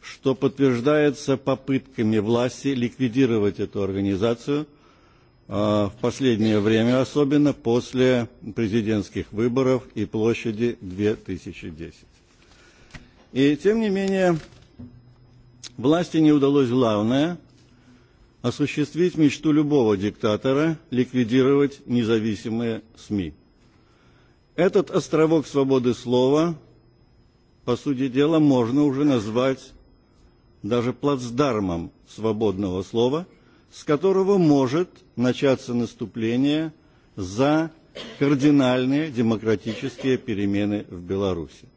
что подтверждается попытками власти ликвидировать эту организацию в последнее время, особенно после президентских выборов и площади 2010. И тем не менее, власти не удалось главное – осуществить мечту любого диктатора – ликвидировать независимые СМИ – Этот островок свободы слова, по сути дела, можно уже назвать даже плацдармом свободного слова, с которого может начаться наступление за кардинальные демократические перемены в Беларуси.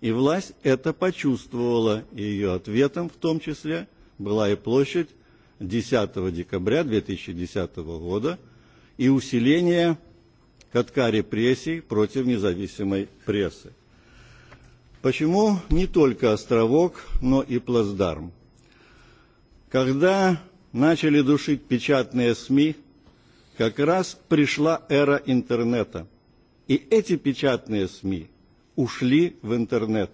И власть это почувствовала, и ее ответом в том числе была и площадь 10 декабря 2010 года, и усиление катка репрессий против независимой прессы. Почему не только островок, но и плацдарм? Когда начали душить печатные СМИ, как раз пришла эра интернета. И эти печатные СМИ ушли в интернет.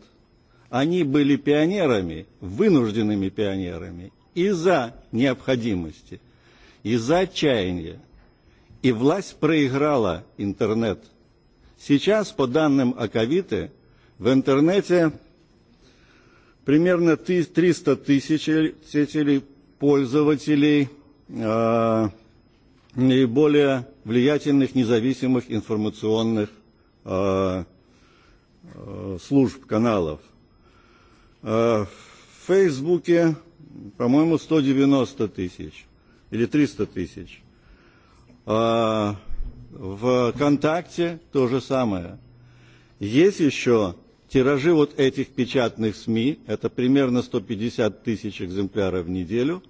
Они были пионерами, вынужденными пионерами, из-за необходимости, из-за отчаяния, И власть проиграла интернет. Сейчас, по данным Аковиты, в интернете примерно 300 тысяч пользователей наиболее влиятельных независимых информационных служб, каналов. в Фейсбуке, по-моему, 190 тысяч или 300 тысяч в ВКонтакте то же самое. Есть еще тиражи вот этих печатных СМИ, это примерно 150 тысяч экземпляров в неделю,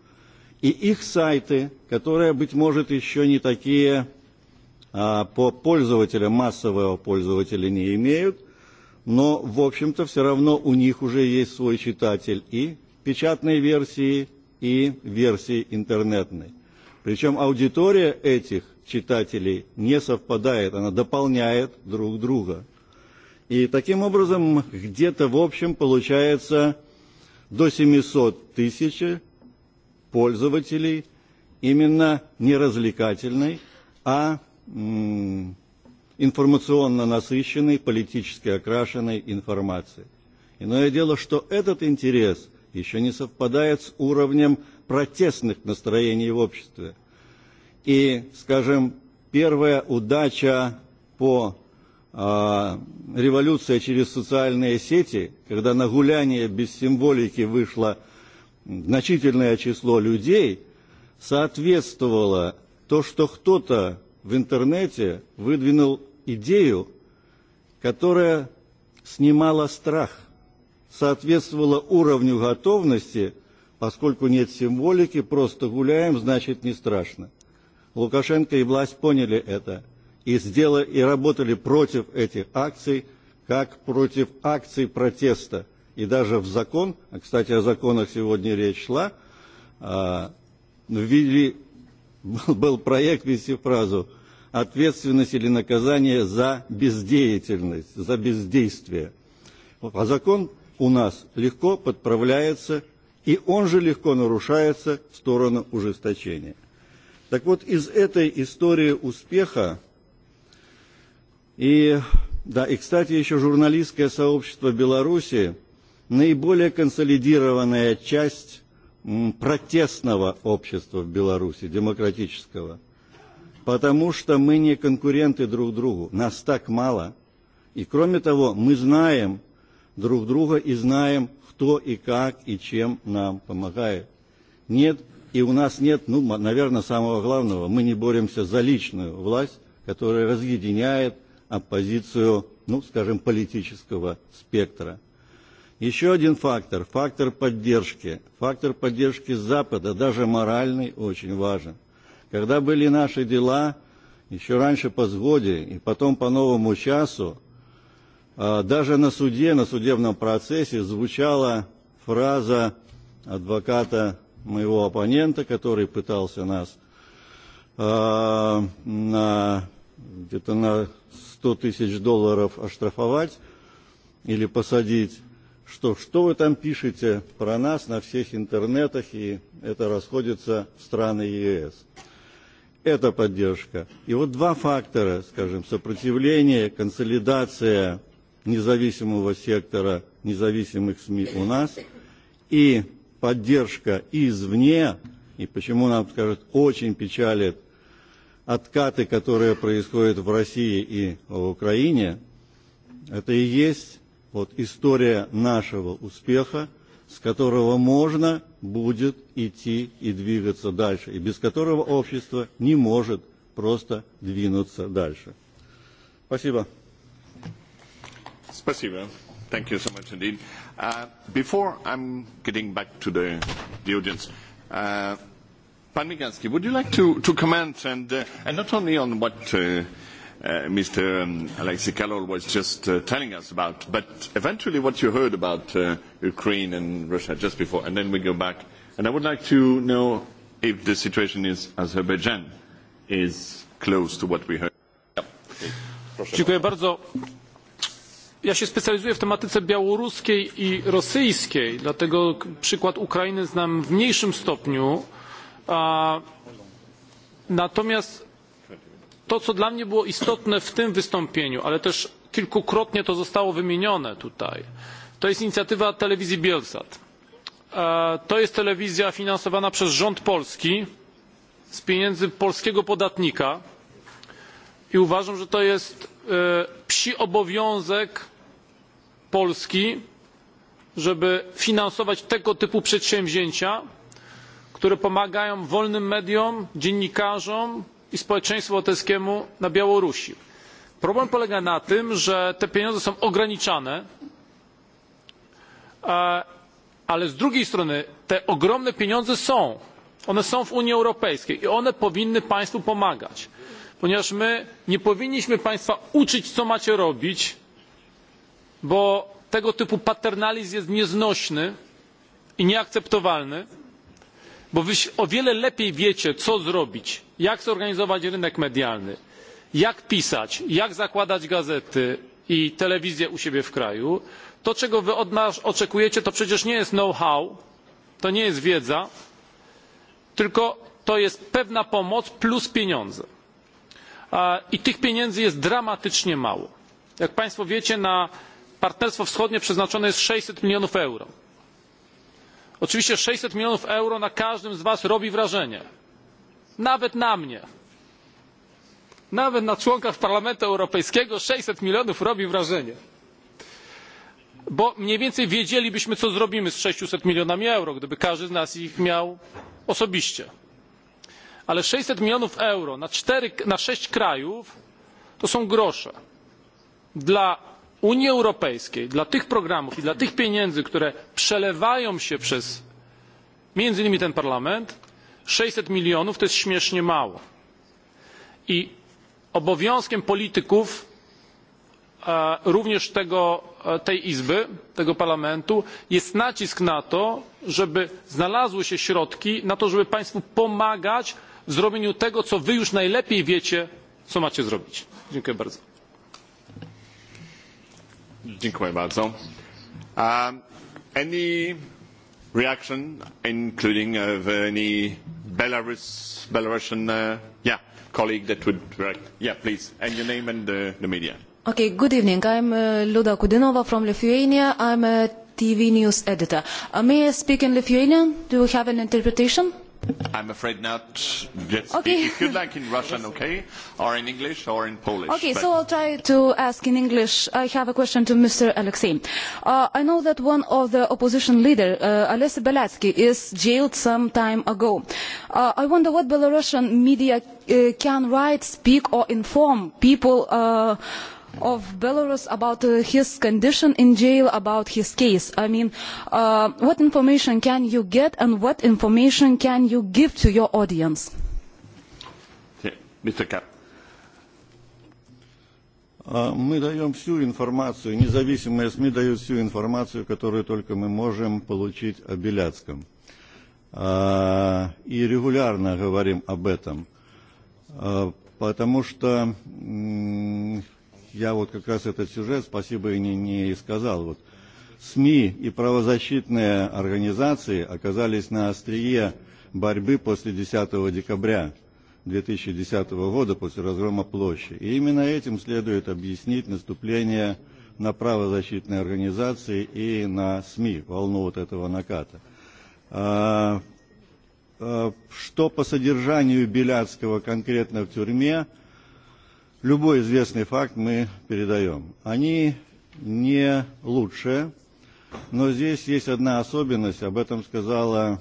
и их сайты, которые, быть может, еще не такие а, по пользователям, массового пользователя не имеют, но, в общем-то, все равно у них уже есть свой читатель и печатной версии, и версии интернетной. Причем аудитория этих читателей не совпадает, она дополняет друг друга. И таким образом где-то в общем получается до 700 тысяч пользователей именно не развлекательной, а информационно насыщенной, политически окрашенной информации. Иное дело, что этот интерес еще не совпадает с уровнем протестных настроений в обществе. И, скажем, первая удача по э, революции через социальные сети, когда на гуляние без символики вышло значительное число людей, соответствовало то, что кто-то в интернете выдвинул идею, которая снимала страх, соответствовала уровню готовности – Поскольку нет символики, просто гуляем, значит не страшно. Лукашенко и власть поняли это и, сделали, и работали против этих акций, как против акций протеста. И даже в закон, а, кстати, о законах сегодня речь шла, ввели, был проект вести фразу «ответственность или наказание за бездеятельность, за бездействие». А закон у нас легко подправляется и он же легко нарушается в сторону ужесточения. Так вот, из этой истории успеха и, да, и, кстати, еще журналистское сообщество Беларуси наиболее консолидированная часть протестного общества в Беларуси, демократического. Потому что мы не конкуренты друг другу, нас так мало. И кроме того, мы знаем друг друга и знаем кто и как и чем нам помогает. Нет, и у нас нет, ну, наверное, самого главного, мы не боремся за личную власть, которая разъединяет оппозицию, ну, скажем, политического спектра. Еще один фактор, фактор поддержки. Фактор поддержки Запада, даже моральный, очень важен. Когда были наши дела, еще раньше по сгоде и потом по новому часу, Даже на суде, на судебном процессе звучала фраза адвоката моего оппонента, который пытался нас на где-то на 100 тысяч долларов оштрафовать или посадить, что что вы там пишете про нас на всех интернетах, и это расходится в страны ЕС. Это поддержка. И вот два фактора, скажем, сопротивление, консолидация независимого сектора независимых СМИ у нас и поддержка извне, и почему нам скажут, очень печалит откаты, которые происходят в России и в Украине, это и есть вот история нашего успеха, с которого можно будет идти и двигаться дальше, и без которого общество не может просто двинуться дальше. Спасибо. Спасибо. Thank you so much indeed. Uh, before I'm getting back to the, audience, uh, Pan Miganski, would you like to, comment uh, and, not only on what Mr. Um, Alexei Kalol was just telling us about, but eventually what you heard about Ukraine and Russia just before, and then we go back. I would like to know if the situation in Azerbaijan is close to what we heard. Yeah. Dziękuję bardzo ja się specjalizuję w tematyce białoruskiej i rosyjskiej, dlatego przykład Ukrainy znam w mniejszym stopniu. natomiast to, co dla mnie było istotne w tym wystąpieniu, ale też kilkukrotnie to zostało wymienione tutaj, to jest inicjatywa telewizji Bielsat. E, to jest telewizja finansowana przez rząd polski z pieniędzy polskiego podatnika i uważam, że to jest psi obowiązek polski żeby finansować tego typu przedsięwzięcia które pomagają wolnym mediom dziennikarzom i społeczeństwu obywatelskiemu na białorusi. problem polega na tym że te pieniądze są ograniczane e, ale z drugiej strony te ogromne pieniądze są one są w unii europejskiej i one powinny państwu pomagać ponieważ my nie powinniśmy państwa uczyć co macie robić bo tego typu paternalizm jest nieznośny i nieakceptowalny bo wy o wiele lepiej wiecie co zrobić jak zorganizować rynek medialny jak pisać jak zakładać gazety i telewizję u siebie w kraju to czego wy od nas oczekujecie to przecież nie jest know how to nie jest wiedza tylko to jest pewna pomoc plus pieniądze i tych pieniędzy jest dramatycznie mało. jak państwo wiecie na partnerstwo wschodnie przeznaczone jest sześćset milionów euro. oczywiście sześćset milionów euro na każdym z was robi wrażenie nawet na mnie nawet na członkach parlamentu europejskiego sześćset milionów robi wrażenie bo mniej więcej wiedzielibyśmy co zrobimy z sześćset milionami euro gdyby każdy z nas miał je osobiście ale sześćset milionów euro na, sześć krajów to są grosze. Dla Unii Europejskiej, dla tych programów i dla tych pieniędzy, które przelewają się przez między innymi ten parlament, sześćset milionów to jest śmiesznie mało. I obowiązkiem polityków e, również tego, e, tej Izby, tego Parlamentu jest nacisk na to, żeby znalazły się środki na to, żeby państwu pomagać w zrobieniu tego co wy już najlepiej wiecie co macie zrobić. dziękuję bardzo. Dziękuję bardzo. Um, any reaction, including of uh, any Belarus, Belarusian, uh, yeah, colleague that would react? Yeah, please, and your name and the, uh, the media. Okay, good evening. I'm uh, Luda Kudinova from Lithuania. I'm a TV news editor. Uh, may I speak in Lithuanian? Do we have an interpretation? I'm afraid not. Just okay. if you'd like in Russian, okay, or in English, or in Polish. Okay, so I'll try to ask in English. I have a question to Mr. Alexei. Uh, I know that one of the opposition leader, uh, Alessi Belatsky, is jailed some time ago. Uh, I wonder what Belarusian media uh, can write, speak, or inform people. Uh, of Belarus about uh, his condition in jail, about his case. I mean, uh, what information can you get and what information can you give to your audience? Mr. Kapp. Мы даем всю информацию, независимые СМИ дают всю информацию, которую только мы можем получить о Беляцком. И регулярно говорим об этом, потому что я вот как раз этот сюжет, спасибо, и не, не сказал. Вот. СМИ и правозащитные организации оказались на острие борьбы после 10 декабря 2010 года, после разгрома площади. И именно этим следует объяснить наступление на правозащитные организации и на СМИ, волну вот этого наката. А, а, Что по содержанию Беляцкого конкретно в тюрьме, любой известный факт мы передаем. Они не лучше, но здесь есть одна особенность, об этом сказала,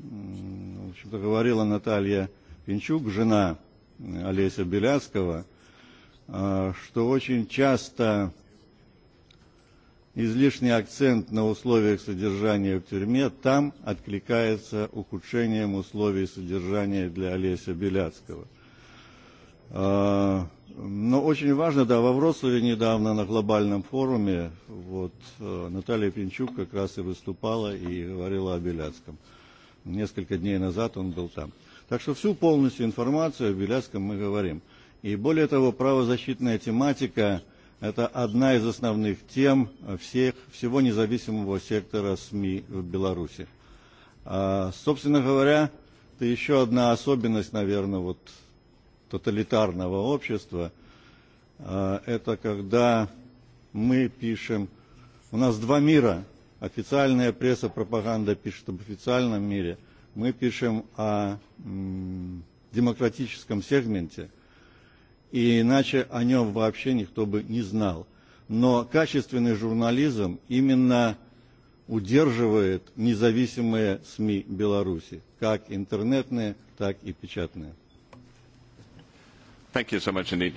в общем-то, говорила Наталья Пинчук, жена Олеся Беляцкого, что очень часто излишний акцент на условиях содержания в тюрьме там откликается ухудшением условий содержания для Олеся Беляцкого. Но очень важно, да, во Вроцлаве недавно на глобальном форуме вот Наталья Пинчук как раз и выступала и говорила о Беляцком. Несколько дней назад он был там. Так что всю полностью информацию о Беляцком мы говорим. И более того, правозащитная тематика – это одна из основных тем всех, всего независимого сектора СМИ в Беларуси. А, собственно говоря, это еще одна особенность, наверное, вот тоталитарного общества, это когда мы пишем... У нас два мира. Официальная пресса, пропаганда пишет об официальном мире. Мы пишем о демократическом сегменте, и иначе о нем вообще никто бы не знал. Но качественный журнализм именно удерживает независимые СМИ Беларуси, как интернетные, так и печатные. Thank you so much indeed.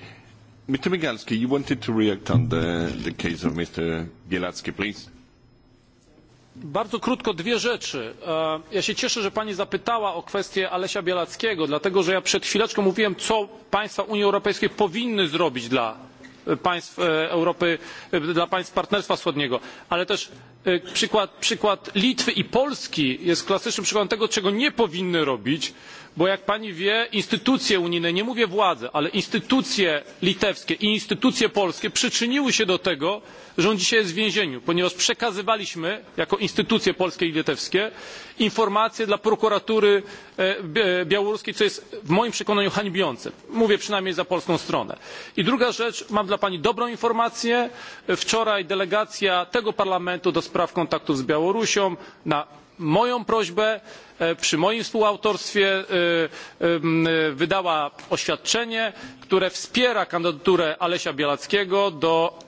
Mr. Migalski, you wanted to react on the, the case of Mr. Gielacki, please. Bardzo krótko dwie rzeczy. E, ja się cieszę, że Pani zapytała o kwestię Alesia Bielackiego, dlatego że ja przed chwileczką mówiłem, co państwa Unii Europejskiej powinny zrobić dla e, państw e, Europy, dla państw Partnerstwa Wschodniego. Ale też przykład, przykład Litwy i Polski jest klasycznym przykładem tego, czego nie powinny robić bo jak pani wie instytucje unijne nie mówię władze ale instytucje litewskie i instytucje polskie przyczyniły się do tego że on dzisiaj jest w więzieniu ponieważ przekazywaliśmy jako instytucje polskie i litewskie informacje dla prokuratury e, białoruskiej co jest w moim przekonaniu hańbiące mówię przynajmniej za polską stronę. i druga rzecz mam dla pani dobrą informację wczoraj delegacja tego parlamentu do spraw kontaktów z białorusią na moją prośbę e, przy moim współautorstwie e, e, wydała oświadczenie które wspiera kandydaturę alesia białackiego do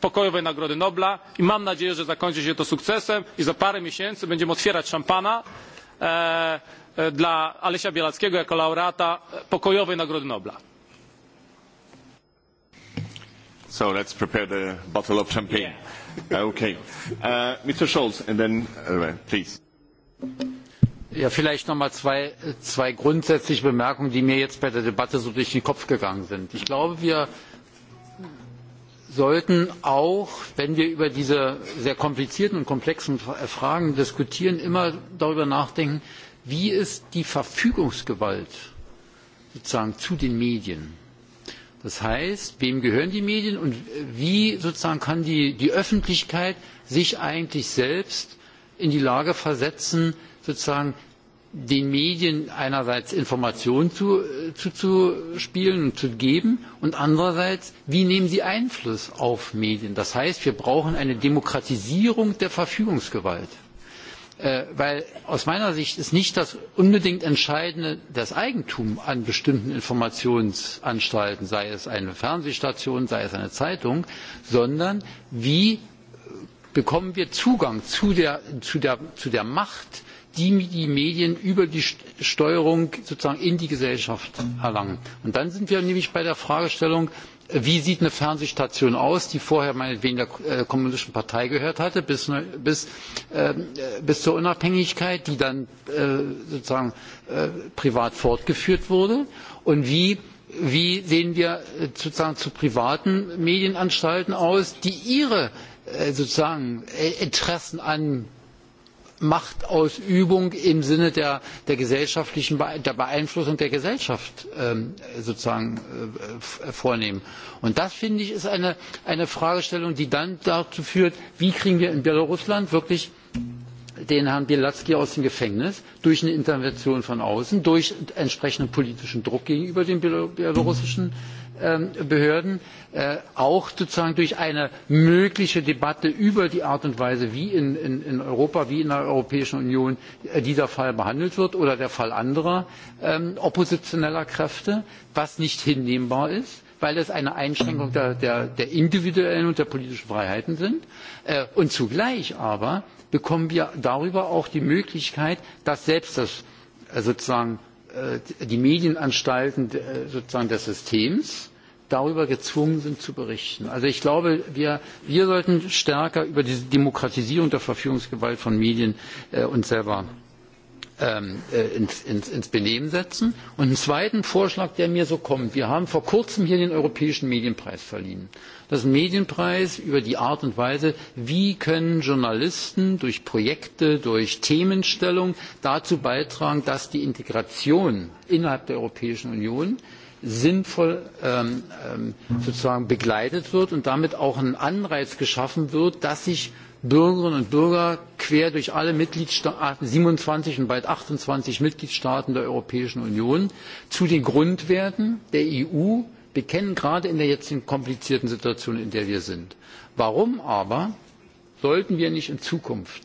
pokojowej nagrody nobla i mam nadzieję że zakończy się to sukcesem i za parę miesięcy będziemy otwierać szampana dla alesia białackiego jako laureata pokojowej nagrody nobla. so let's prepare the bottle of champagne. Uh, okay. Uh, Mr. Scholz, and then, uh, please. Ja, vielleicht noch mal zwei, zwei grundsätzliche Bemerkungen, die mir jetzt bei der Debatte so durch den Kopf gegangen sind. Ich glaube, wir sollten auch, wenn wir über diese sehr komplizierten und komplexen äh, Fragen diskutieren, immer darüber nachdenken, wie ist die Verfügungsgewalt sozusagen zu den Medien? Das heißt, wem gehören die Medien und wie kann die, Öffentlichkeit sich eigentlich selbst in die Lage versetzen, den Medien einerseits Informationen zuzuspielen äh, und zu geben und andererseits, wie nehmen sie Einfluss auf Medien? Das heißt, wir brauchen eine Demokratisierung der Verfügungsgewalt. Äh, weil aus meiner sicht ist nicht das unbedingt entscheidende das eigentum an bestimmten informationsanstalten sei es eine fernsehstation sei es eine zeitung sondern wie bekommen wir zugang zu der macht die die medien über die steuerung sozusagen in die gesellschaft erlangen. und dann sind wir nämlich bei der fragestellung äh, wie sieht eine fernsehstation aus die vorher meinetwegen der äh, kommunistischen partei gehört hatte bis, ähm, äh, zur unabhängigkeit die dann sozusagen privat fortgeführt wurde und wie wie sehen wir sozusagen zu privaten medienanstalten aus die ihre sozusagen interessen an machtausübung im sinne der, gesellschaftlichen beeinflussung der gesellschaft ähm, sozusagen äh, vornehmen. Und das finde ich ist eine, eine fragestellung die dann dazu führt wie kriegen wir in belarus wirklich den herrn bialatski aus dem gefängnis durch eine intervention von außen durch entsprechenden politischen druck gegenüber den belarussischen ähm, behörden äh, auch sozusagen durch eine mögliche debatte über die art und weise wie in europa wie in der europäischen union äh, dieser fall behandelt wird oder der fall anderer ähm, oppositioneller kräfte was nicht hinnehmbar ist weil es eine einschränkung der individuellen und der politischen freiheiten ist äh, und zugleich aber bekommen wir darüber auch die möglichkeit dass selbst äh, äh, die medienanstalten äh, sozusagen des systems darüber gezwungen sind zu berichten. also ich glaube wir, wir sollten stärker über die demokratisierung der verfügungsgewalt von medien uns selber Ähm, äh, ins, ins, ins Benehmen setzen. Und einen zweiten Vorschlag, der mir so kommt. Wir haben vor kurzem hier den Europäischen Medienpreis verliehen. Das ist ein Medienpreis über die Art und Weise, wie können Journalisten durch Projekte, durch Themenstellung dazu beitragen, dass die Integration innerhalb der Europäischen Union sinnvoll ähm, ähm sozusagen begleitet wird und damit auch ein Anreiz geschaffen wird, dass sich bürgerinnen und bürger quer durch alle mitgliedstaaten siebenundzwanzig und bald achtundzwanzig mitgliedstaaten der europäischen union zu den grundwerten der eu bekennen gerade in der jetzigen komplizierten situation in der wir sind. warum aber sollten wir nicht in zukunft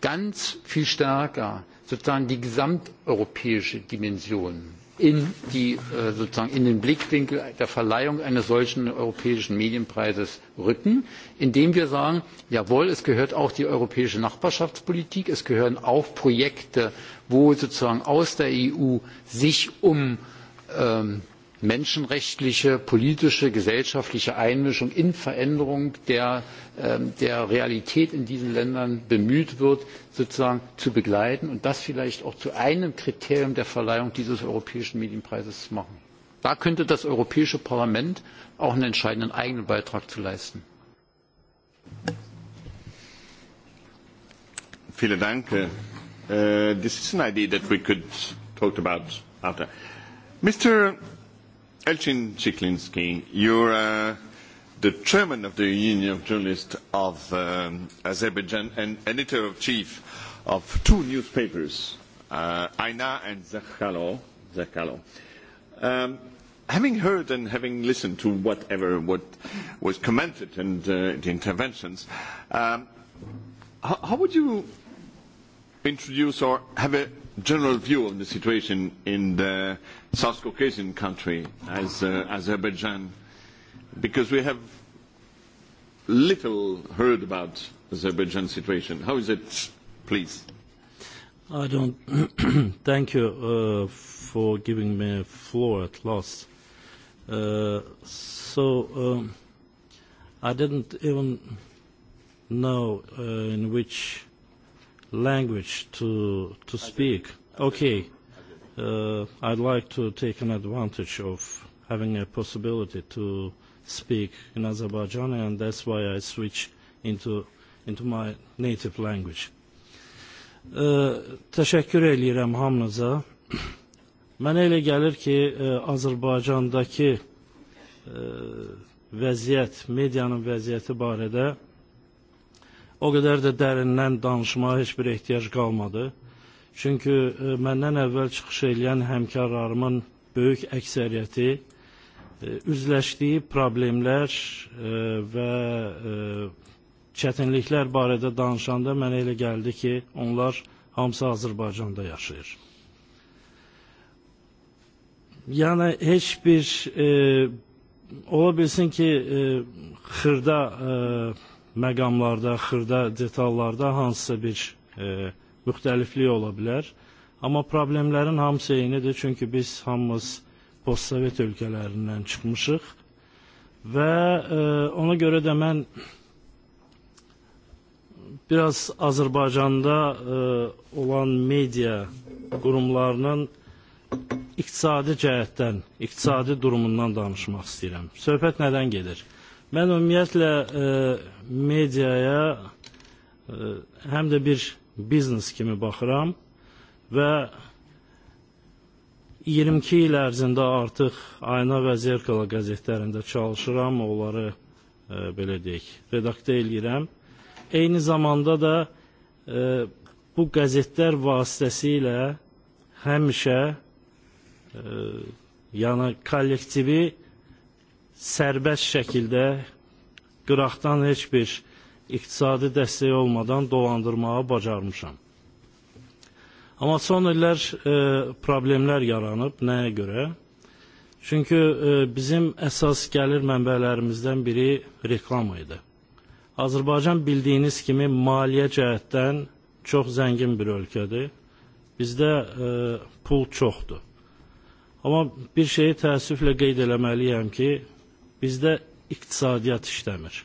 ganz viel stärker sozusagen die gesamteuropäische dimension in, die, äh, sozusagen in den Blickwinkel der Verleihung eines solchen europäischen Medienpreises rücken, indem wir sagen, jawohl, es gehört auch die europäische Nachbarschaftspolitik, es gehören auch Projekte, wo sozusagen aus der EU sich um ähm, menschenrechtliche, politische, gesellschaftliche Einmischung in Veränderung der, ähm, der Realität in diesen Ländern bemüht wird, sozusagen zu begleiten und das vielleicht auch zu einem Kriterium der Verleihung dieses Europäischen Medienpreises zu machen. Da könnte das Europäische Parlament auch einen entscheidenden eigenen Beitrag zu leisten. Vielen Dank. Uh, äh, this is an idea that we could talk about after. Mr. Elchin Chiklinski, you're uh, the chairman of the Union of Journalists of um, Azerbaijan and editor-in-chief of two newspapers, uh, Aina and Zakhalo. Zakhalo. Um, having heard and having listened to whatever what was commented and uh, the interventions, um, how, how would you introduce or have a general view of the situation in the South Caucasian country as uh, Azerbaijan, because we have little heard about Azerbaijan situation. How is it, please? I don't. *clears throat* Thank you uh, for giving me a floor at last. Uh, so um, I didn't even know uh, in which language to to speak. Okay uh, I'd like to take an advantage of having a possibility to speak in Azerbaijani, and that's why I switch into into my native language. Uh, teşekkür eləyirəm hamınıza. *clears throat* Mənə elə gəlir ki, uh, Azərbaycandakı uh, vəziyyət, medianın vəziyyəti barədə o qədər də dərindən danışmağa heç bir ehtiyac qalmadı. Uh, Çünki e, məndən əvvəl çıxış edən həmkarlarımın böyük əksəriyyəti e, üzləşdiyi problemlər e, və çətinliklər barədə danışanda mənə elə gəldi ki, onlar hamısı Azərbaycanda yaşayır. Yəni heç bir e, ola bilsin ki, e, xırda e, məqamlarda, xırda detallarda hansısa bir e, müxtəlifliyi ola bilər. Amma problemlərin hamısı eynidir. Çünki biz hamımız postsovet ölkələrindən çıxmışıq. Və e, ona görə də mən biraz Azərbaycanda e, olan media qurumlarının iqtisadi cəhətdən, iqtisadi durumundan danışmaq istəyirəm. Söhbət nədən gedir? Mən ümumiyyətlə e, mediaya e, həm də bir biznes kimi baxıram və 22 il ərzində artıq Ayna və Zerkala qəzetlərində çalışıram, onları e, belə deyək, redaktə eləyirəm. Eyni zamanda da e, bu qəzetlər vasitəsilə həmişə e, yəni kollektivi sərbəst şəkildə qıraqdan heç bir iqtisadi dəstək olmadan dolandırmağı bacarmışam. Amma son illər e, problemlər yaranıb. Nəyə görə? Çünki e, bizim əsas gəlir mənbələrimizdən biri reklama idi. Azərbaycan bildiyiniz kimi maliyyə cəhətdən çox zəngin bir ölkədir. Bizdə e, pul çoxdur. Amma bir şeyi təəssüflə qeyd eləməliyəm ki, bizdə iqtisadiyyat işləmir.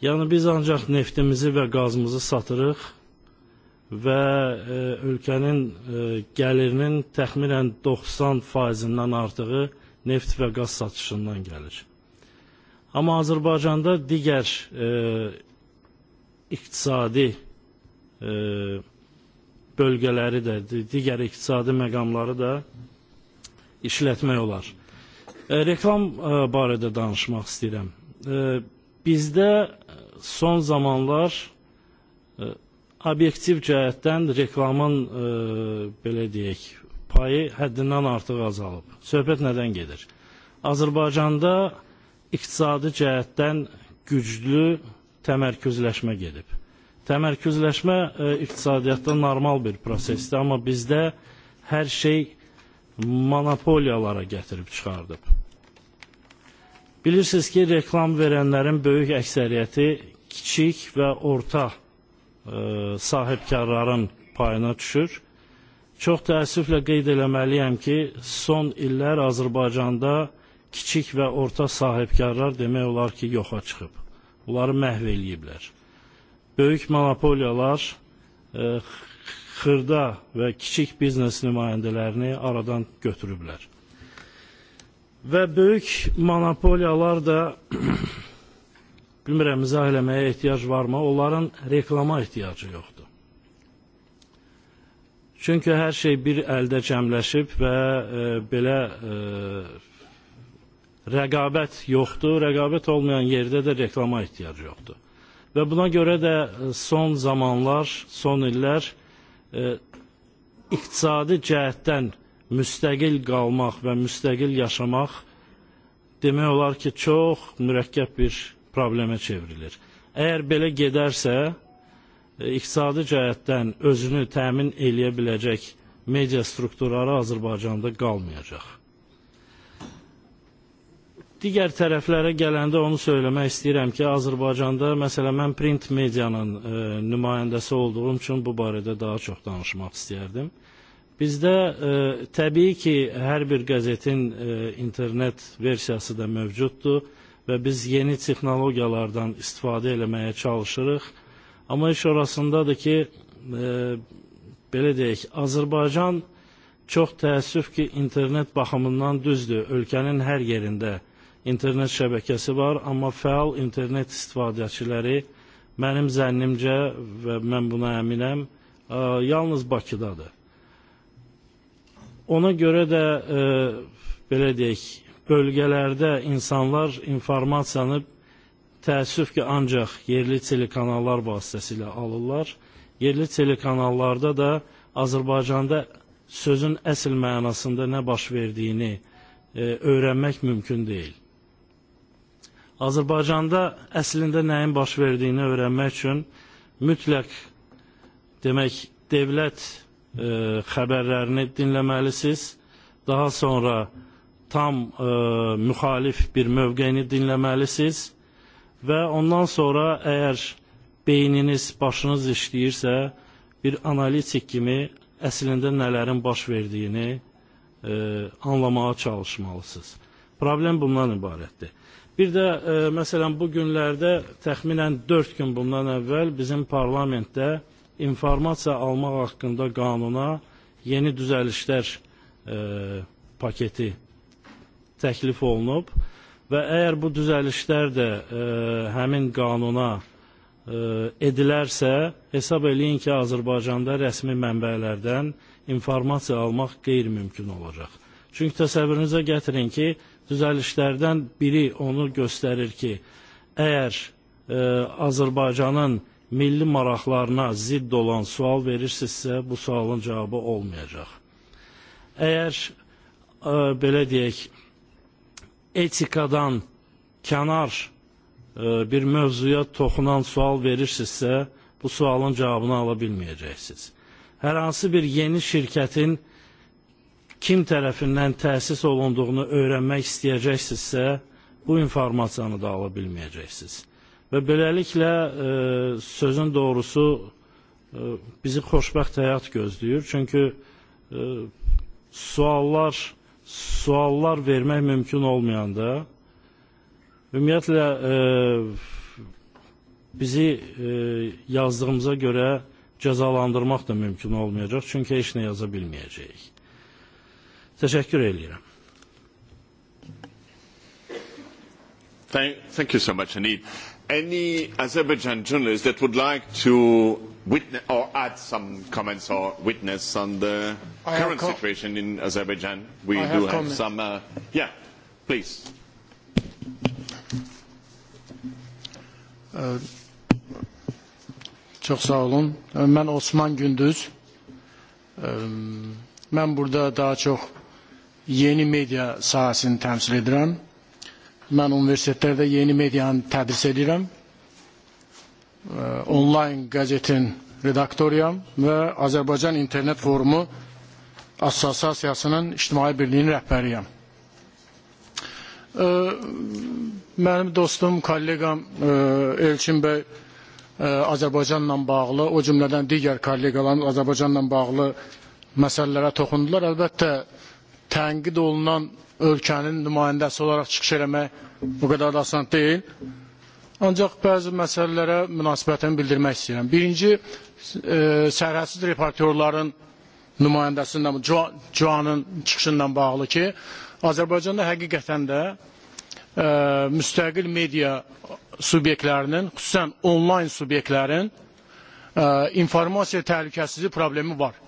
Yəni biz ancaq neftimizi və qazımızı satırıq və e, ölkənin e, gəlirinin təxminən 90%-dən artığı neft və qaz satışından gəlir. Amma Azərbaycanda digər e, iqtisadi e, bölgələri də, digər iqtisadi məqamları da işlətmək olar. E, reklam e, barədə danışmaq istəyirəm. E, bizdə son zamanlar e, obyektiv cəhətdən reklamın e, belə deyək payı həddindən artıq azalıb. Söhbət nədən gedir? Azərbaycanda iqtisadi cəhətdən güclü təmərküzləşmə gedib. Təmərküzləşmə e, iqtisadiyyatda normal bir prosesdir, amma bizdə hər şey monopoliyalara gətirib çıxardıb. Bilirsiniz ki, reklam verənlərin böyük əksəriyyəti kiçik və orta ə, e, sahibkarların payına düşür. Çox təəssüflə qeyd eləməliyəm ki, son illər Azərbaycanda kiçik və orta sahibkarlar demək olar ki, yoxa çıxıb. Bunları məhv eləyiblər. Böyük monopoliyalar ə, e, xırda və kiçik biznes nümayəndələrini aradan götürüblər. Və böyük monopoliyalar da *clears throat* bilmirəm, mizah eləməyə ehtiyac varmı? Onların reklama ehtiyacı yoxdur. Çünki hər şey bir əldə cəmləşib və e, belə e, rəqabət yoxdur. Rəqabət olmayan yerdə də reklama ehtiyacı yoxdur. Və buna görə də e, son zamanlar, son illər e, iqtisadi cəhətdən müstəqil qalmaq və müstəqil yaşamaq demək olar ki, çox mürəkkəb bir probleme çevrilir. Əgər belə gedərsə, e, iqtisadi cəhətdən özünü təmin eləyə biləcək media strukturları Azərbaycanda qalmayacaq. Digər tərəflərə gələndə onu söyləmək istəyirəm ki, Azərbaycanda məsələn mən print medianın e, nümayəndəsi olduğum üçün bu barədə daha çox danışmaq istəyərdim. Bizdə e, təbii ki, hər bir qəzetin e, internet versiyası da mövcuddur və biz yeni texnologiyalardan istifadə eləməyə çalışırıq. Amma iş orasındadır ki, e, belə deyək, Azərbaycan çox təəssüf ki, internet baxımından düzdür. Ölkənin hər yerində internet şəbəkəsi var, amma fəal internet istifadəçiləri mənim zənnimcə və mən buna əminəm, e, yalnız Bakıdadır. Ona görə də e, belə deyək, bölgələrdə insanlar informasiyanı təəssüf ki, ancaq yerli telekanallar vasitəsilə alırlar. Yerli telekanallarda da Azərbaycanda sözün əsl mənasında nə baş verdiyini e, öyrənmək mümkün deyil. Azərbaycanda əslində nəyin baş verdiyini öyrənmək üçün mütləq demək dövlət e, xəbərlərini dinləməlisiniz. Daha sonra e, tam e, müxalif bir mövqeyini dinləməlisiniz və ondan sonra əgər beyniniz, başınız işləyirsə, bir analitik kimi əslində nələrin baş verdiyini e, anlamağa çalışmalısınız. Problem bundan ibarətdir. Bir də e, məsələn bu günlərdə təxminən 4 gün bundan əvvəl bizim parlamentdə informasiya almaq haqqında qanuna yeni düzəlişlər e, paketi təklif olunub və əgər bu düzəlişlər də e, həmin qanuna e, edilərsə, hesab eləyin ki, Azərbaycanda rəsmi mənbələrdən informasiya almaq qeyri-mümkün olacaq. Çünki təsəvvürünüzə gətirin ki, düzəlişlərdən biri onu göstərir ki, əgər e, Azərbaycanın milli maraqlarına zidd olan sual verirsinizsə, bu sualın cavabı olmayacaq. Əgər e, belə deyək, etikadan kənar e, bir mövzuya toxunan sual verirsinizsə, bu sualın cavabını ala bilməyəcəksiniz. Hər hansı bir yeni şirkətin kim tərəfindən təsis olunduğunu öyrənmək istəyəcəksinizsə, bu informasiyanı da ala bilməyəcəksiniz. Və beləliklə e, sözün doğrusu e, bizi xoşbəxt həyat gözləyir. Çünki suallar suallar vermək mümkün olmayanda ümumiyyətlə e, bizi e, yazdığımıza görə cəzalandırmaq da mümkün olmayacaq. Çünki heç nə yaza bilməyəcəyik. Təşəkkür edirəm. Thank, thank you so much, Anid. Any Azerbaijan journalist that would like to witness or add some comments or witness on the I current situation in Azerbaijan. We I do have, have some. Uh, yeah, please. Çox sağ olun. Mən Osman Gündüz. Mən burada daha çok yeni medya sahasını temsil ediyorum. Mən üniversitelerde yeni medyanı tedris ediyorum. Uh, online gazetin redaktoriyam ve Azerbaycan İnternet Forumu Assosiasiyasının İctimai Birliği'nin rəhbəriyəm. Uh, mənim dostum, kollegam uh, Elçin bəy Azərbaycanla bağlı, o cümlədən digər kollegalar Azərbaycanla bağlı məsələlərə toxundular. Əlbəttə, tənqid olunan ölkənin nümayəndəsi olaraq çıxış eləmək bu qədər də asan deyil. Ancaq bəzi məsələlərə münasibətimi bildirmək istəyirəm. Birinci, e, sərhədsiz reportyorların nümayəndəsindən, Cuanın çıxışından bağlı ki, Azərbaycanda həqiqətən də e, müstəqil media subyektlərinin, xüsusən onlayn subyektlərin e, informasiya təhlükəsizliyi problemi var.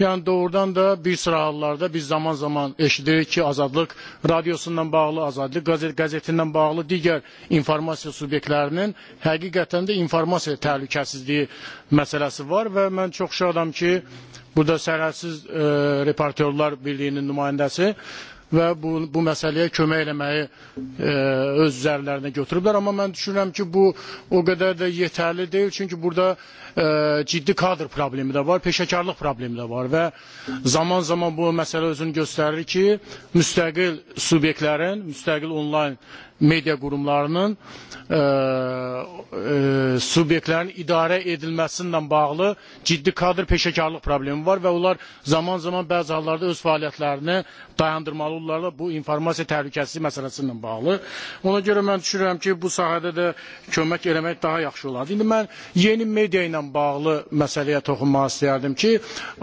Yəni doğrudan da bir sıra hallarda biz zaman-zaman eşidirik ki, Azadlıq radiosundan bağlı, Azadlıq qəzet qəzetindən bağlı digər informasiya subyektlərinin həqiqətən də informasiya təhlükəsizliyi məsələsi var və mən çox şadam ki, burada Sərhədsiz e, Reportyorlar Birliyinin nümayəndəsi və bu, bu məsələyə kömək eləməyi e, öz üzərlərinə götürüblər. Amma mən düşünürəm ki, bu o qədər də yetərli deyil, çünki burada e, ciddi kadr problemi də var, peşəkarlıq problemi də var və zaman-zaman bu məsələ özünü göstərir ki, müstəqil subyektlərin, müstəqil onlayn media qurumlarının e, e, subyektlərin idarə edilməsi ilə bağlı ciddi kadr peşəkarlıq problemi var və onlar zaman-zaman bəzi hallarda öz fəaliyyətlərini dayandırmalı olurlar bu informasiya təhlükəsizliyi məsələsi ilə bağlı. Ona görə mən düşünürəm ki, bu sahədə də kömək eləmək daha yaxşı olardı. İndi mən yeni media ilə bağlı məsələyə toxunmaq istəyərdim ki,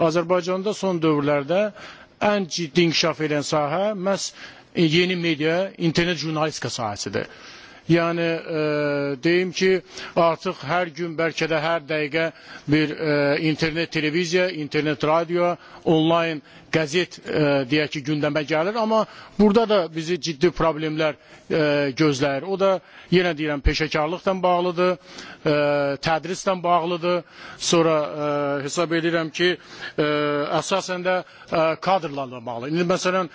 Azərbaycanda son dövrlərdə ən ciddi inkişaf edən sahə məhz E, yeni media, internet jurnalistika sahəsidir. Yəni e, deyim ki, artıq hər gün bəlkə də hər dəqiqə bir e, internet televiziya, internet radio, onlayn qəzet e, deyək ki, gündəmə gəlir, amma burada da bizi ciddi problemlər e, gözləyir. O da yenə deyirəm peşəkarlıqla bağlıdır, e, tədrislə bağlıdır. Sonra hesab edirəm ki, əsasən də kadrlarla bağlı. İndi məsələn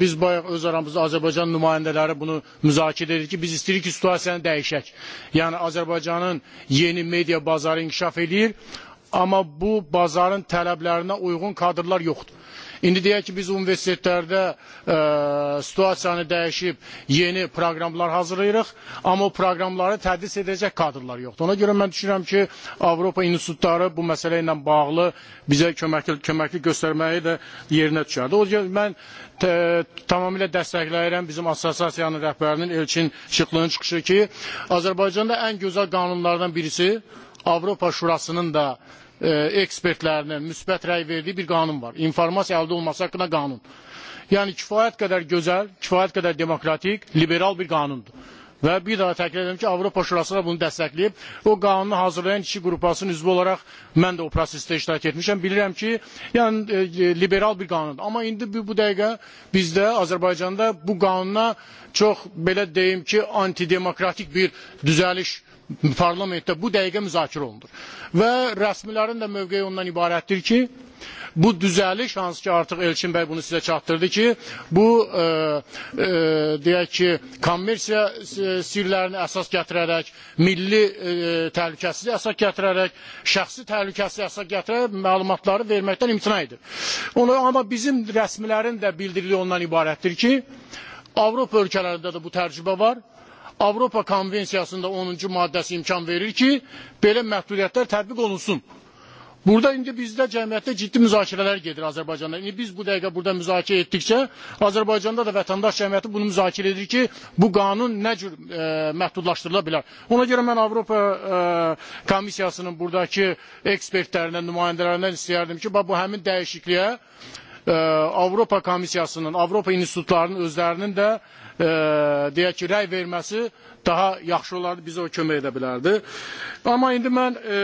biz bayaq öz aramızda Azərbaycan nümayəndələri bunu müzakirə edirik ki, biz istəyirik ki, situasiyanı dəyişək. Yəni Azərbaycanın yeni media bazarı inkişaf edir. Amma bu bazarın tələblərinə uyğun kadrlar yoxdur. İndi deyək ki, biz universitetlərdə e, situasiyanı dəyişib yeni proqramlar hazırlayırıq, amma o proqramları tədris edəcək kadrlar yoxdur. Ona görə mən düşünürəm ki, Avropa institutları bu məsələ ilə bağlı bizə köməkli, göstərməyi də yerinə düşərdi. O görə mən e, tamamilə dəstəkləyirəm bizim asasiyanın rəhbərinin Elçin Şıqlının çıxışı ki, Azərbaycanda ən gözəl qanunlardan birisi Avropa Şurasının da e, ekspertlərinin müsbət rəy verdiyi bir qanun var. İnformasiya əldə olması haqqında qanun. Yəni kifayət qədər gözəl, kifayət qədər demokratik, liberal bir qanundur. Və bir daha təkrar edirəm ki, Avropa Şurası da bunu dəstəkləyib. O qanunu hazırlayan kişi qrupasının üzvü olaraq mən də o prosesdə iştirak etmişəm. Bilirəm ki, yəni e, e liberal bir qanundur. Amma indi bu, bu dəqiqə bizdə Azərbaycanda bu qanuna çox belə deyim ki, antidemokratik bir düzəliş parlamentdə bu dəqiqə müzakirə olunur və rəsmilərin də mövqeyi ondan ibarətdir ki, bu düzəliş hansı ki artıq Elçin bəy bunu sizə çatdırdı ki, bu e, e, deyək ki, kommersiya sirlərini əsas gətirərək, milli e, təhlükəsizlik əsas gətirərək, şəxsi təhlükəsizlik əsas gətirərək məlumatları verməkdən imtina edir. Onu amma bizim rəsmilərin də bildirdiyi ondan ibarətdir ki, Avropa ölkələrində də bu təcrübə var Avropa Konvensiyasında 10-cu maddəsi imkan verir ki, belə məhdudiyyətlər tətbiq olunsun. Burada indi bizdə cəmiyyətdə ciddi müzakirələr gedir Azərbaycanda. İndi biz bu dəqiqə burada müzakirə etdikcə Azərbaycanda da vətəndaş cəmiyyəti bunu müzakirə edir ki, bu qanun nə cür e, məhdudlaşdırıla bilər. Ona görə mən Avropa e, Komissiyasının buradakı ekspertlərindən, nümayəndələrindən istəyərdim ki, bu həmin dəyişikliyə Avropa Komissiyasının, Avropa institutlarının özlərinin də e, deyək ki, rəy verməsi daha yaxşı olardı, bizə o kömək edə bilərdi. Amma indi mən e,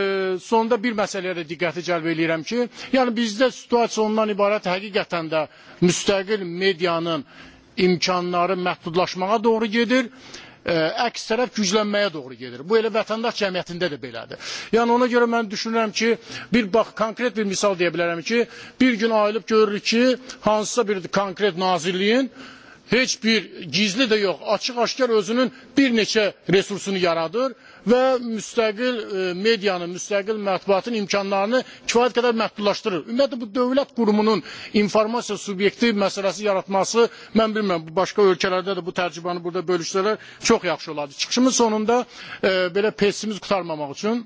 sonda bir məsələyə də diqqəti cəlb eləyirəm ki, yəni bizdə situasiya ondan ibarət həqiqətən də müstəqil medianın imkanları məhdudlaşmağa doğru gedir əks tərəf güclənməyə doğru gedir. Bu elə vətəndaş cəmiyyətində də belədir. Yəni ona görə mən düşünürəm ki, bir bax konkret bir misal deyə bilərəm ki, bir gün ayılıb görürük ki, hansısa bir konkret nazirliyin heç bir gizli də yox, açıq-aşkar özünün bir neçə resursunu yaradır və müstəqil e, medianın, müstəqil mətbuatın imkanlarını kifayət qədər məhdudlaşdırır. Ümumiyyətlə bu dövlət qurumunun informasiya subyekti məsələsi yaratması mən bilmirəm bu başqa ölkələrdə də bu təcrübəni burada bölüşsələr çox yaxşı olardı. Çıxışımın sonunda e, belə pesimiz qurtarmamaq üçün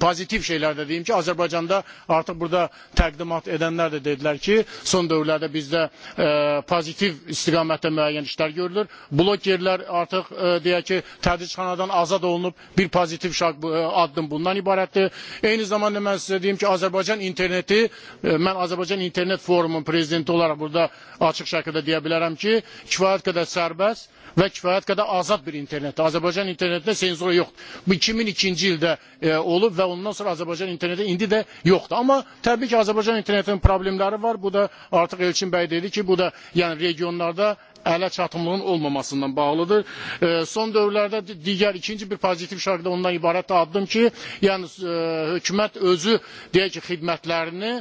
pozitiv şeyler de deyim ki Azərbaycanda artıq burada təqdimat edənlər də dedilər ki, son dövrlərdə bizdə e, pozitiv istiqamətdə müəyyən işlər görülür. Blok yerlər artıq e, deyək ki, tədricxanadan azad olunub bir pozitiv şak, e, addım bundan ibarətdir. Eyni zamanda mən sizə deyim ki, Azərbaycan interneti, e, mən Azərbaycan internet forumun prezidenti olaraq burada açıq şəkildə deyə bilərəm ki, kifayət qədər sərbəst və kifayət qədər azad bir internetdir. Azərbaycan internetində senzura yoxdur. Bu 2002-ci ildə e, olub oldu və ondan sonra Azərbaycan interneti indi də yoxdur. Amma təbii ki, Azərbaycan internetinin problemləri var. Bu da artıq Elçin bəy dedi ki, bu da yəni regionlarda ələ çatımlığın olmamasından bağlıdır. E, son dövrlərdə digər ikinci bir pozitiv şərq ondan ibarət addım ki, yəni e, hökumət özü deyək ki, xidmətlərini,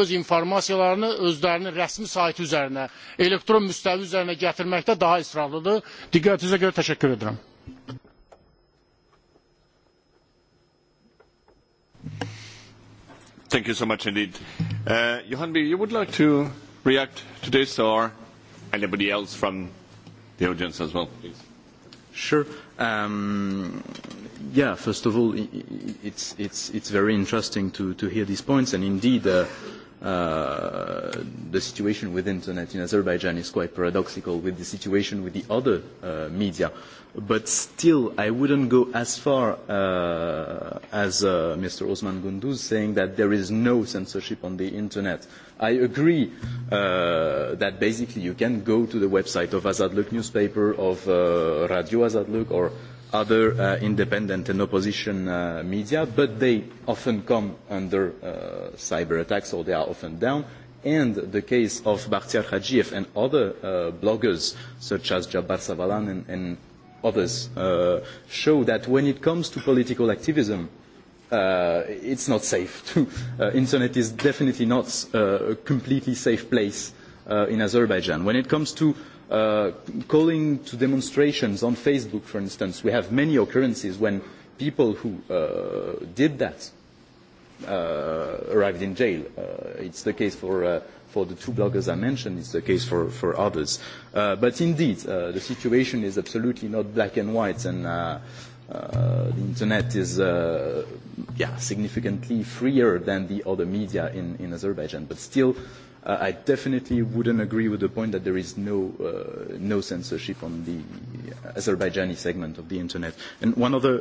öz informasiyalarını özlərinin rəsmi saytı üzərinə, elektron müstəvi üzərinə gətirməkdə daha israrlıdır. Diqqətinizə görə təşəkkür edirəm. Thank you so much indeed. Uh, Johan, you would like to react to this or anybody else from the audience as well, please? Sure. Um, yeah, first of all, it's, it's, it's very interesting to, to hear these points. And indeed, uh, Uh, the situation with internet in Azerbaijan is quite paradoxical with the situation with the other uh, media. But still, I wouldn't go as far uh, as uh, Mr. Osman Gunduz saying that there is no censorship on the internet. I agree uh, that basically you can go to the website of Azadluk newspaper, of uh, Radio Azadluk, or other uh, independent and opposition uh, media, but they often come under uh, cyber attacks or they are often down. And the case of Bakhtiar Khajiev and other uh, bloggers, such as Jabbar Savalan and, and others, uh, show that when it comes to political activism, uh, it's not safe. To, uh, internet is definitely not uh, a completely safe place in Azerbaijan. When it comes to Uh, calling to demonstrations on Facebook, for instance. We have many occurrences when people who uh, did that uh, arrived in jail. Uh, it's the case for, uh, for the two bloggers I mentioned. It's the case for, for others. but indeed, the situation is absolutely not black and white, and the internet is yeah, significantly freer than the other media in, in Azerbaijan. But still, uh, I definitely wouldn't agree with the point that there is no, uh, no censorship on the Azerbaijani segment of the internet. And one other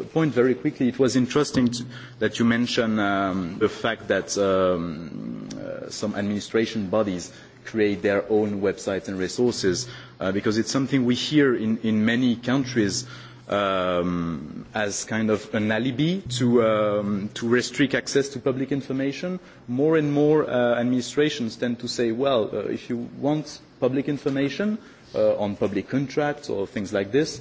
uh, point very quickly, it was interesting to, that you mentioned um, the fact that um, uh, some administration bodies create their own websites and resources, uh, because it's something we hear in, in many countries um, as kind of an alibi to, um, to restrict access to public information, more and more uh, administrations tend to say, well, uh, if you want public information uh, on public contracts or things like this,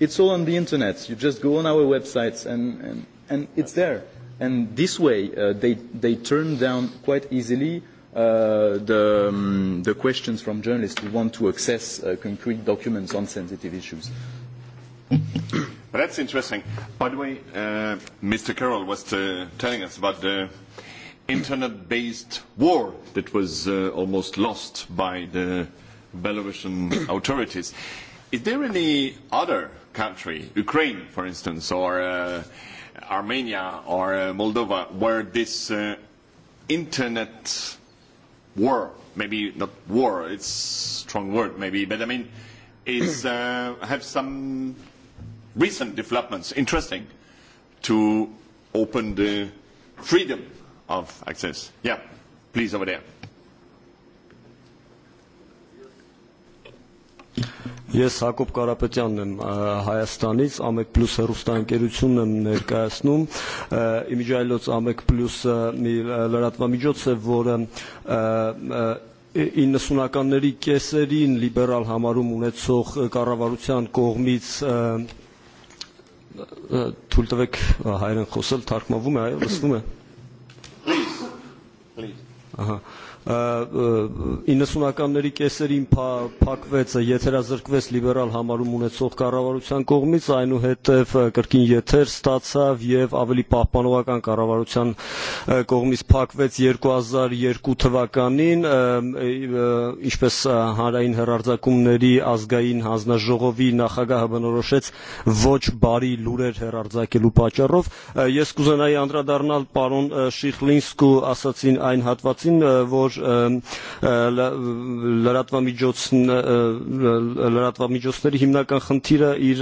it's all on the internet. You just go on our websites and, and, and it's there. And this way, uh, they, they turn down quite easily Uh, the, um, the questions from journalists who want to access uh, concrete documents on sensitive issues. That's interesting. By the way, uh, Mr. Carroll was uh, telling us about the internet-based war that was uh, almost lost by the Belarusian *coughs* authorities. Is there any other country, Ukraine, for instance, or uh, Armenia or uh, Moldova, where this uh, internet war, maybe not war, it's a strong word maybe, but I mean, is uh, have some recent developments interesting to open the freedom of access. Yeah, please, over there. Ես Հակոբ Կարապետյանն եմ Հայաստանից, Ամեկ Պլյուս հեռուստաընկերությունն եմ ներկայացնում։ Իմիջայլոց Ամեկ Պլյուսը մի լրատվամիջոց է, որը 90-ականների կեսերին լիբերալ համարում ունեցող կառավարության կողմից թուլտվեք հայերեն խոսել, թարգմանվում է, այո, լսվում է։ Please. Please. Ահա։ 90-ականների կեսերին փակվեց, եթերազրկվեց լիբերալ համարում ունեցող կառավարության կողմից, այնուհետև կրկին եթեր ստացավ եւ ավելի պահպանողական կառավարության կողմից փակվեց 2002 թվականին, ինչպես հանրային հերարձակումների ազգային հանձնաժողովի նախագահը բնորոշեց ոչ բարի լուրեր հերարձակելու պատճառով։ Ես կուզենայի անդրադառնալ պարոն Շիխլինսկու ասացին այն հատվածին, որ լրատվամիջոցների հիմնական խնդիրը իր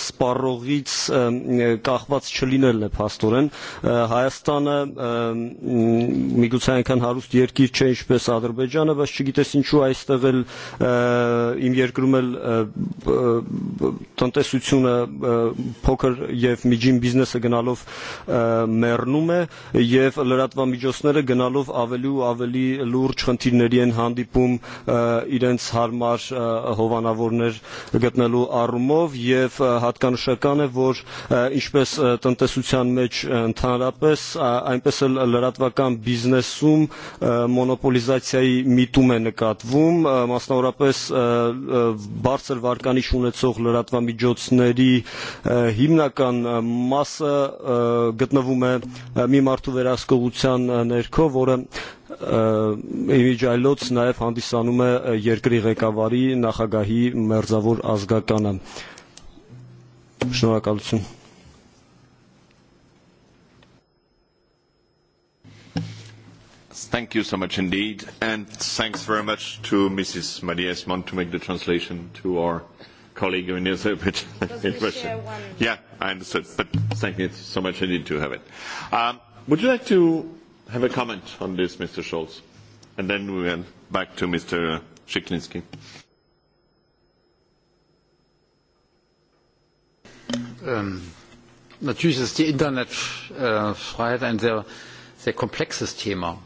սպառողից կախված չլինելն է փաստորեն Հայաստանը միգուցե այնքան հարուստ երկիր չէ ինչպես Ադրբեջանը, բայց չգիտես ինչու այստեղ էլ իմ երկրում էլ տնտեսությունը փոքր եւ միջին բիզնեսը գնալով մեռնում է եւ լրատվամիջոցները գնալով ավելի ու ավելի լուրջ խնդիրների են հանդիպում իրենց հարմար հովանավորներ գտնելու առումով եւ հատկանշական է որ ինչպես տնտեսության մեջ ընդհանրապես այնպես էլ լրատվական բիզնեսում մոնոպոլիզացիայի միտում է նկատվում մասնավորապես բարձր վարկանիշ ունեցող լրատվամիջոցների հիմնական մասը գտնվում է մի մարդու վերահսկողության ներքո որը Եվիջ նաև հանդիսանում է երկրի ղեկավարի նախագահի մերձավոր ազգականը։ Շնորհակալություն։ Thank you so much indeed, and thanks very much to Mrs. Maria Esmond to make the translation to our colleague in *laughs* Yeah, I understood, but thank you so much indeed to have it. Um, would you like to have a comment on this, Mr. Scholz, and then we will back to Mr. Szyklinski. Ähm, natürlich ist die Internetfreiheit ein sehr, sehr komplexes Thema.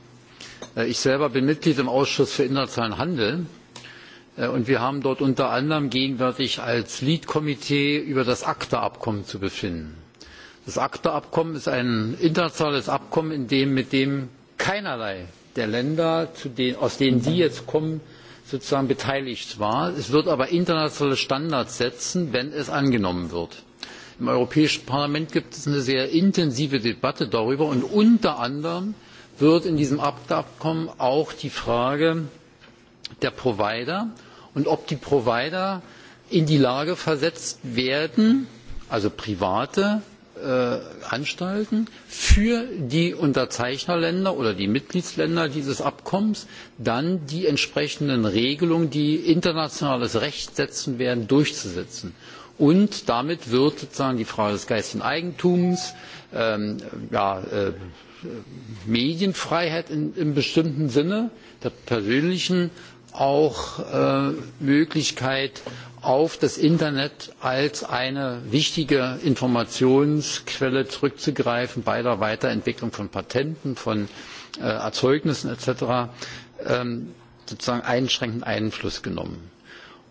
Äh, ich selber bin Mitglied im Ausschuss für internationalen Handel äh, und wir haben dort unter anderem gegenwärtig als Lead-Komitee über das ACTA-Abkommen zu befinden das acta abkommen ist ein internationales abkommen mit dem keinerlei der länder aus denen sie jetzt kommen sozusagen beteiligt war. es wird aber internationale standards setzen wenn es angenommen wird. im europäischen parlament gibt es eine sehr intensive debatte darüber und unter anderem wird in diesem acta abkommen auch die frage der provider und ob die provider in die lage versetzt werden also private Äh, anstalten für die unterzeichnerländer oder die mitgliedsländer dieses abkommens dann die entsprechenden regelungen die internationales recht setzen werden durchzusetzen. und damit wird sozusagen die frage des geistigen eigentums ähm, ja, äh, medienfreiheit in, in bestimmten sinne der persönlichen auch äh, möglichkeit auf das internet als eine wichtige informationsquelle zurückzugreifen bei der weiterentwicklung von patenten von äh, erzeugnissen etc. Ähm, sozusagen einschränkend einfluss genommen.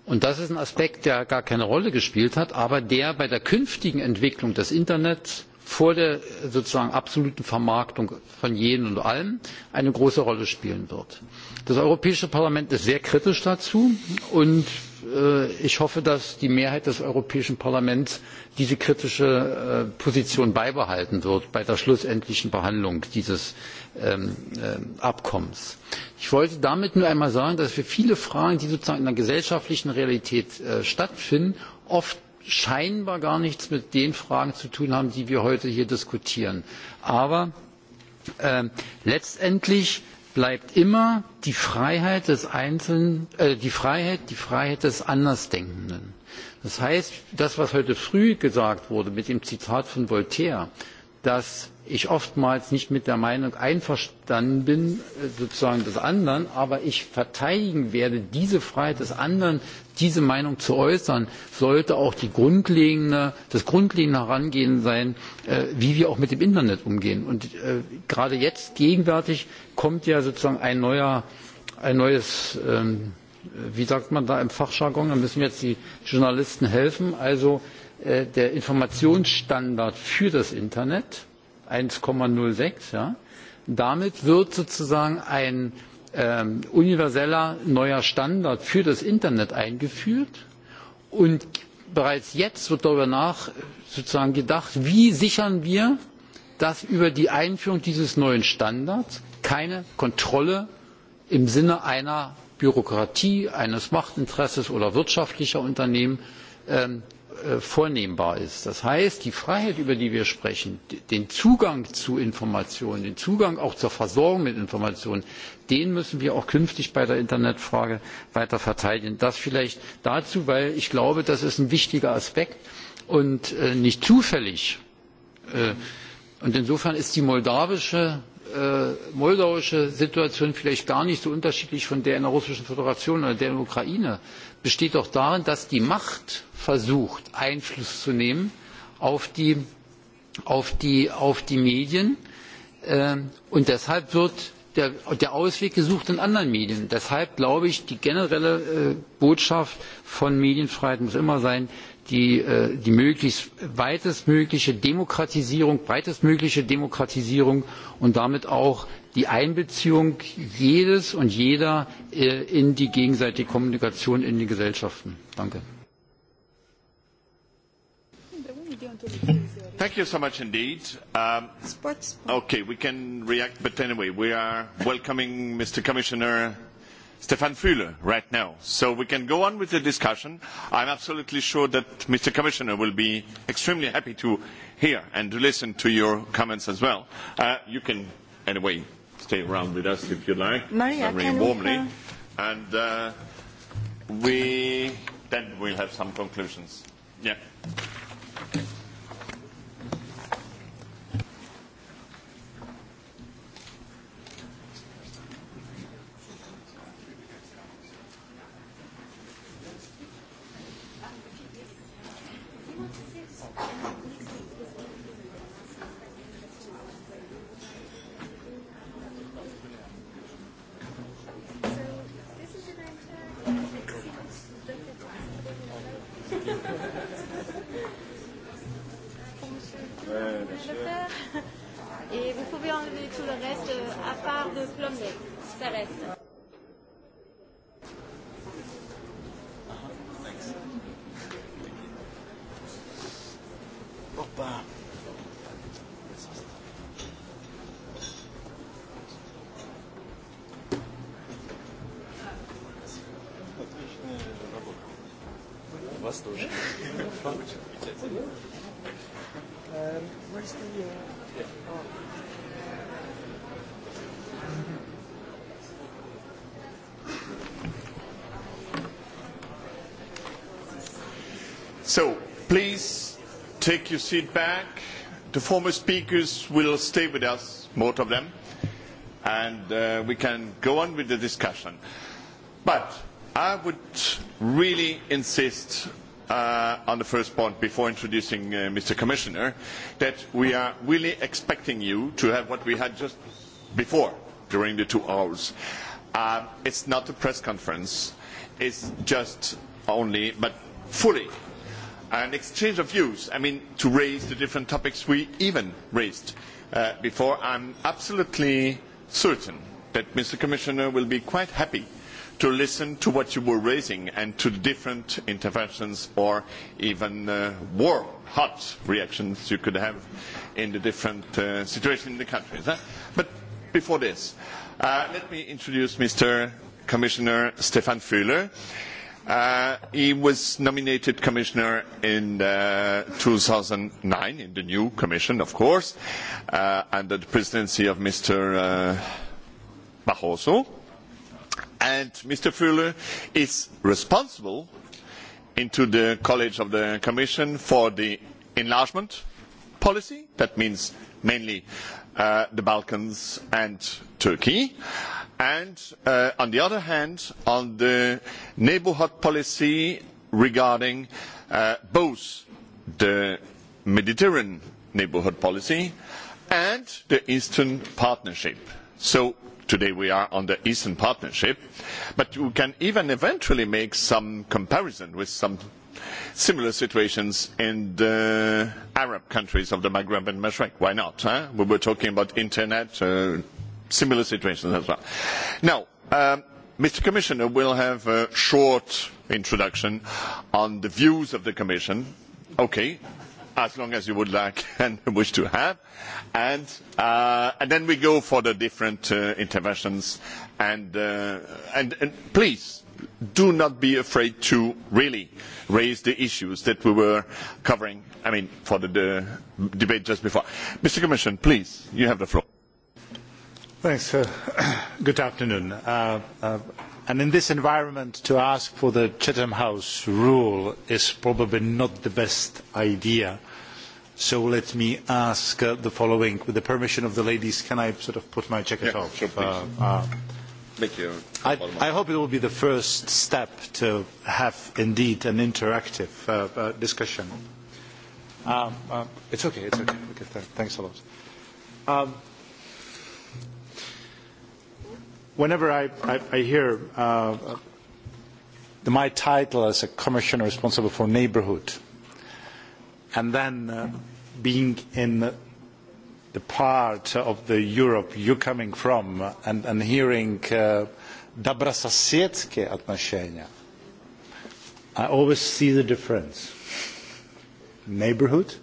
Und das ist ein aspekt der gar keine rolle gespielt hat aber der bei der künftigen entwicklung des internets vor der äh, sozusagen absoluten vermarktung von jedem und allem eine große rolle spielen wird. das europäische parlament ist sehr kritisch dazu und Äh, ich hoffe dass die mehrheit des europäischen parlaments diese kritische äh, position beibehalten wird bei der schlussendlichen behandlung dieses ähm, äh, abkommens. ich wollte damit nur einmal sagen dass wir viele fragen die sozusagen in der gesellschaftlichen realität stattfinden oft scheinbar gar nichts mit den fragen zu tun haben die wir heute hier diskutieren. aber ähm, letztendlich bleibt immer die freiheit des einzelnen äh, die freiheit des andersdenkenden. das heißt das was heute früh gesagt wurde mit dem zitat von voltaire dass ich oftmals nicht mit der meinung einverstanden bin äh, sozusagen des anderen aber ich verteidigen werde diese freiheit des anderen diese meinung zu äußern sollte auch das grundlegende herangehen sein äh, wie wir auch mit dem internet umgehen. und äh, gerade jetzt gegenwärtig kommt ja sozusagen ein neuer ein neues ähm, wie sagt man da im fachjargon da müssen mir jetzt die journalisten helfen also der informationsstandard für das internet 1,06. Ja? Damit wird sozusagen ein ähm, universeller neuer Standard für das Internet eingeführt und bereits jetzt wird darüber nach sozusagen gedacht, wie sichern wir, dass über die Einführung dieses neuen Standards keine Kontrolle im Sinne einer Bürokratie, eines Machtinteresses oder wirtschaftlicher Unternehmen ähm, Äh, vornehmbar ist. das heißt die freiheit über die wir sprechen den zugang zu informationen den zugang auch zur versorgung mit informationen den müssen wir auch künftig bei der internetfrage weiter verteidigen. das vielleicht dazu weil ich glaube das ist ein wichtiger aspekt und äh, nicht zufällig. Äh, und insofern ist die moldauische Äh, moldauische situation vielleicht gar nicht so unterschiedlich von der in der russischen föderation oder der in der ukraine besteht doch darin dass die macht versucht einfluss zu nehmen auf die, auf die, auf die medien äh, und deshalb wird der, der ausweg gesucht in anderen medien. deshalb glaube ich die generelle äh, botschaft von medienfreiheit muss immer sein die, äh, die möglichst weitestmögliche demokratisierung breitestmögliche demokratisierung und damit auch die einbeziehung jedes und jeder äh, in die gegenseitige kommunikation in den gesellschaften. danke. Thank you so much indeed. Um, okay, we can react, but anyway, we are welcoming Mr. Commissioner Stefan Fühle right now. So we can go on with the discussion. I'm absolutely sure that Mr. Commissioner will be extremely happy to hear and to listen to your comments as well. Uh, you can, anyway, stay around with us if you like, Maria, very can warmly. We and uh, we then we'll have some conclusions. Yeah. take your seat back. The former speakers will stay with us, most of them, and uh, we can go on with the discussion. But I would really insist uh, on the first point before introducing uh, Mr. Commissioner that we are really expecting you to have what we had just before during the two hours. Uh, it's not a press conference. It's just only, but fully an exchange of views I mean, to raise the different topics we even raised uh, before. I'm absolutely certain that Mr. Commissioner will be quite happy to listen to what you were raising and to the different interventions or even uh, warm, hot reactions you could have in the different uh, situations in the countries. Huh? But before this, uh, let me introduce Mr. Commissioner Stefan Fühler. Uh, Uh, he was nominated commissioner in uh, 2009 in the new commission, of course, uh, under the presidency of Mr. Uh, Barroso. And Mr. Fuller is responsible into the College of the Commission for the enlargement policy. That means mainly uh, the Balkans and Turkey. Uh, and uh, on the other hand on the neighbourhood policy regarding uh, both the mediterranean neighbourhood policy and the eastern partnership. so today we are on the eastern partnership but we can even eventually make some comparison with some similar situations in the arab countries of the maghreb and mashrek. why not? we were talking about internet uh, similar situations as well. Now, um, Mr Commissioner will have a short introduction on the views of the Commission. Okay, as long as you would like *laughs* and wish to have. And, uh, and then we go for the different uh, interventions. And, uh, and, and please, do not be afraid to really raise the issues that we were covering, I mean, for the, the debate just before. Mr. Commissioner, please, you have the floor. Uh, *coughs* good afternoon. Uh, uh, in this environment, to ask for the Chatham House rule is probably not the best idea. So let me ask the following. With the permission of the ladies, can I sort of put my jacket yeah, off? Sure, I, I hope it will be the first step to have indeed an interactive uh, uh, discussion. Um, uh, it's okay, it's okay. okay thanks a lot. Um, whenever I, I, I hear uh, my title as a commissioner responsible for neighbourhood, and then uh, being in the part of the Europe you're coming from uh, and, and hearing uh, добрососедские отношения, I always see the difference. Neighborhood,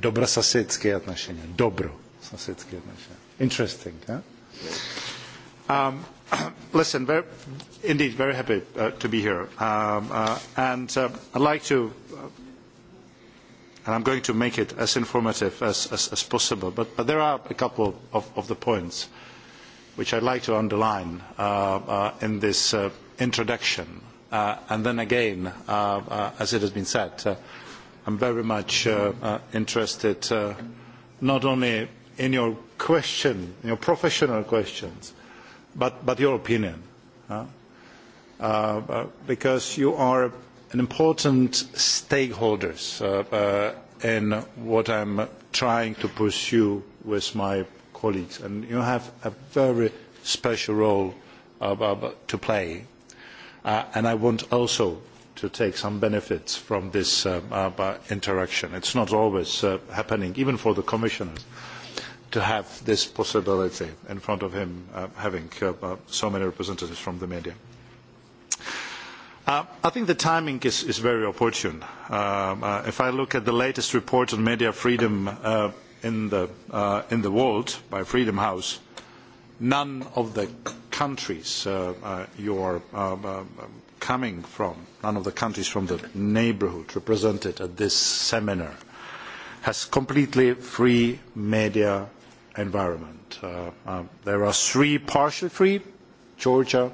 добрососедские отношения, добро соседские отношения. Interesting, huh? Yes. Um, *clears throat* listen, indeed, very happy uh, to be here. Um, uh, and uh, I'd like to, and I'm going to make it as informative as, possible, but, there are a couple of, the points which I'd like to underline in this introduction. and then again, as it has been said, I'm very much interested not only in your question, your professional questions, but, but your opinion, uh, uh, because you are an important stakeholder uh, in what i am trying to pursue with my colleagues, and you have a very special role to play. and I want also to take some benefits from this interaction. it is not always happening, even for the commissioners to have this possibility in front of him, uh, having uh, uh, so many representatives from the media. Uh, I think the timing is, is very opportune. Um, uh, if I look at the latest report on media freedom uh, in, the, uh, in the world by Freedom House, none of the countries uh, uh, you are uh, uh, coming from, none of the countries from the neighbourhood represented at this seminar, has completely free media environment. Uh, uh, there are three partially free Georgia,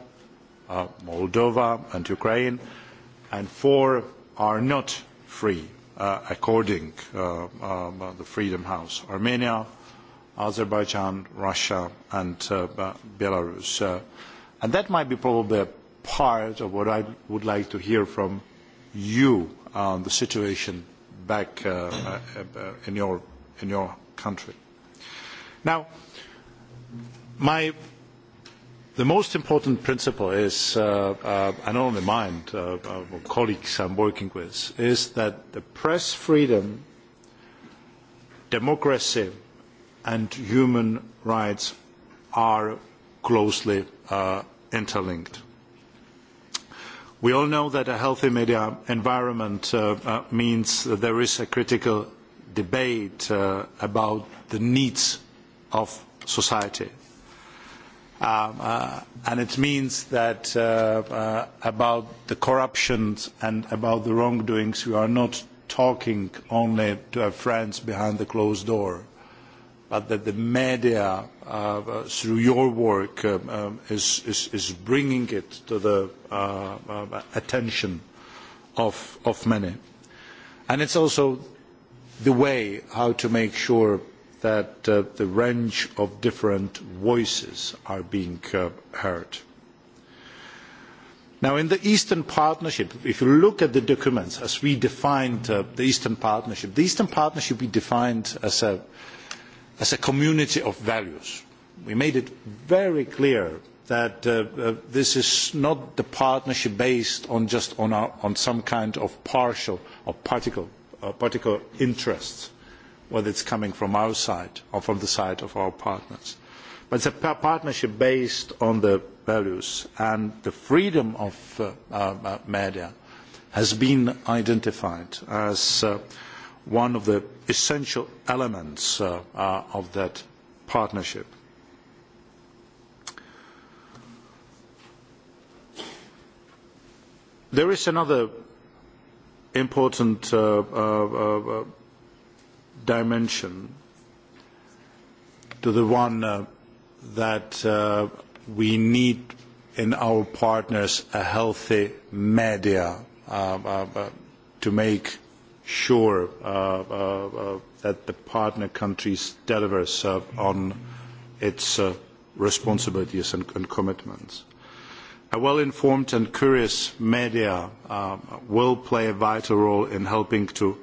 uh, Moldova, and Ukraine, and four are not free, according to um, the Freedom House Armenia, Azerbaijan, Russia, and Belarus. and that might be probably a part of what I would like to hear from you on the situation back in, your, in your country. Now, my, the most important principle is, uh, uh, and only mine, uh, uh, colleagues I'm working with, is that the press freedom, democracy, and human rights are closely uh, interlinked. We all know that a healthy media environment uh, uh, means that there is a critical debate uh, about the needs of society. Um, uh, and it means that uh, uh, about the corruptions and about the wrongdoings, we are not talking only to our friends behind the closed door, but that the media, uh, through your work, uh, um, is, is, is, bringing it to the uh, uh, attention of, of many. And it's also the way how to make sure that uh, the range of different voices are being uh, heard. Now, in the Eastern Partnership, if you look at the documents as we defined uh, the Eastern Partnership, the Eastern Partnership we defined as a, as a community of values. We made it very clear that uh, this is not the partnership based on just on, our, on some kind of partial or particular, particular interests whether it's coming from our side or from the side of our partners. But is a partnership based on the values and the freedom of the uh, uh, uh, media has been identified as one of the essential elements of that partnership. There is another important dimension to the one uh, that uh, we need in our partners a healthy media uh, uh, uh to make sure uh, that the partner countries delivers on its responsibilities and, and commitments. A well-informed and curious media will play a vital role in helping to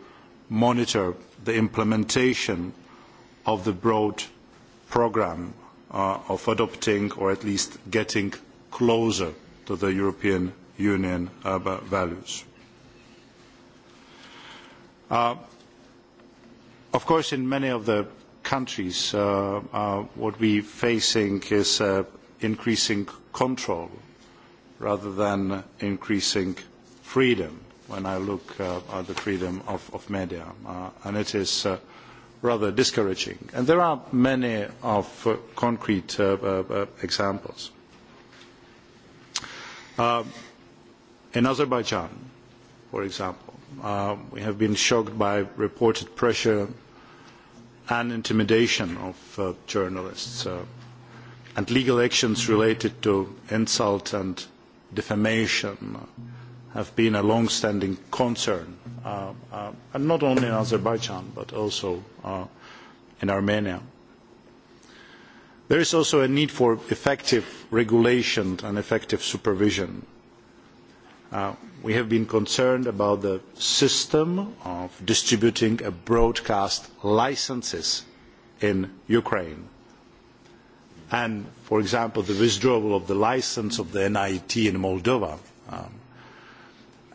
monitor the implementation of the broad programme uh, of adopting or at least getting closer to the European Union uh, values. Uh, of course, in many of the countries, what we are facing is increasing control rather than increasing freedom when I look uh, at the freedom of, of media, uh, and it is uh, rather discouraging. And there are many of uh, concrete uh, uh, uh examples. Uh, in Azerbaijan, for example, uh, we have been shocked by reported pressure and intimidation of uh, journalists uh, and legal actions related to insult and defamation. Uh, have been a long-standing concern, uh, uh, and not only in Azerbaijan, but also uh, in Armenia. There is also a need for effective regulation and effective supervision. we have been concerned about the system of distributing broadcast licences in Ukraine and, for example, the withdrawal of the licence of the NIT in Moldova. Um,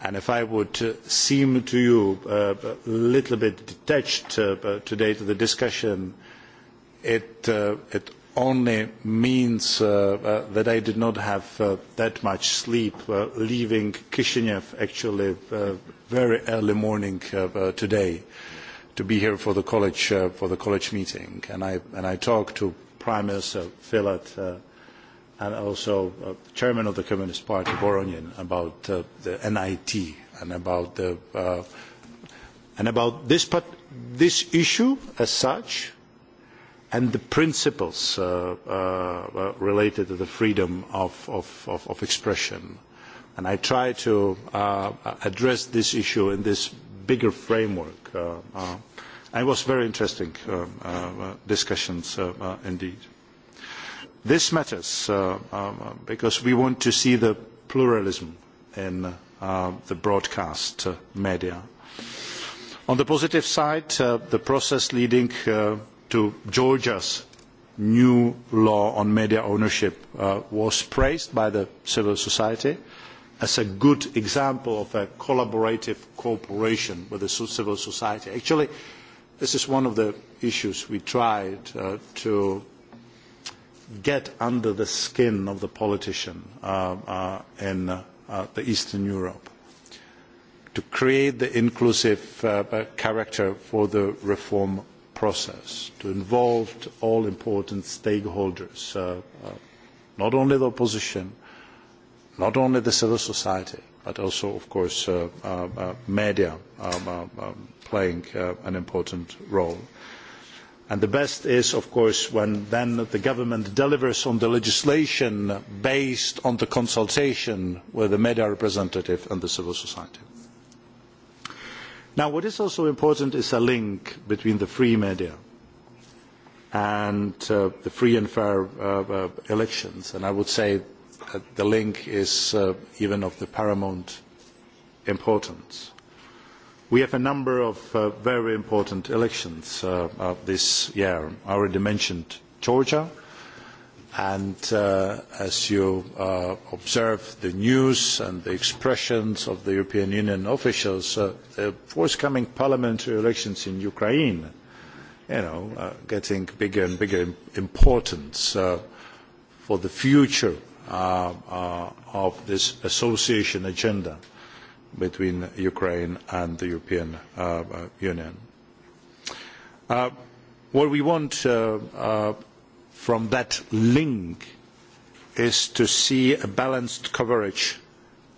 and if i would uh, seem to you uh, a little bit detached uh, today from the discussion it, only means that i did not have that much sleep leaving chisinau actually very early morning today to be here for the college, meeting and I, and I talked to prime minister fillon and also uh, chairman of the Communist Party, Voronin, about uh, the NIT and about the uh, and about this part, this issue as such, and the principles uh, uh, uh, related to the freedom of, of, of, of expression. And I try to address this issue in this bigger framework. Uh, it was very interesting um, discussions indeed this matters uh, um, because we want to see the pluralism in uh, the broadcast uh, media. On the positive side, the process leading to Georgia's new law on media ownership was praised by the civil society as a good example of a collaborative cooperation with the civil society. Actually, this is one of the issues we tried to get under the skin of the politician uh, uh, in uh, the Eastern Europe to create the inclusive character for the reform process, to involve all important stakeholders, not only the opposition, not only the civil society, but also, of course, media um, um, um, playing an important role and the best is of course when then the government delivers on the legislation based on the consultation with the media representative and the civil society. Now, what is also important is a link between the free media and uh, the free and fair uh, uh, elections and i would say that the link is even of the paramount importance we have a number of uh, very important elections uh, uh, this year. I already mentioned Georgia, and as you observe the news and the expressions of the European Union officials, the forthcoming parliamentary elections in Ukraine, you know, uh, getting bigger and bigger importance for the future of this association agenda between Ukraine and the European uh, uh, Union. Uh, what we want from that link is to see a balanced coverage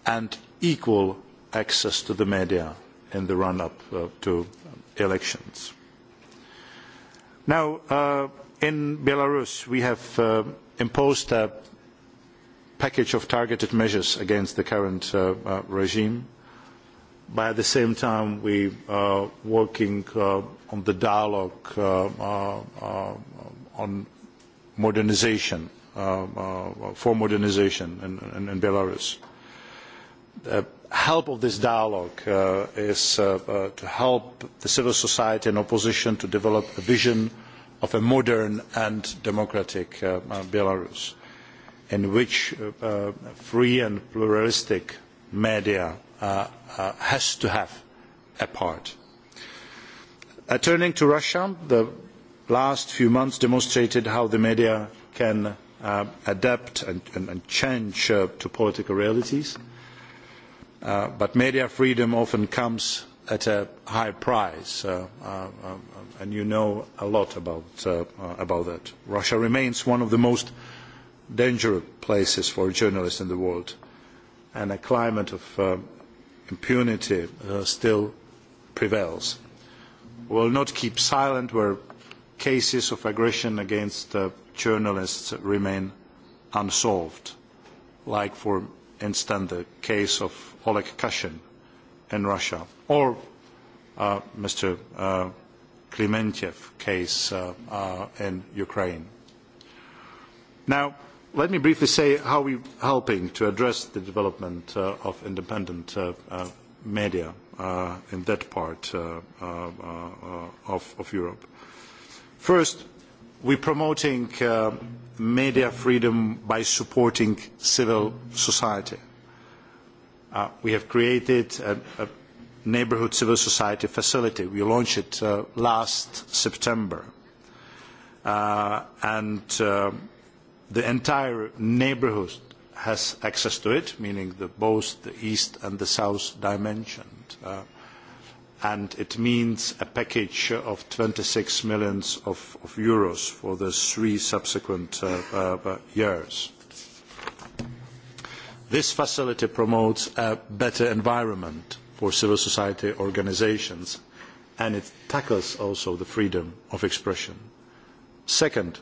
and equal access to the media in the run-up to elections. Now, in Belarus, we have imposed a package of targeted measures against the current regime but at the same time we are working uh, on the dialogue uh, uh, uh on modernization, uh, uh, for modernization in, in, in Belarus. The help of this dialogue is to help the civil society and opposition to develop a vision of a modern and democratic Belarus in which free and pluralistic media Uh, uh, has to have a part. Uh, turning to Russia, the last few months demonstrated how the media can uh, adapt and, and, and change uh, to political realities. Uh, but media freedom often comes at a high price, uh, uh, uh and you know a lot about, uh, about that. Russia remains one of the most dangerous places for journalists in the world, and a climate of impunity uh, still prevails. We will not keep silent where cases of aggression against uh, journalists remain unsolved, like for instance the case of Oleg Kashin in Russia, or uh, Mr. Uh, case uh, uh, in Ukraine. Now, let me briefly say how we are helping to address the development uh, of independent uh, uh, media in that part of, Europe. First, we are promoting media freedom by supporting civil society. we have created a neighbourhood civil society facility. We launched it last September. and the entire neighbourhood has access to it, meaning the, both the east and the south dimensions. Uh, and it means a package of 26 million of, of euros for the three subsequent uh, uh, uh, years. This facility promotes a better environment for civil society organisations and it tackles also the freedom of expression. Second,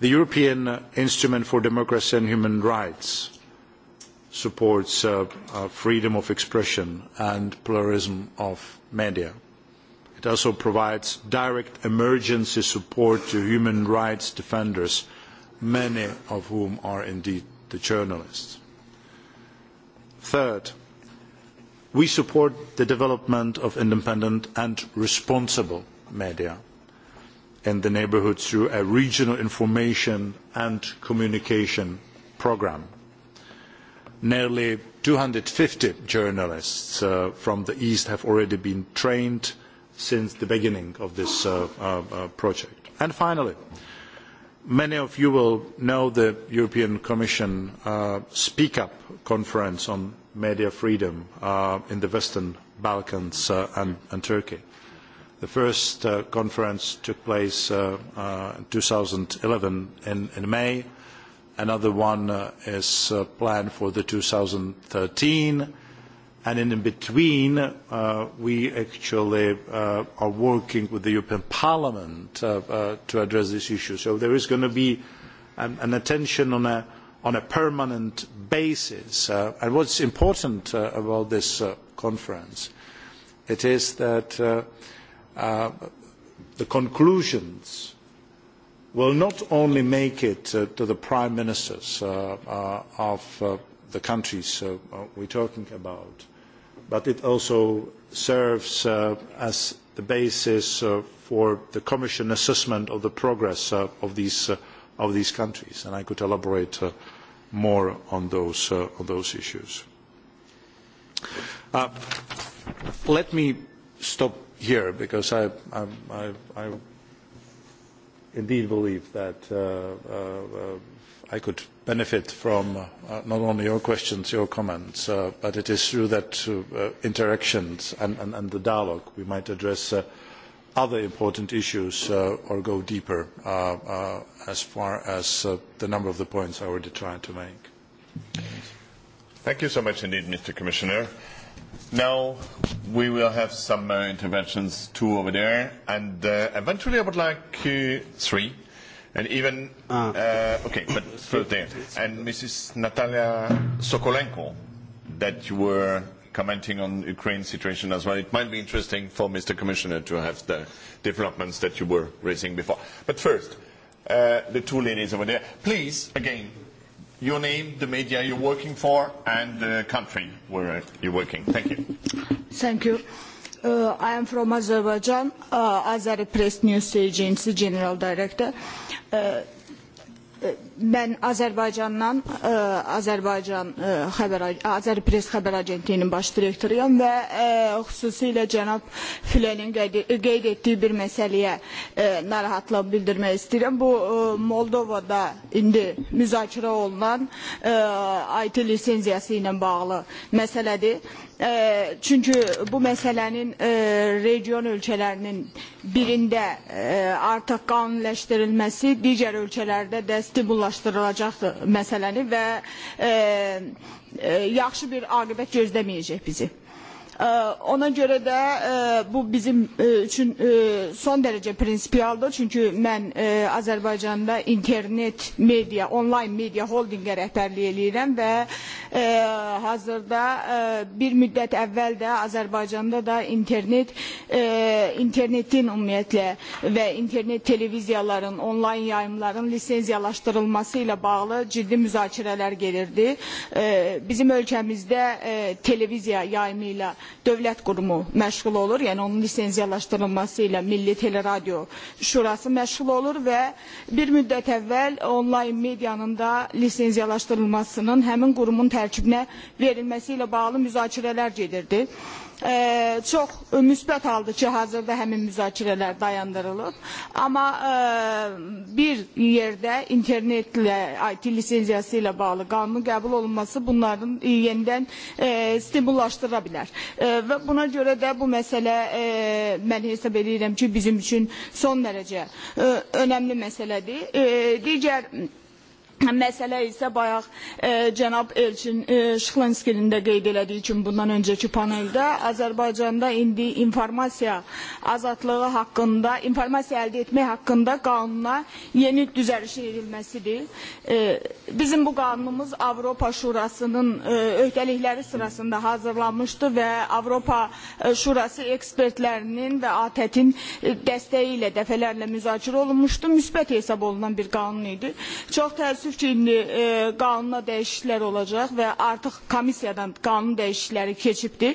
the european instrument for democracy and human rights supports uh, uh, freedom of expression and pluralism of media. it also provides direct emergency support to human rights defenders many of whom are indeed the journalists. third we support the development of independent and responsible media in the neighbourhood through a regional information and communication programme. Nearly two hundred and fifty journalists uh, from the East have already been trained since the beginning of this uh, uh, project. finally, many of you will know the European Commission Speak Up conference on media freedom in the Western Balkans and Turkey The first uh, conference took place uh, uh, in two thousand and eleven in May. Another one is planned for two thousand And thirteen and in between, uh, we actually are working with the European Parliament to address this issue. So there is going to be an, attention on a, on a permanent basis. Uh, and what's important about this conference, it is that uh, Uh, the conclusions will not only make it uh, to the prime ministers uh, of the countries we are talking about but it will also serve as the basis for the commission assessment of the progress of these, countries and i could elaborate more on those issues. let me stop here because I, I, I, I indeed believe that uh, uh, uh, I could benefit from uh, not only your questions, your comments, uh, but it is through that uh, interactions and, and, and the dialogue we might address uh, other important issues uh, or go deeper uh, uh, as far as uh, the number of the points I already tried to make. Thank you so much indeed, Mr. Commissioner. Now we will have some uh, interventions, two over there, and uh, eventually I would like uh, three, and even uh, uh, okay, but first there. And Mrs. Natalia Sokolenko, that you were commenting on Ukraine situation as well. It might be interesting for Mr. Commissioner to have the developments that you were raising before. But first, uh, the two ladies over there, please again your name, the media you're working for, and the country where you're working. Thank you. Thank you. Uh, I am from Azerbaijan, uh, Azeri Press News Agency General Director. Uh, ben Azərbaycandan ə, e, Azərbaycan xəbər e, Azərpress xəbər agentliyinin baş direktoruyam və e, xüsusilə cənab Fülənin qeyd, etdiyi bir məsələyə narahatlıq bildirmək istəyirəm. Bu Moldovada indi müzakirə olunan IT lisenziyası ilə bağlı məsələdir. Çünki bu məsələnin region ölkələrinin birində artıq artık digər ölkələrdə də de formalaşdırılacaq məsələni və e, e, yaxşı bir aqibət gözləməyəcək bizi. Ona görə də e, bu bizim e, üçün e, son dərəcə prinsipialdır. Çünki mən Azərbaycanda internet media, onlayn media holdingə rəhbərlik eləyirəm və hazırda bir müddət əvvəl də Azərbaycanda da internet internetin ümumiyyətlə və internet televiziyaların, onlayn yayımların lisenziyalaşdırılması ilə bağlı ciddi müzakirələr gelirdi. Bizim ölkəmizdə televiziya yayımı ilə dövlət qurumu məşğul olur, yəni onun lisenziyalaşdırılması ilə Milli Teleradio Şurası məşğul olur və bir müddət əvvəl onlayn medianın da lisenziyalaşdırılmasının həmin qurumun tərkibinə verilməsi ilə bağlı müzakirələr gedirdi e, çox müsbət haldır ki, hazırda həmin müzakirələr dayandırılıb. Amma e, bir yerdə internetlə, IT lisenziyası ilə bağlı qanun qəbul olunması bunların e, yenidən e, stimullaşdıra bilər. E, və buna görə də bu məsələ e, mən hesab edirəm ki, bizim üçün son dərəcə e, önəmli məsələdir. E, digər Məsələ isə bayaq e, cənab Elçin e, Şıxlınskinin də qeyd elədiyi kimi bundan öncəki paneldə Azərbaycanda indi informasiya azadlığı haqqında, informasiya əldə etmək haqqında qanuna yeni düzəlişin edilməsidir. E, bizim bu qanunumuz Avropa Şurasının e, öhdəlikləri sırasında hazırlanmışdı və Avropa e, Şurası ekspertlərinin və ATƏT-in e, dəstəyi ilə dəfələrlə müzakirə olunmuşdu. Müsbət hesab olunan bir qanun idi. Çox təəssüf Türkiye'nin e, kanuna değişiklikler olacak ve artık komisyadan kanun değişiklikleri geçipti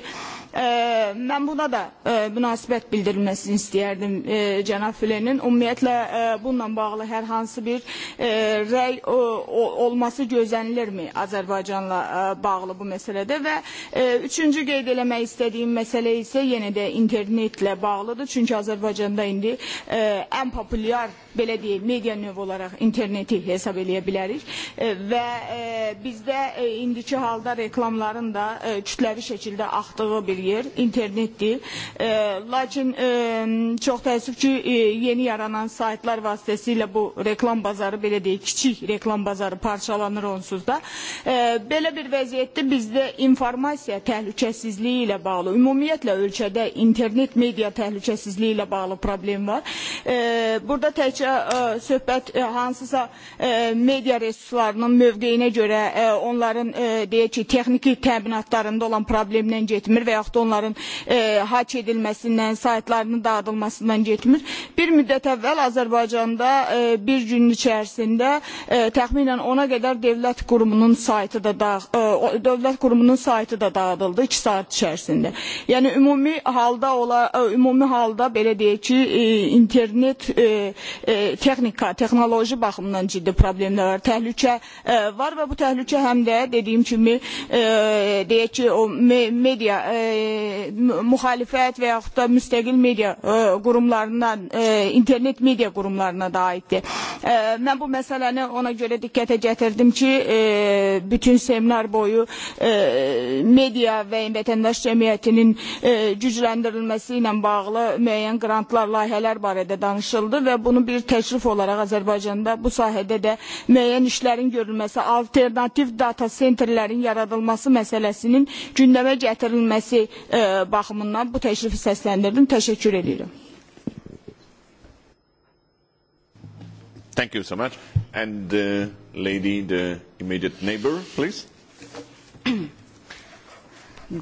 mən buna da e, münasibət bildirilməsini istəyərdim e, cənab Füleynin. Ümumiyyətlə e, bununla bağlı hər hansı bir rəy olması gözlənilirmi Azərbaycanla bağlı bu məsələdə və üçüncü qeyd eləmək istədiyim məsələ isə yenə də internetlə bağlıdır. Çünki Azərbaycanda indi ən populyar belə deyək media növ olaraq interneti hesab eləyə bilərik və bizdə indiki halda reklamların da kütləvi şəkildə axdığı bir eləyir internetdir. E, lakin e, çox təəssüf ki, e, yeni yaranan saytlar vasitəsilə bu reklam bazarı belə deyək, kiçik reklam bazarı parçalanır onsuz da. E, belə bir vəziyyətdə bizdə informasiya təhlükəsizliyi ilə bağlı, ümumiyyətlə ölkədə internet media təhlükəsizliyi ilə bağlı problem var. E, burada təkcə e, söhbət e, hansısa e, media resurslarının mövqeyinə görə e, onların e, deyək ki, texniki təminatlarında olan problemlə getmir və yaxud vaxt onların e, hak edilməsindən, saytlarının dağıdılmasından getmir. Bir müddət əvvəl Azərbaycanda e, bir gün içərisində e, təxminən ona qədər dövlət qurumunun saytı da dağ, e, dövlət qurumunun saytı da dağıdıldı 2 saat içərisində. Yəni ümumi halda ola e, ümumi halda belə deyək ki, e, internet e, e, texnika, texnoloji baxımından ciddi problemlər var, təhlükə e, var və bu təhlükə həm də dediyim kimi e, deyək ki, o me media e, E, və yaxud da müstəqil media qurumlarından, e, e, internet media qurumlarına da aiddir. Mən bu məsələni ona görə diqqətə gətirdim ki, bütün seminar boyu media və vətəndaş cəmiyyətinin gücləndirilməsi ilə bağlı müəyyən grantlar, layihələr barədə danışıldı və bunu bir təşrif olaraq Azərbaycanda bu sahədə də müəyyən işlərin görülməsi, alternativ data sentrlərin yaradılması məsələsinin gündəmə gətirilməsi E, baxımından bu təklifi səsləndirdim. Təşəkkür edirəm. Thank you so much. And the uh, lady, the immediate neighbor, please. *clears throat*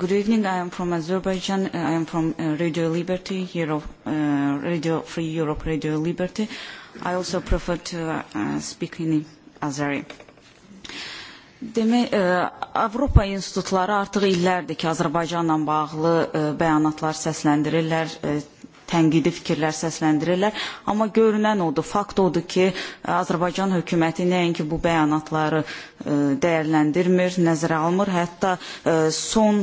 Good evening. I am from Azerbaijan. Uh, I am from uh, Radio Liberty, uh, Radio Free Europe, Radio Liberty. I also prefer to uh, speak in Demək, e, Avropa institutları artıq illərdir ki, Azərbaycanla bağlı e, bəyanatlar səsləndirirlər, e, tənqidi fikirlər səsləndirirlər. Amma görünən odur, fakt odur ki, Azərbaycan hökuməti nəinki bu bəyanatları dəyərləndirmir, nəzərə almır. Hətta son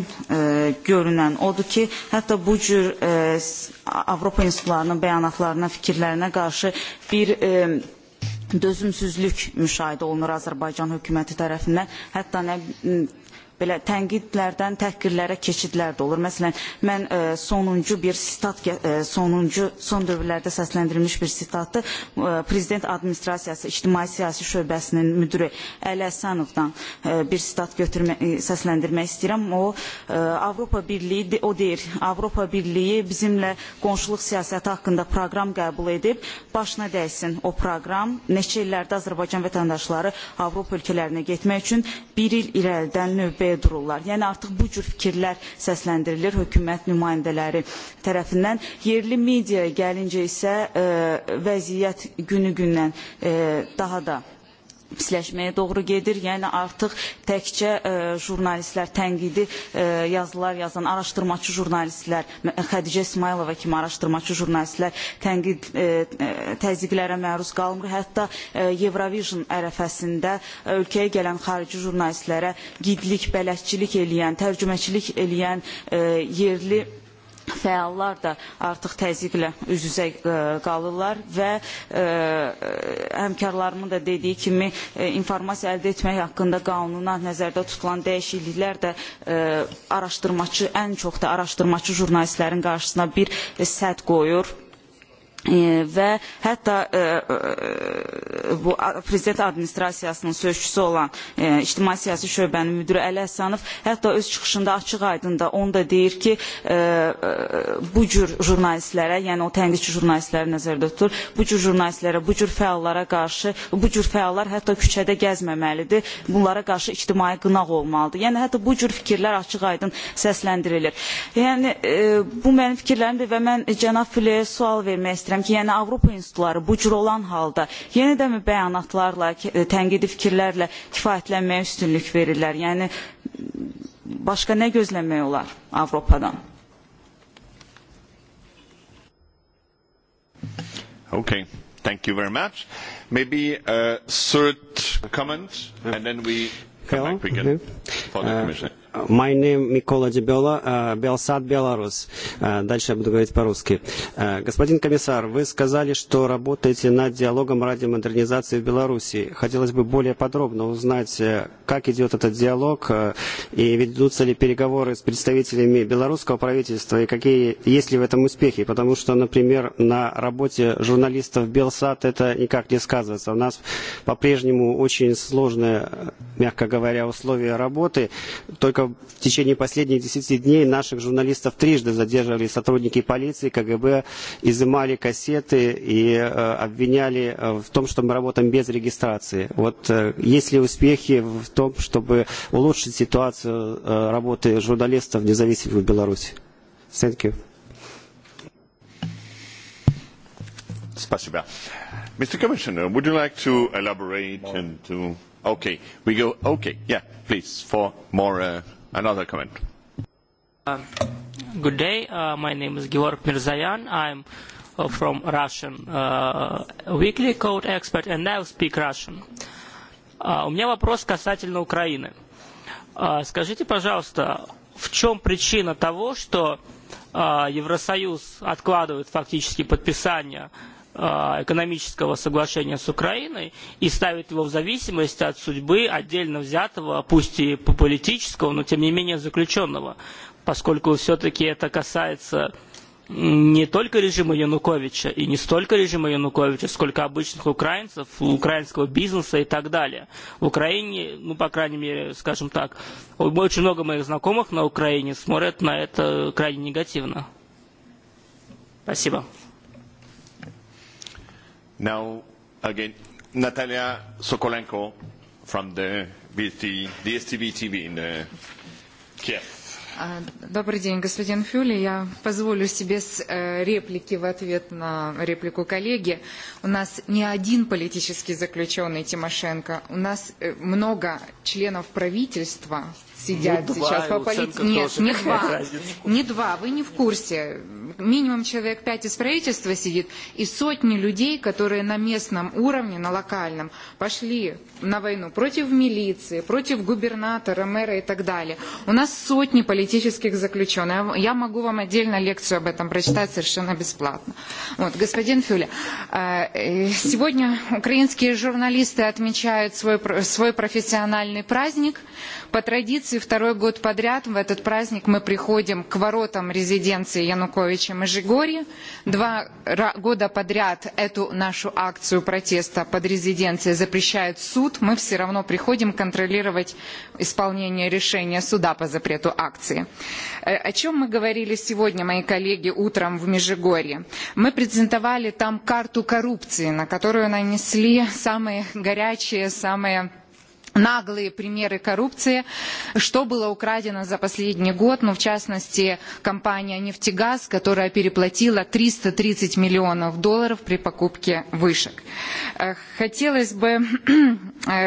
görünən odur ki, hətta bu cür Avropa institutlarının bəyanatlarına, fikirlərinə qarşı bir dözümsüzlük müşahidə olunur Azərbaycan hökuməti tərəfindən. Hətta nə belə tənqidlərdən təhqirlərə keçidlər də olur. Məsələn, mən e, sonuncu bir sitat e, sonuncu son dövrlərdə səsləndirilmiş bir sitatı e, prezident administrasiyası ictimai siyasi şöbəsinin müdürü Əli Əsanovdan bir sitat götürmə səsləndirmək istəyirəm. O Avropa Birliyi o deyir, Avropa Birliyi bizimlə qonşuluq siyasəti haqqında proqram qəbul edib, başına dəysin o proqram. Neçə illərdə Azərbaycan vətəndaşları Avropa ölkələrinə getmək üçün bir il irəlidən növbə araya dururlar. Yəni artıq bu cür fikirlər səsləndirilir hökumət nümayəndələri tərəfindən. Yerli mediaya gəlincə isə ə, e, vəziyyət günü-gündən e, daha da pisləşməyə doğru gedir. Yəni artıq təkcə e, jurnalistlər tənqidi e, yazılar yazan araşdırmaçı jurnalistlər, Xədicə İsmayılova kimi araşdırmaçı jurnalistlər tənqid e, e, təzyiqlərə məruz qalmır. Hətta e, Eurovision ərəfəsində e, ölkəyə gələn xarici jurnalistlərə gidlik, bələdçilik eləyən, tərcüməçilik eləyən e, yerli fəallar da artıq təzyiqlə üz-üzə e, qalırlar və e, həmkarlarımın da dediyi kimi e, informasiya əldə etmək haqqında qanuna nəzərdə tutulan dəyişikliklər də araşdırmaçı ən çox da araşdırmaçı jurnalistlərin qarşısına bir sədd qoyur ve hətta e, e, bu prezident administrasiyasının sözçüsü olan e, ictimai siyasi şöbənin müdiri Əli Həsənov hətta öz çıxışında açıq-aydın da onu da deyir ki, bu cür jurnalistlərə, yəni o tənqidçi jurnalistləri nəzərdə tutur, bu cür jurnalistlərə, bu cür fəallara qarşı, bu cür fəallar hətta küçədə gəzməməlidir, bunlara qarşı ictimai qınaq olmalıdır. Yəni hətta bu cür fikirlər açıq-aydın səsləndirilir. Yəni bu mənim fikirlərimdir və mən cənab Füleyə sual vermək istəyirəm istəyirəm ki, yəni Avropa institutları bu cür olan halda yenə də mi bəyanatlarla, e, tənqidi fikirlərlə kifayətlənməyə üstünlük verirlər? Yəni başqa nə gözləmək olar Avropadan? Okay. Thank you very much. Maybe a third comment, and then we come back again for the uh, commissioner. My name Микола Дебела, Белсад, Беларусь. Дальше я буду говорить по-русски. Господин комиссар, вы сказали, что работаете над диалогом ради модернизации в Беларуси. Хотелось бы более подробно узнать, как идет этот диалог и ведутся ли переговоры с представителями белорусского правительства и какие есть ли в этом успехи. Потому что, например, на работе журналистов Белсад это никак не сказывается. У нас по-прежнему очень сложные, мягко говоря, условия работы. Только только в течение последних 10 дней наших журналистов трижды задерживали сотрудники полиции, КГБ, изымали кассеты и обвиняли в том, что мы работаем без регистрации. Вот есть ли успехи в том, чтобы улучшить ситуацию работы журналистов независимых в Беларуси? Thank you. Спасибо. Mr. Commissioner, would you like to elaborate and to Okay, we go. Okay, yeah, please for more uh, another comment. Um, good day. Uh, my name is Georg Mirzayan. I'm uh, from Russian uh, Weekly Code Expert, and I speak Russian. Uh, у меня вопрос касательно Украины. Uh, скажите, пожалуйста, в чем причина того, что uh, Евросоюз откладывает фактически подписание uh, экономического соглашения с Украиной и ставит его в зависимость от судьбы отдельно взятого, пусть и по политического, но тем не менее заключенного, поскольку все-таки это касается не только режима Януковича и не столько режима Януковича, сколько обычных украинцев, украинского бизнеса и так далее. В Украине, ну, по крайней мере, скажем так, очень много моих знакомых на Украине смотрят на это крайне негативно. Спасибо. Now, again, Natalia Sokolenko from the DSTV TV in uh, Добрый день, господин Фюли. Я позволю себе с реплики в ответ на реплику коллеги. У нас не один политический заключенный Тимошенко, у нас много членов правительства, сидят ну, сейчас два, по политике. Нет, не два. Разница. Не два, вы не в курсе. Минимум человек пять из правительства сидит, и сотни людей, которые на местном уровне, на локальном, пошли на войну против милиции, против губернатора, мэра и так далее. У нас сотни политических заключенных. Я могу вам отдельно лекцию об этом прочитать совершенно бесплатно. Вот, господин Фюля, сегодня украинские журналисты отмечают свой, свой профессиональный праздник. По традиции второй год подряд в этот праздник мы приходим к воротам резиденции Януковича Межигорье. Два года подряд эту нашу акцию протеста под резиденцией запрещает суд. Мы все равно приходим контролировать исполнение решения суда по запрету акции. О чем мы говорили сегодня, мои коллеги, утром в Межигорье? Мы презентовали там карту коррупции, на которую нанесли самые горячие, самые наглые примеры коррупции, что было украдено за последний год, ну, в частности, компания «Нефтегаз», которая переплатила 330 миллионов долларов при покупке вышек. Хотелось бы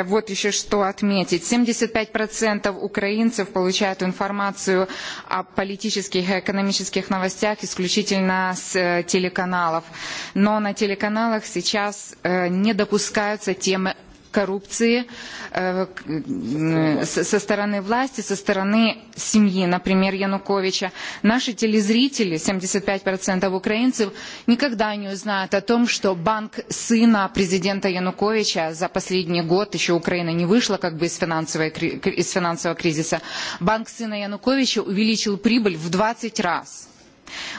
вот еще что отметить. 75% украинцев получают информацию о политических и экономических новостях исключительно с телеканалов. Но на телеканалах сейчас не допускаются темы коррупции со стороны власти, со стороны семьи, например, Януковича. Наши телезрители, 75% украинцев, никогда не узнают о том, что банк сына президента Януковича за последний год, еще Украина не вышла как бы из, финансовой, из финансового кризиса, банк сына Януковича увеличил прибыль в 20 раз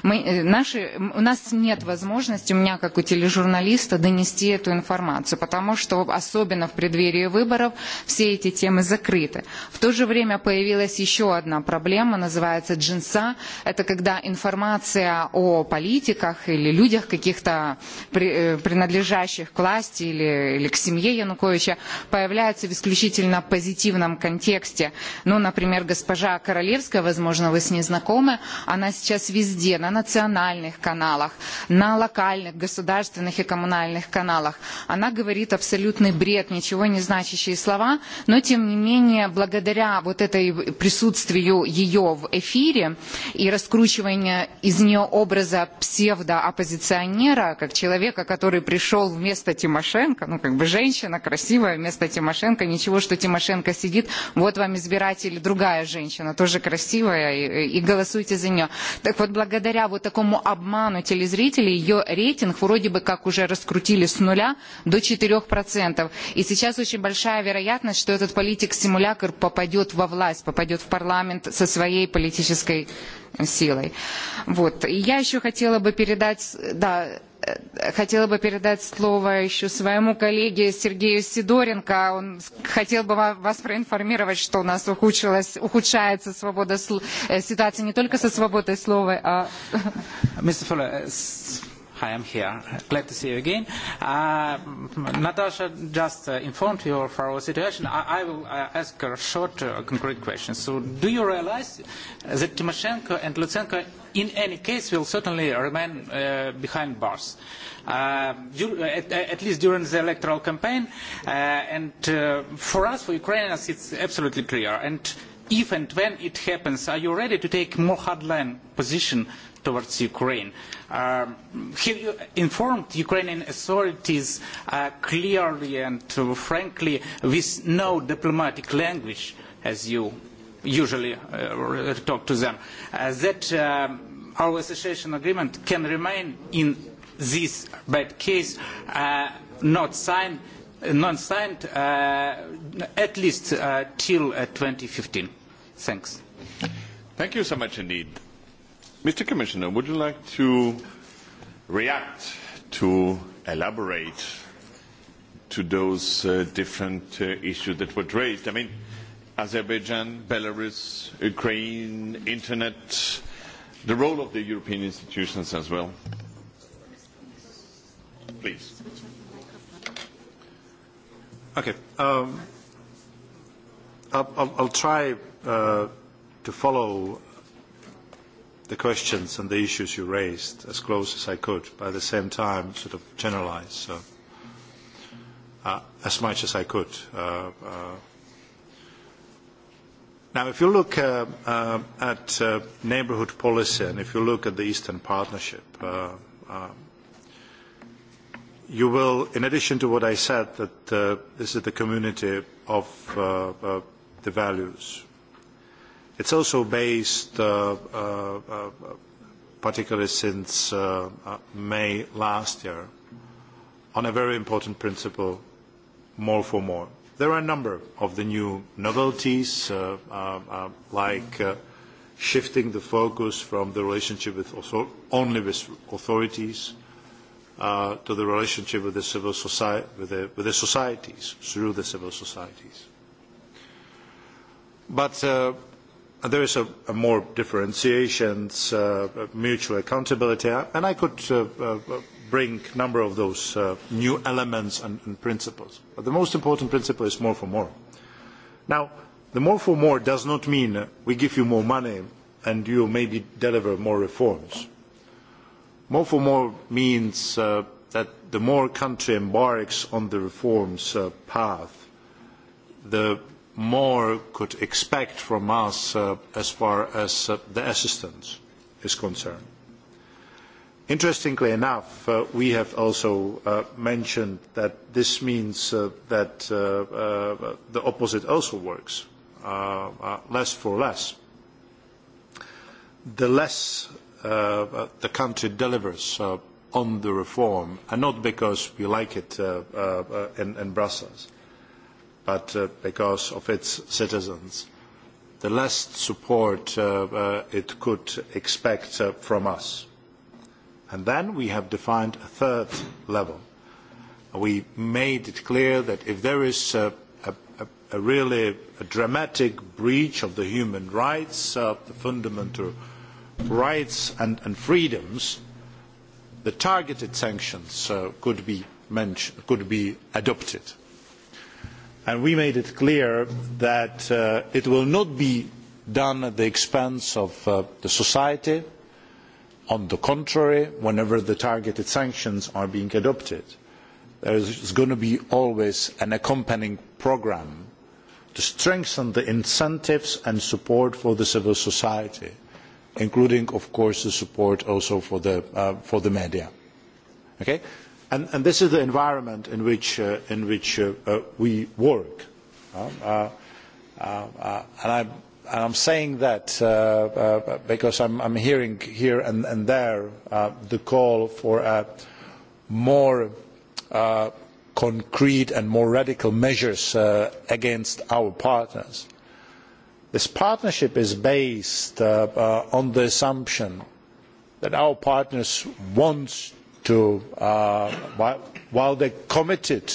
Мы, наши, у нас нет возможности, у меня как у тележурналиста, донести эту информацию, потому что особенно в преддверии выборов все эти темы закрыты. В то же время появилась еще одна проблема, называется джинса. Это когда информация о политиках или людях каких-то принадлежащих к власти или, или к семье Януковича появляется в исключительно позитивном контексте. Ну, например, госпожа Королевская, возможно, вы с ней знакомы, она сейчас везде везде, на национальных каналах, на локальных, государственных и коммунальных каналах. Она говорит абсолютный бред, ничего не значащие слова, но тем не менее, благодаря вот этой присутствию ее в эфире и раскручиванию из нее образа псевдо-оппозиционера, как человека, который пришел вместо Тимошенко, ну как бы женщина красивая вместо Тимошенко, ничего, что Тимошенко сидит, вот вам избиратель, другая женщина, тоже красивая, и, и голосуйте за нее. Так вот, благодаря благодаря вот такому обману телезрителей ее рейтинг вроде бы как уже раскрутили с нуля до 4%. И сейчас очень большая вероятность, что этот политик-симулякр попадет во власть, попадет в парламент со своей политической силой. Вот. И я еще хотела бы передать, да, хотела бы передать слово еще своему коллеге Сергею Сидоренко. Он хотел бы вас проинформировать, что у нас ухудшилась, ухудшается свобода, ситуация не только со свободой слова, а... Mr. Fuller, I am here. Glad to see you again. Uh, Natasha just uh, informed you of our situation. I, I will uh, ask her a short, uh, concrete question. So, do you realize that Timoshenko and Lutsenko, in any case, will certainly remain uh, behind bars? Uh, at, at least during the electoral campaign, uh, and uh, for us, for Ukrainians, it's absolutely clear. And if and when it happens, are you ready to take more hardline position towards Ukraine. Uh, um, have you informed Ukrainian authorities uh, clearly and uh, frankly with no diplomatic language, as you usually uh, talk to them, uh, that uh, our association agreement can remain in this bad case uh, not signed, non signed uh, at least uh, till uh, 2015. Thanks. Thank you so much indeed. Mr. Commissioner, would you like to react, to elaborate to those uh, different uh, issues that were raised? I mean, Azerbaijan, Belarus, Ukraine, Internet, the role of the European institutions as well. Please. Okay. Um, I'll, I'll, I'll try uh, to follow the questions and the issues you raised as close as I could, but at the same time sort of generalize so, uh, as much as I could. Uh, uh. Now, if you look uh, uh, at uh, neighborhood policy and if you look at the Eastern Partnership, uh, uh, you will, in addition to what I said, that uh, this is the community of uh, uh, the values, It's also based, uh, uh, uh, particularly since uh, uh, May last year, on a very important principle, more for more. There are a number of the new novelties, uh, uh, uh, like uh, shifting the focus from the relationship with only with authorities uh, to the relationship with the civil society, with the, with the societies, through the civil societies. But uh, there is a, more differentiations, uh, mutual accountability, and I could uh, uh, bring a number of those new elements and, and, principles. But the most important principle is more for more. Now, the more for more does not mean we give you more money and you maybe deliver more reforms. More for more means that the more country embarks on the reforms path, the more could expect from us uh, as far as uh, the assistance is concerned. Interestingly enough, uh, we have also uh, mentioned that this means uh, that uh, the opposite also works, less for less. The less the country delivers on the reform, and not because we like it in, in Brussels, but uh, because of its citizens, the less support uh, uh, it could expect from us. And then we have defined a third level. We made it clear that if there is a, a, a really a dramatic breach of the human rights, uh, the fundamental rights and, and freedoms, the targeted sanctions uh, could, be could be adopted and we made it clear that uh, it will not be done at the expense of uh, society. On the contrary, whenever the targeted sanctions are being adopted, there is going to be always an accompanying programme to strengthen the incentives and support for the civil society, including, of course, the support also for the, uh, for the media. Okay? And, this is the environment in which, uh, uh, uh, we work. Uh, uh, and I'm, and saying that because i am hearing here and, there the call for more concrete and more radical measures against our partners. This partnership is based on the assumption that our partners want Uh, while they committed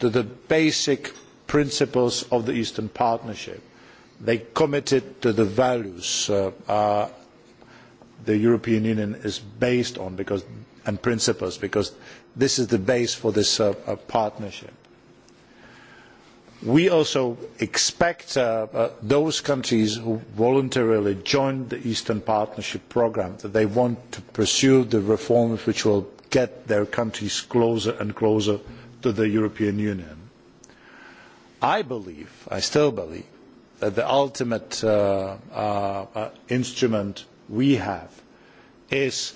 to the basic principles of the Eastern Partnership, they committed to the values uh, uh, the European Union is based on because, and principles, because this is the base for this partnership. We also expect those countries who voluntarily join the Eastern Partnership Programme that they want to pursue the reforms which will get their countries closer and closer to the European Union. I believe, I still believe, that the ultimate uh, uh, uh, instrument we have is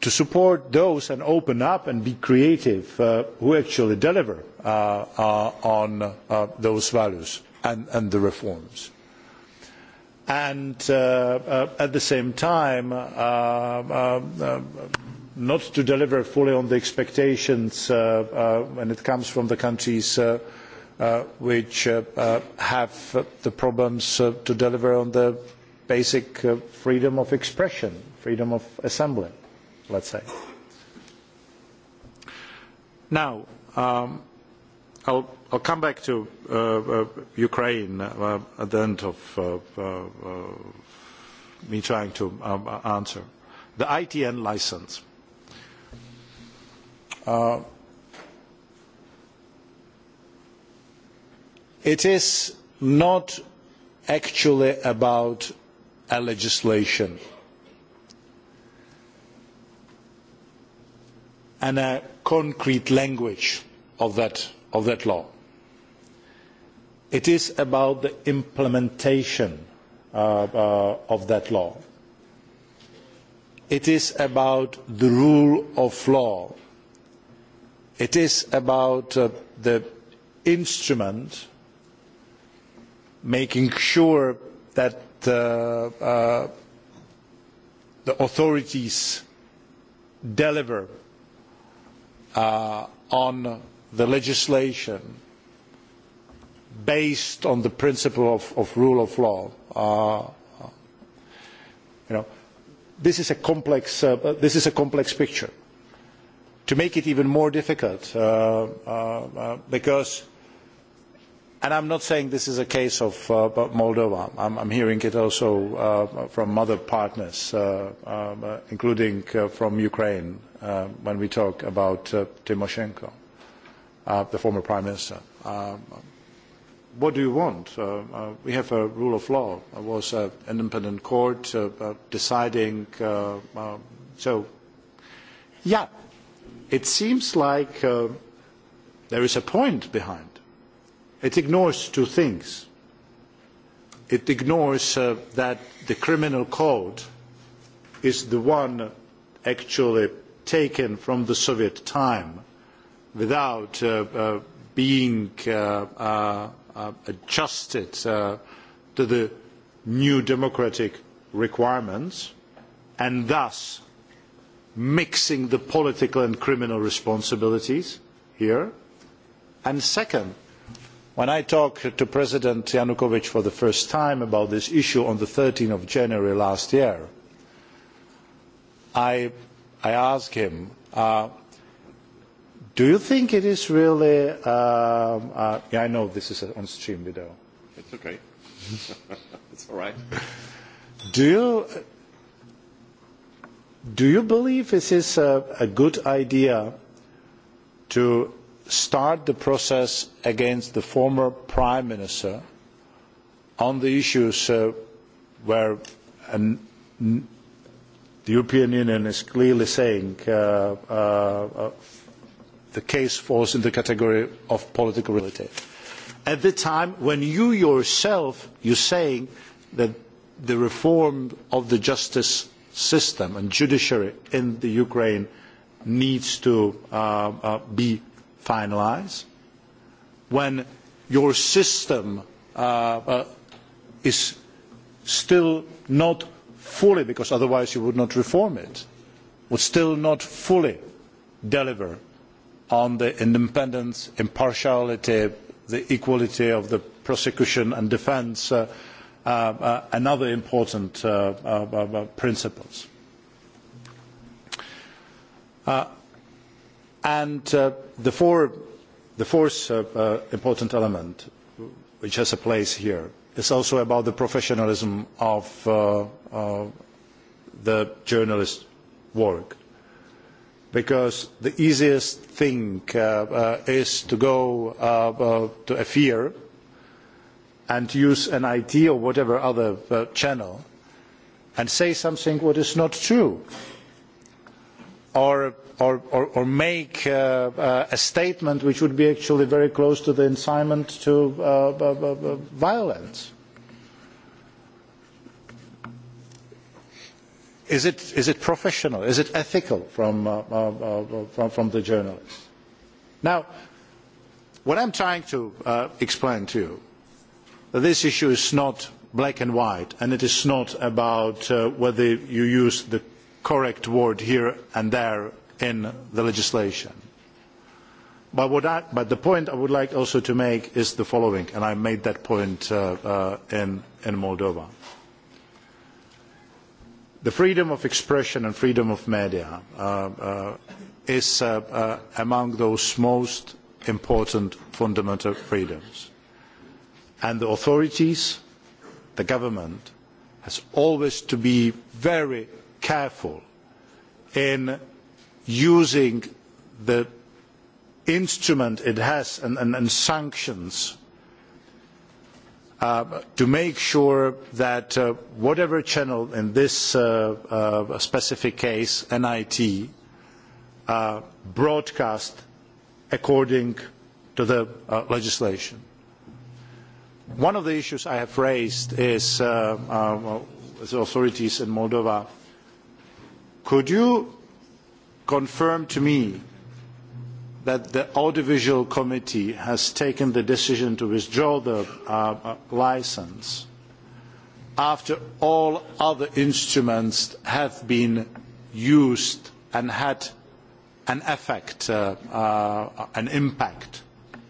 to support those and open up and be creative uh, who actually deliver uh, uh, on uh, those values and, and, the reforms. And uh, at the same time, not to deliver fully on the expectations uh, uh, when it comes from the countries uh, which have the problems to deliver on the basic freedom of expression freedom of assembly let us say. now i um, will come back to ukraine at the end of me trying to um, answer. the itn licence Uh, it is not actually about a legislation and a concrete language of that, of that law. It is about the implementation uh, uh, of that law. It is about the rule of law it is about uh, the instrument making sure that uh, uh, the authorities deliver on the legislation based on the principle of, the rule of law. You know, this is a complex picture to make it even more difficult uh, uh, uh, because and I'm not saying this is a case of Moldova. I'm, am hearing it also from other partners, um, including from Ukraine, when we talk about Tymoshenko, the former prime minister. Um, what do you want? we have a rule of law. there was an independent court deciding. Um, so, yeah, it seems like uh, there is a point behind. It ignores two things. It ignores uh, that the criminal code is the one actually taken from the Soviet time without uh, being adjusted to the new democratic requirements and thus mixing the political and criminal responsibilities here. And second, when I talked to President Yanukovych for the first time about this issue on the 13th of January last year, I, asked him, uh, do you think it is really... Um, uh, yeah, I know this is an on-stream video. It's okay. *laughs* it's all right. do you do you believe this is a, good idea to start the process against the former prime minister on the issues uh, where the European Union is clearly saying uh, uh, the case falls in the category of political reality. At the time when you yourself you're saying that the reform of the justice system and judiciary in Ukraine needs to uh, uh, be finalised when your system uh, is still not fully, because otherwise you would not reform it, would still not fully deliver on the independence, impartiality, the equality of the prosecution and defence Uh, uh, and other important uh, principles. And, the, fourth important element which has a place here is also about the professionalism of the journalist work because the easiest thing is to go to a fear and use an IT or whatever other uh, channel and say something what is not true or, or, or, or make uh, uh, a statement which would be actually very close to the incitement to violence. Is it, is it professional? Is it ethical from, from, the journalist? Now, what I'm trying to explain to you that this issue is not black and white and it is not about uh, whether you use the correct word here and there in the legislation. But, the point i would like also to make is the following and i made that point uh, uh, in, moldova the freedom of expression and freedom of the media uh, is among those most important fundamental freedoms and the authorities the government has always to be very careful in using the instrument it has and, sanctions uh, to make sure that uh, whatever channel in this uh, specific case nit broadcasts according to the legislation One of the issues I have raised is uh, uh, the authorities in Moldova. Could you confirm to me that the audiovisual committee has taken the decision to withdraw the uh, uh, license after all other instruments have been used and had an effect, uh, uh, an impact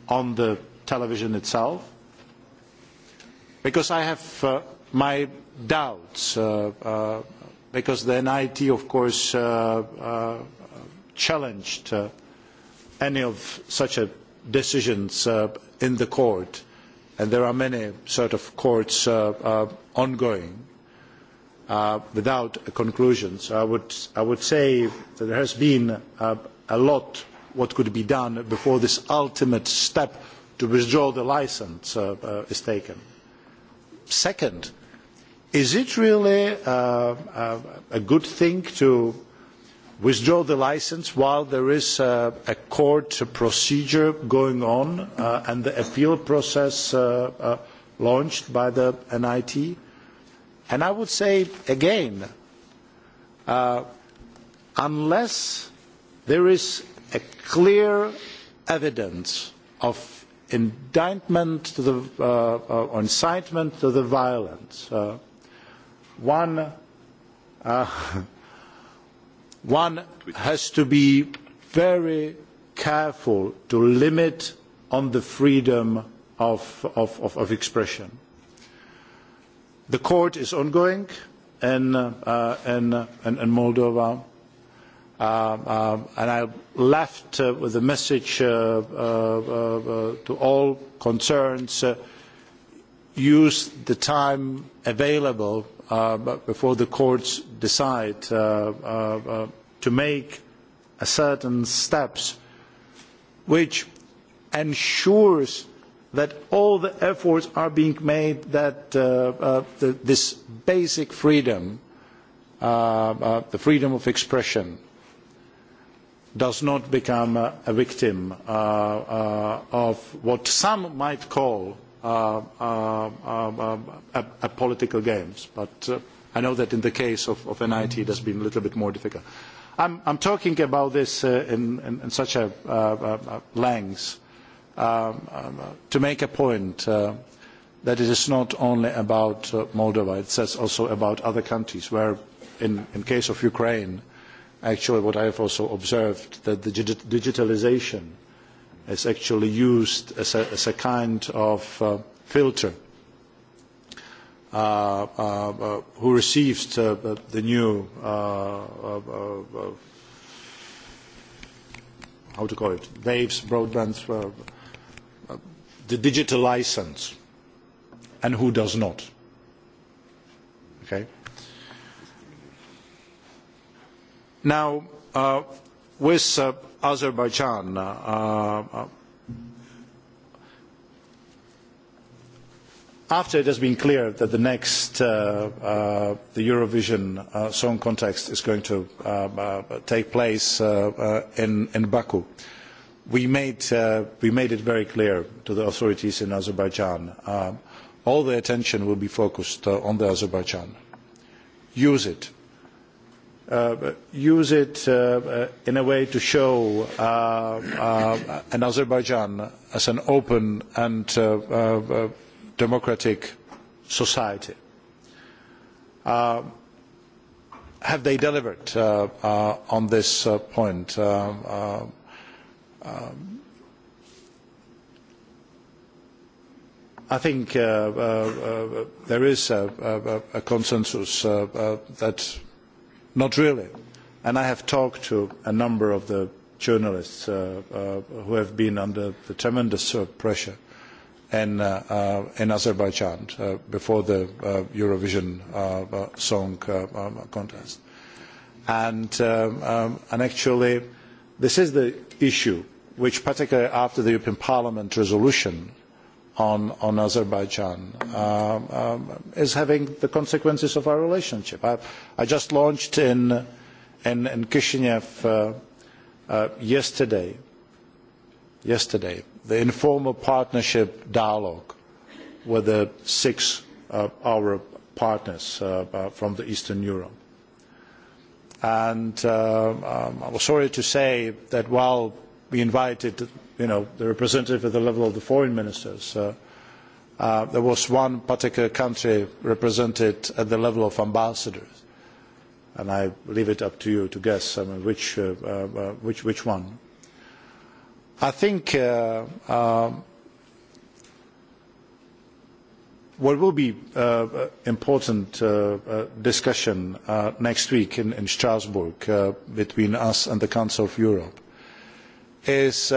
on the television itself? because I have uh, my doubts, uh, uh, because the NIT, of course, challenged any of such decisions in the court, and there are many sort of courts ongoing. without a conclusion. So I would, I would say that there has been a lot what could be done before this ultimate step to withdraw the licence is taken. Second, is it really uh, uh, a good thing to withdraw the license while there is uh, a, court procedure going on and the appeal process launched by the NIT. And I would say again, unless there is a clear evidence of indictment to the, uh, uh incitement to the violence. Uh, one, uh, *laughs* one has to be very careful to limit on the freedom of, of, of, of expression. The court is ongoing in, uh, in, in, in Moldova Um, um, and i left uh, with a message uh, uh, to all concerned use the time available before the courts decide to make certain steps which ensure that all the efforts are being made that this basic freedom, the freedom of expression, does not become a victim uh, uh, of what some might call uh, political games. But I know that in the case of, NIT it has been a little bit more difficult. I'm, am talking about this in, such a length to make a point that it is not only about Moldova, it is also about other countries where in, in case of Ukraine actually what I have also observed, that the is actually used as a, as a kind of uh, filter. Uh, uh, who receives the new, how to call it, waves, broadband, the digital license, and who does not. Okay? Now, uh, with uh, Azerbaijan, uh, after it has been clear that the next Eurovision song contest is going to take place in, Baku, we made, we made it very clear to the authorities in Azerbaijan that all the attention will be focused on Azerbaijan. Use it Uh, use it uh, in a way to show uh, Azerbaijan as an open and democratic society. have they delivered on this point? Um, I think there is a consensus that Not really. And I have talked to a number of the journalists uh, uh, who have been under the tremendous uh, pressure in, Azerbaijan before the Eurovision song um, contest. And, um, um, and actually, this is the issue which, particularly after the European Parliament resolution on, on Azerbaijan um, um, is having the consequences of our relationship. I, I just launched in, in, in Kishinev uh, uh, yesterday, yesterday, the informal partnership dialogue with the six of uh, our partners uh, uh, from the Eastern Europe. And uh, um, I was sorry to say that while we invited the representative at the level of the foreign ministers. Uh, uh, there was one particular country represented at the level of ambassadors, and I leave it up to you to guess which, uh, which, which one. I think uh, uh, what will be an uh, important uh, uh, discussion next week in, in Strasbourg between us and the Council of Europe is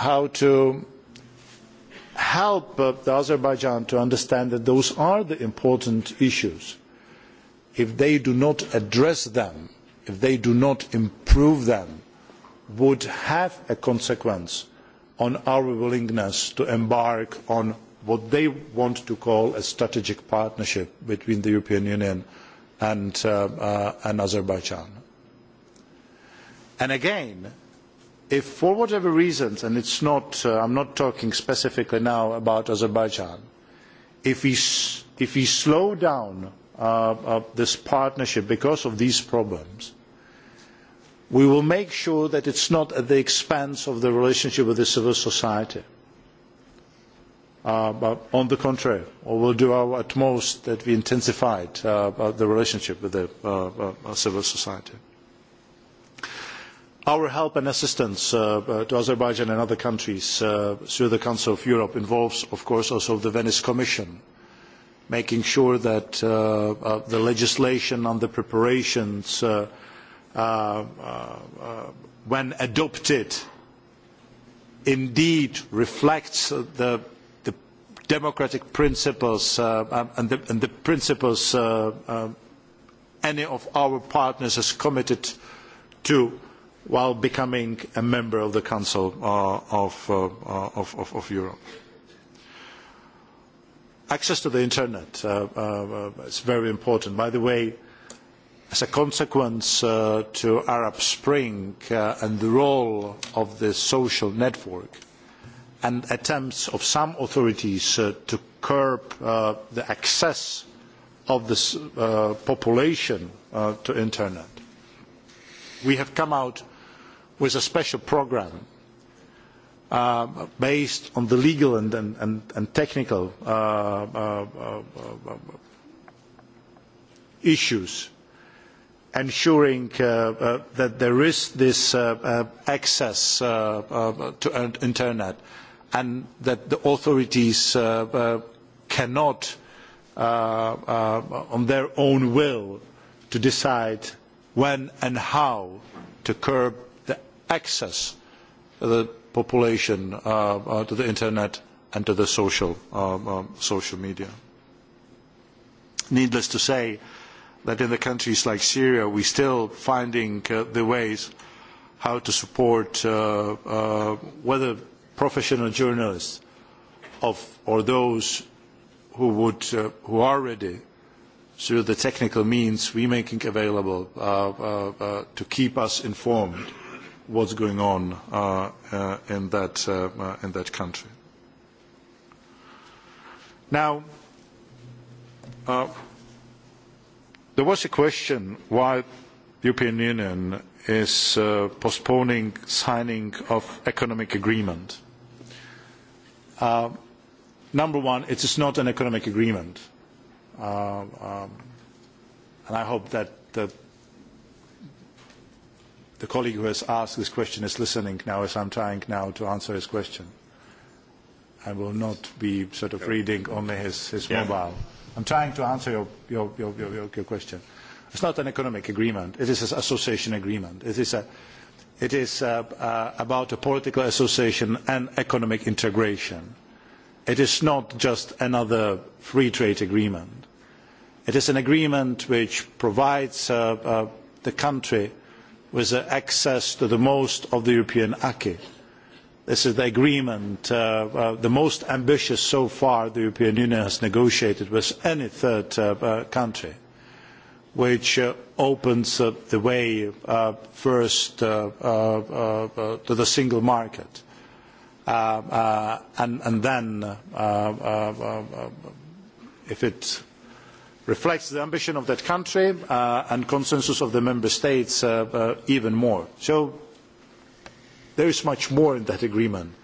how to help uh, Azerbaijan to understand that those are the important issues. If they do not address them, if they do not improve them, would have a consequence on our willingness to embark on what they want to call a strategic partnership between the European Union and, uh, uh, and Azerbaijan. And again, if for whatever reasons and it's not uh, i'm not talking specifically now about azerbaijan if we slow down uh, uh, this partnership because of these problems we will make sure that it's not at the expense of the relationship with the civil society but on the contrary, we will do our utmost that we the relationship with the civil society our help and assistance uh, uh, to azerbaijan and other countries uh, through the council of europe involves of course also the venice commission making sure that the legislation and the preparations when adopted indeed reflects the, democratic principles and the, principles any of our partners has committed to while becoming a member of the Council uh, uh, uh, of, of, of, Europe access to the internet uh, uh, is very important. By the way, as a consequence uh, to Arab Spring uh, and the role of the social network and attempts of some authorities to curb the access of the population to internet, we have come out with a special programme uh, based on the legal and, and, and technical uh, uh, uh, issues, ensuring uh, uh, that there is this access to internet and that the authorities cannot, on their own will, to decide when and how to curb access the population uh, uh, to the internet and to the social, uh, social media. Needless to say that in the countries like Syria we are still finding the ways how to support whether professional journalists or those who, who are ready through the technical means we are making available to keep us informed what's going on uh, uh in, that, uh, uh, in that country. Now, uh, there was a question why the European Union is postponing signing of economic agreement. number one, it is not an economic agreement. Um, and I hope that, that the colleague who has asked this question is listening now as I'm trying now to answer his question. I will not be sort of reading only his, his yeah. mobile. I'm trying to answer your, your, your, your, your your question. It's not an economic agreement. It is an association agreement. It is, a, it is a, uh, a, uh, about a political association and economic integration. It is not just another free trade agreement. It is an agreement which provides uh, uh, the country with access to the most of the European acquis. This is the agreement, uh, uh, the most ambitious so far the European Union has negotiated with any third uh, country, which opens the way first to the single market and then, if it reflects the ambition of that country and uh, and consensus of the member states uh, uh, even more. So there is much more in that agreement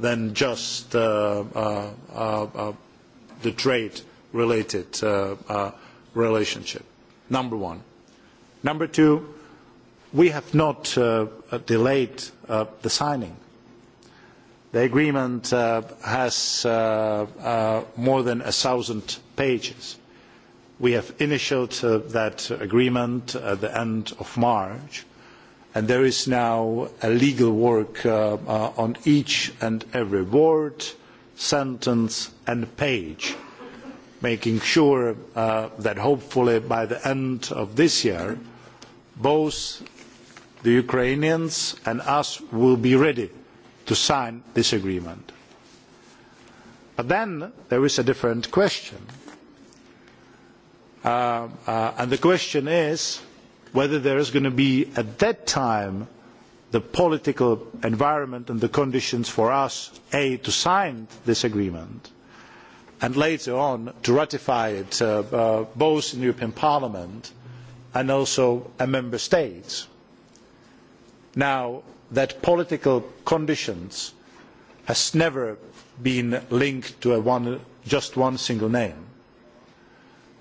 than just the trade-related relationship, number one. Number two, we have not delayed the signing. The agreement has more than a thousand pages we have initiated uh, that agreement at the end of march and there is now a legal work uh, uh, on each and every word, sentence and page, making sure that hopefully by the end of this year, both the Ukrainians and us will be ready to sign this agreement. But then there is a different question Uh, uh, and the question is whether there is going to be at that time the political environment and the conditions for us to sign this agreement and later on to ratify it uh, both in the european parliament and also in member states. now that political conditions has never been linked to just one single name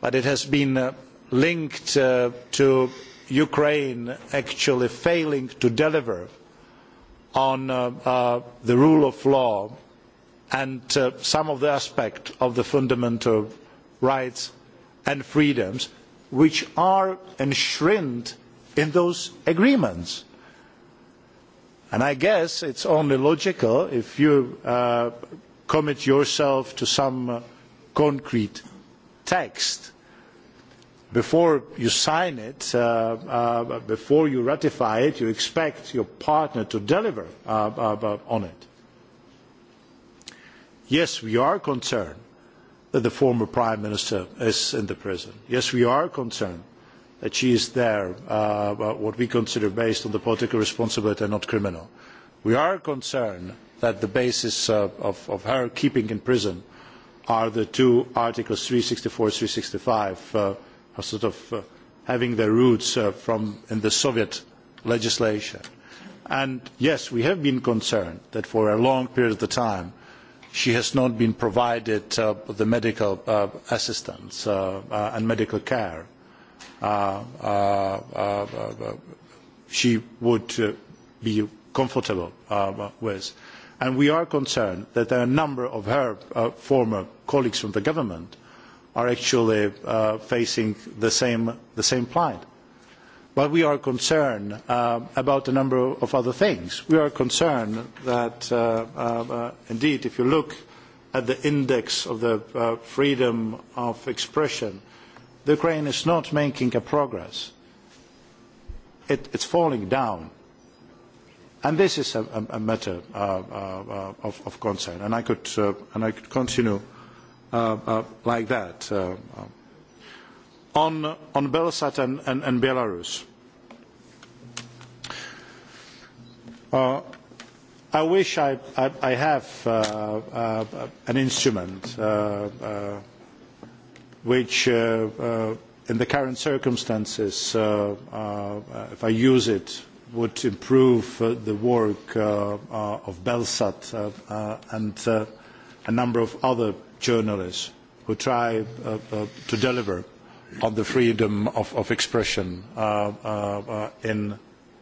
but it has been uh, linked uh, to ukraine actually failing to deliver on uh, the rule of law and some of the aspects of the fundamental rights and freedoms which are enshrined in those agreements. And i guess it is only logical if you commit yourself to some concrete text before you sign it, uh, uh, before you ratify it, you expect your partner to deliver uh, on it. Yes, we are concerned that the former Prime Minister is in the prison. Yes, we are concerned that she is there, what we consider based on the political responsibility and not criminal. We are concerned that the basis of, of her keeping in prison are the two articles three hundred and sixty four and three hundred and sixty five uh, uh, having their roots uh, in the soviet legislation and yes we have been concerned that for a long period of time she has not been provided uh, the medical assistance and medical care she would be comfortable with and we are concerned that a number of her uh, former colleagues from the government are actually uh, facing the same, plight. But we are concerned uh, about a number of other things. We are concerned that, indeed, if you look at the index of the freedom of expression, Ukraine is not making a progress. It, it's falling down and this is a, matter uh, uh, uh, of, concern, and I could, continue like that. on, Belarus and, Belarus, I wish I, had an instrument which, in the current circumstances, if I use it would improve uh, the work uh, uh, of Belsat and a number of other journalists who try to deliver on the freedom of, of expression in,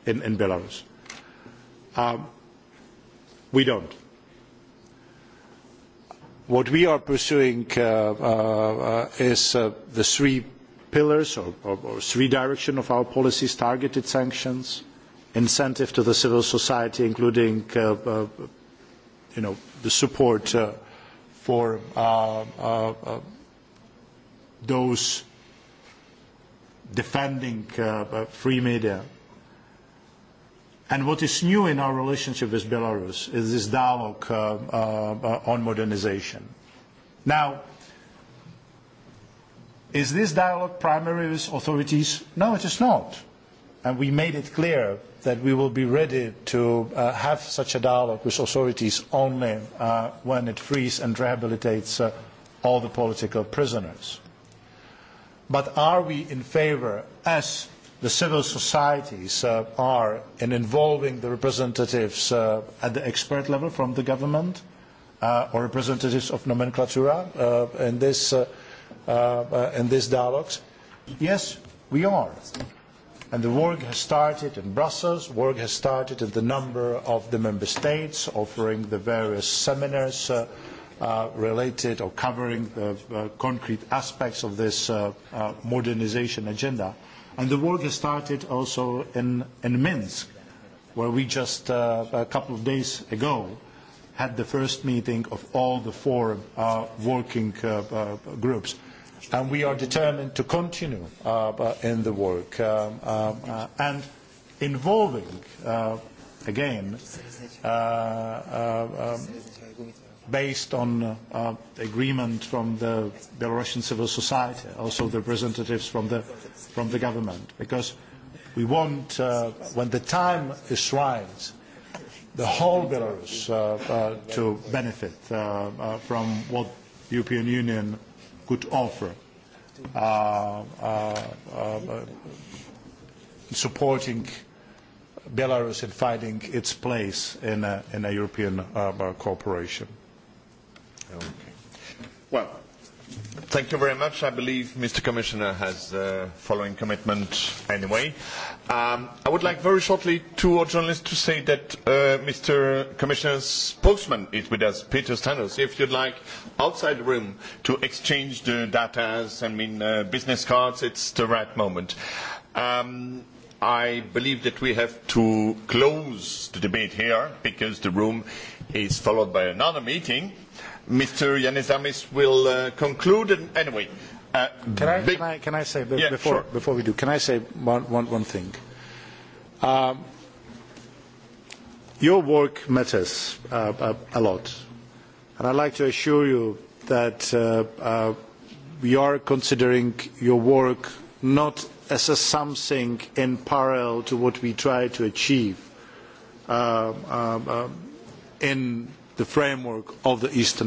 in, in, Belarus. Um, we don't what we are pursuing uh, uh, is uh, the three pillars or, or, or three directions of our policies targeted sanctions incentive to the civil society, including uh, uh, you know, the support uh, for those defending free media. And what is new in our relationship with Belarus is this dialogue uh, uh, on modernization. Now, is this dialogue primary with authorities? No, it is not. And we made it clear that we will be ready to uh, have such a dialogue with authorities only uh, when it frees and rehabilitates uh, all the political prisoners. But are we in favour, as the civil societies uh, are, in involving the representatives uh, at the expert level from the government uh, or representatives of nomenclatura in, this, in these dialogues? Yes, we are. And the work has started in Brussels, work has started in the number of the member states offering the various seminars uh, uh, related or covering the uh, concrete aspects of this uh, uh, modernization agenda. And the work has started also in, in Minsk, where we just uh, a couple of days ago had the first meeting of all the four uh, working uh, uh, groups and we are determined to continue uh, uh in the work um, uh, uh, and involving uh, again uh, uh, um, based on uh, agreement from the Belarusian civil society also the representatives from the from the government because we want uh, when the time is right the whole Belarus uh, uh, to benefit uh, uh, from what the European Union could offer uh, uh, uh, supporting Belarus in finding its place in a, in a European uh, uh, cooperation. Okay. Well, Thank you very much. I believe Mr. Commissioner has uh, following commitment anyway. Um, I would like very shortly to our journalists to say that uh, Mr. Commissioner's spokesman is with us, Peter Stanos. If you'd like, outside the room, to exchange the data, I mean uh, business cards, it's the right moment. Um, I believe that we have to close the debate here because the room is followed by another meeting Mr. Yanisamis will uh, conclude. And anyway, uh, can, I, can, I, can I say yeah, before sure. before we do? Can I say one, one, one thing? Um, your work matters uh, a lot, and I'd like to assure you that uh, uh, we are considering your work not as a something in parallel to what we try to achieve uh, uh, uh in the framework of the Eastern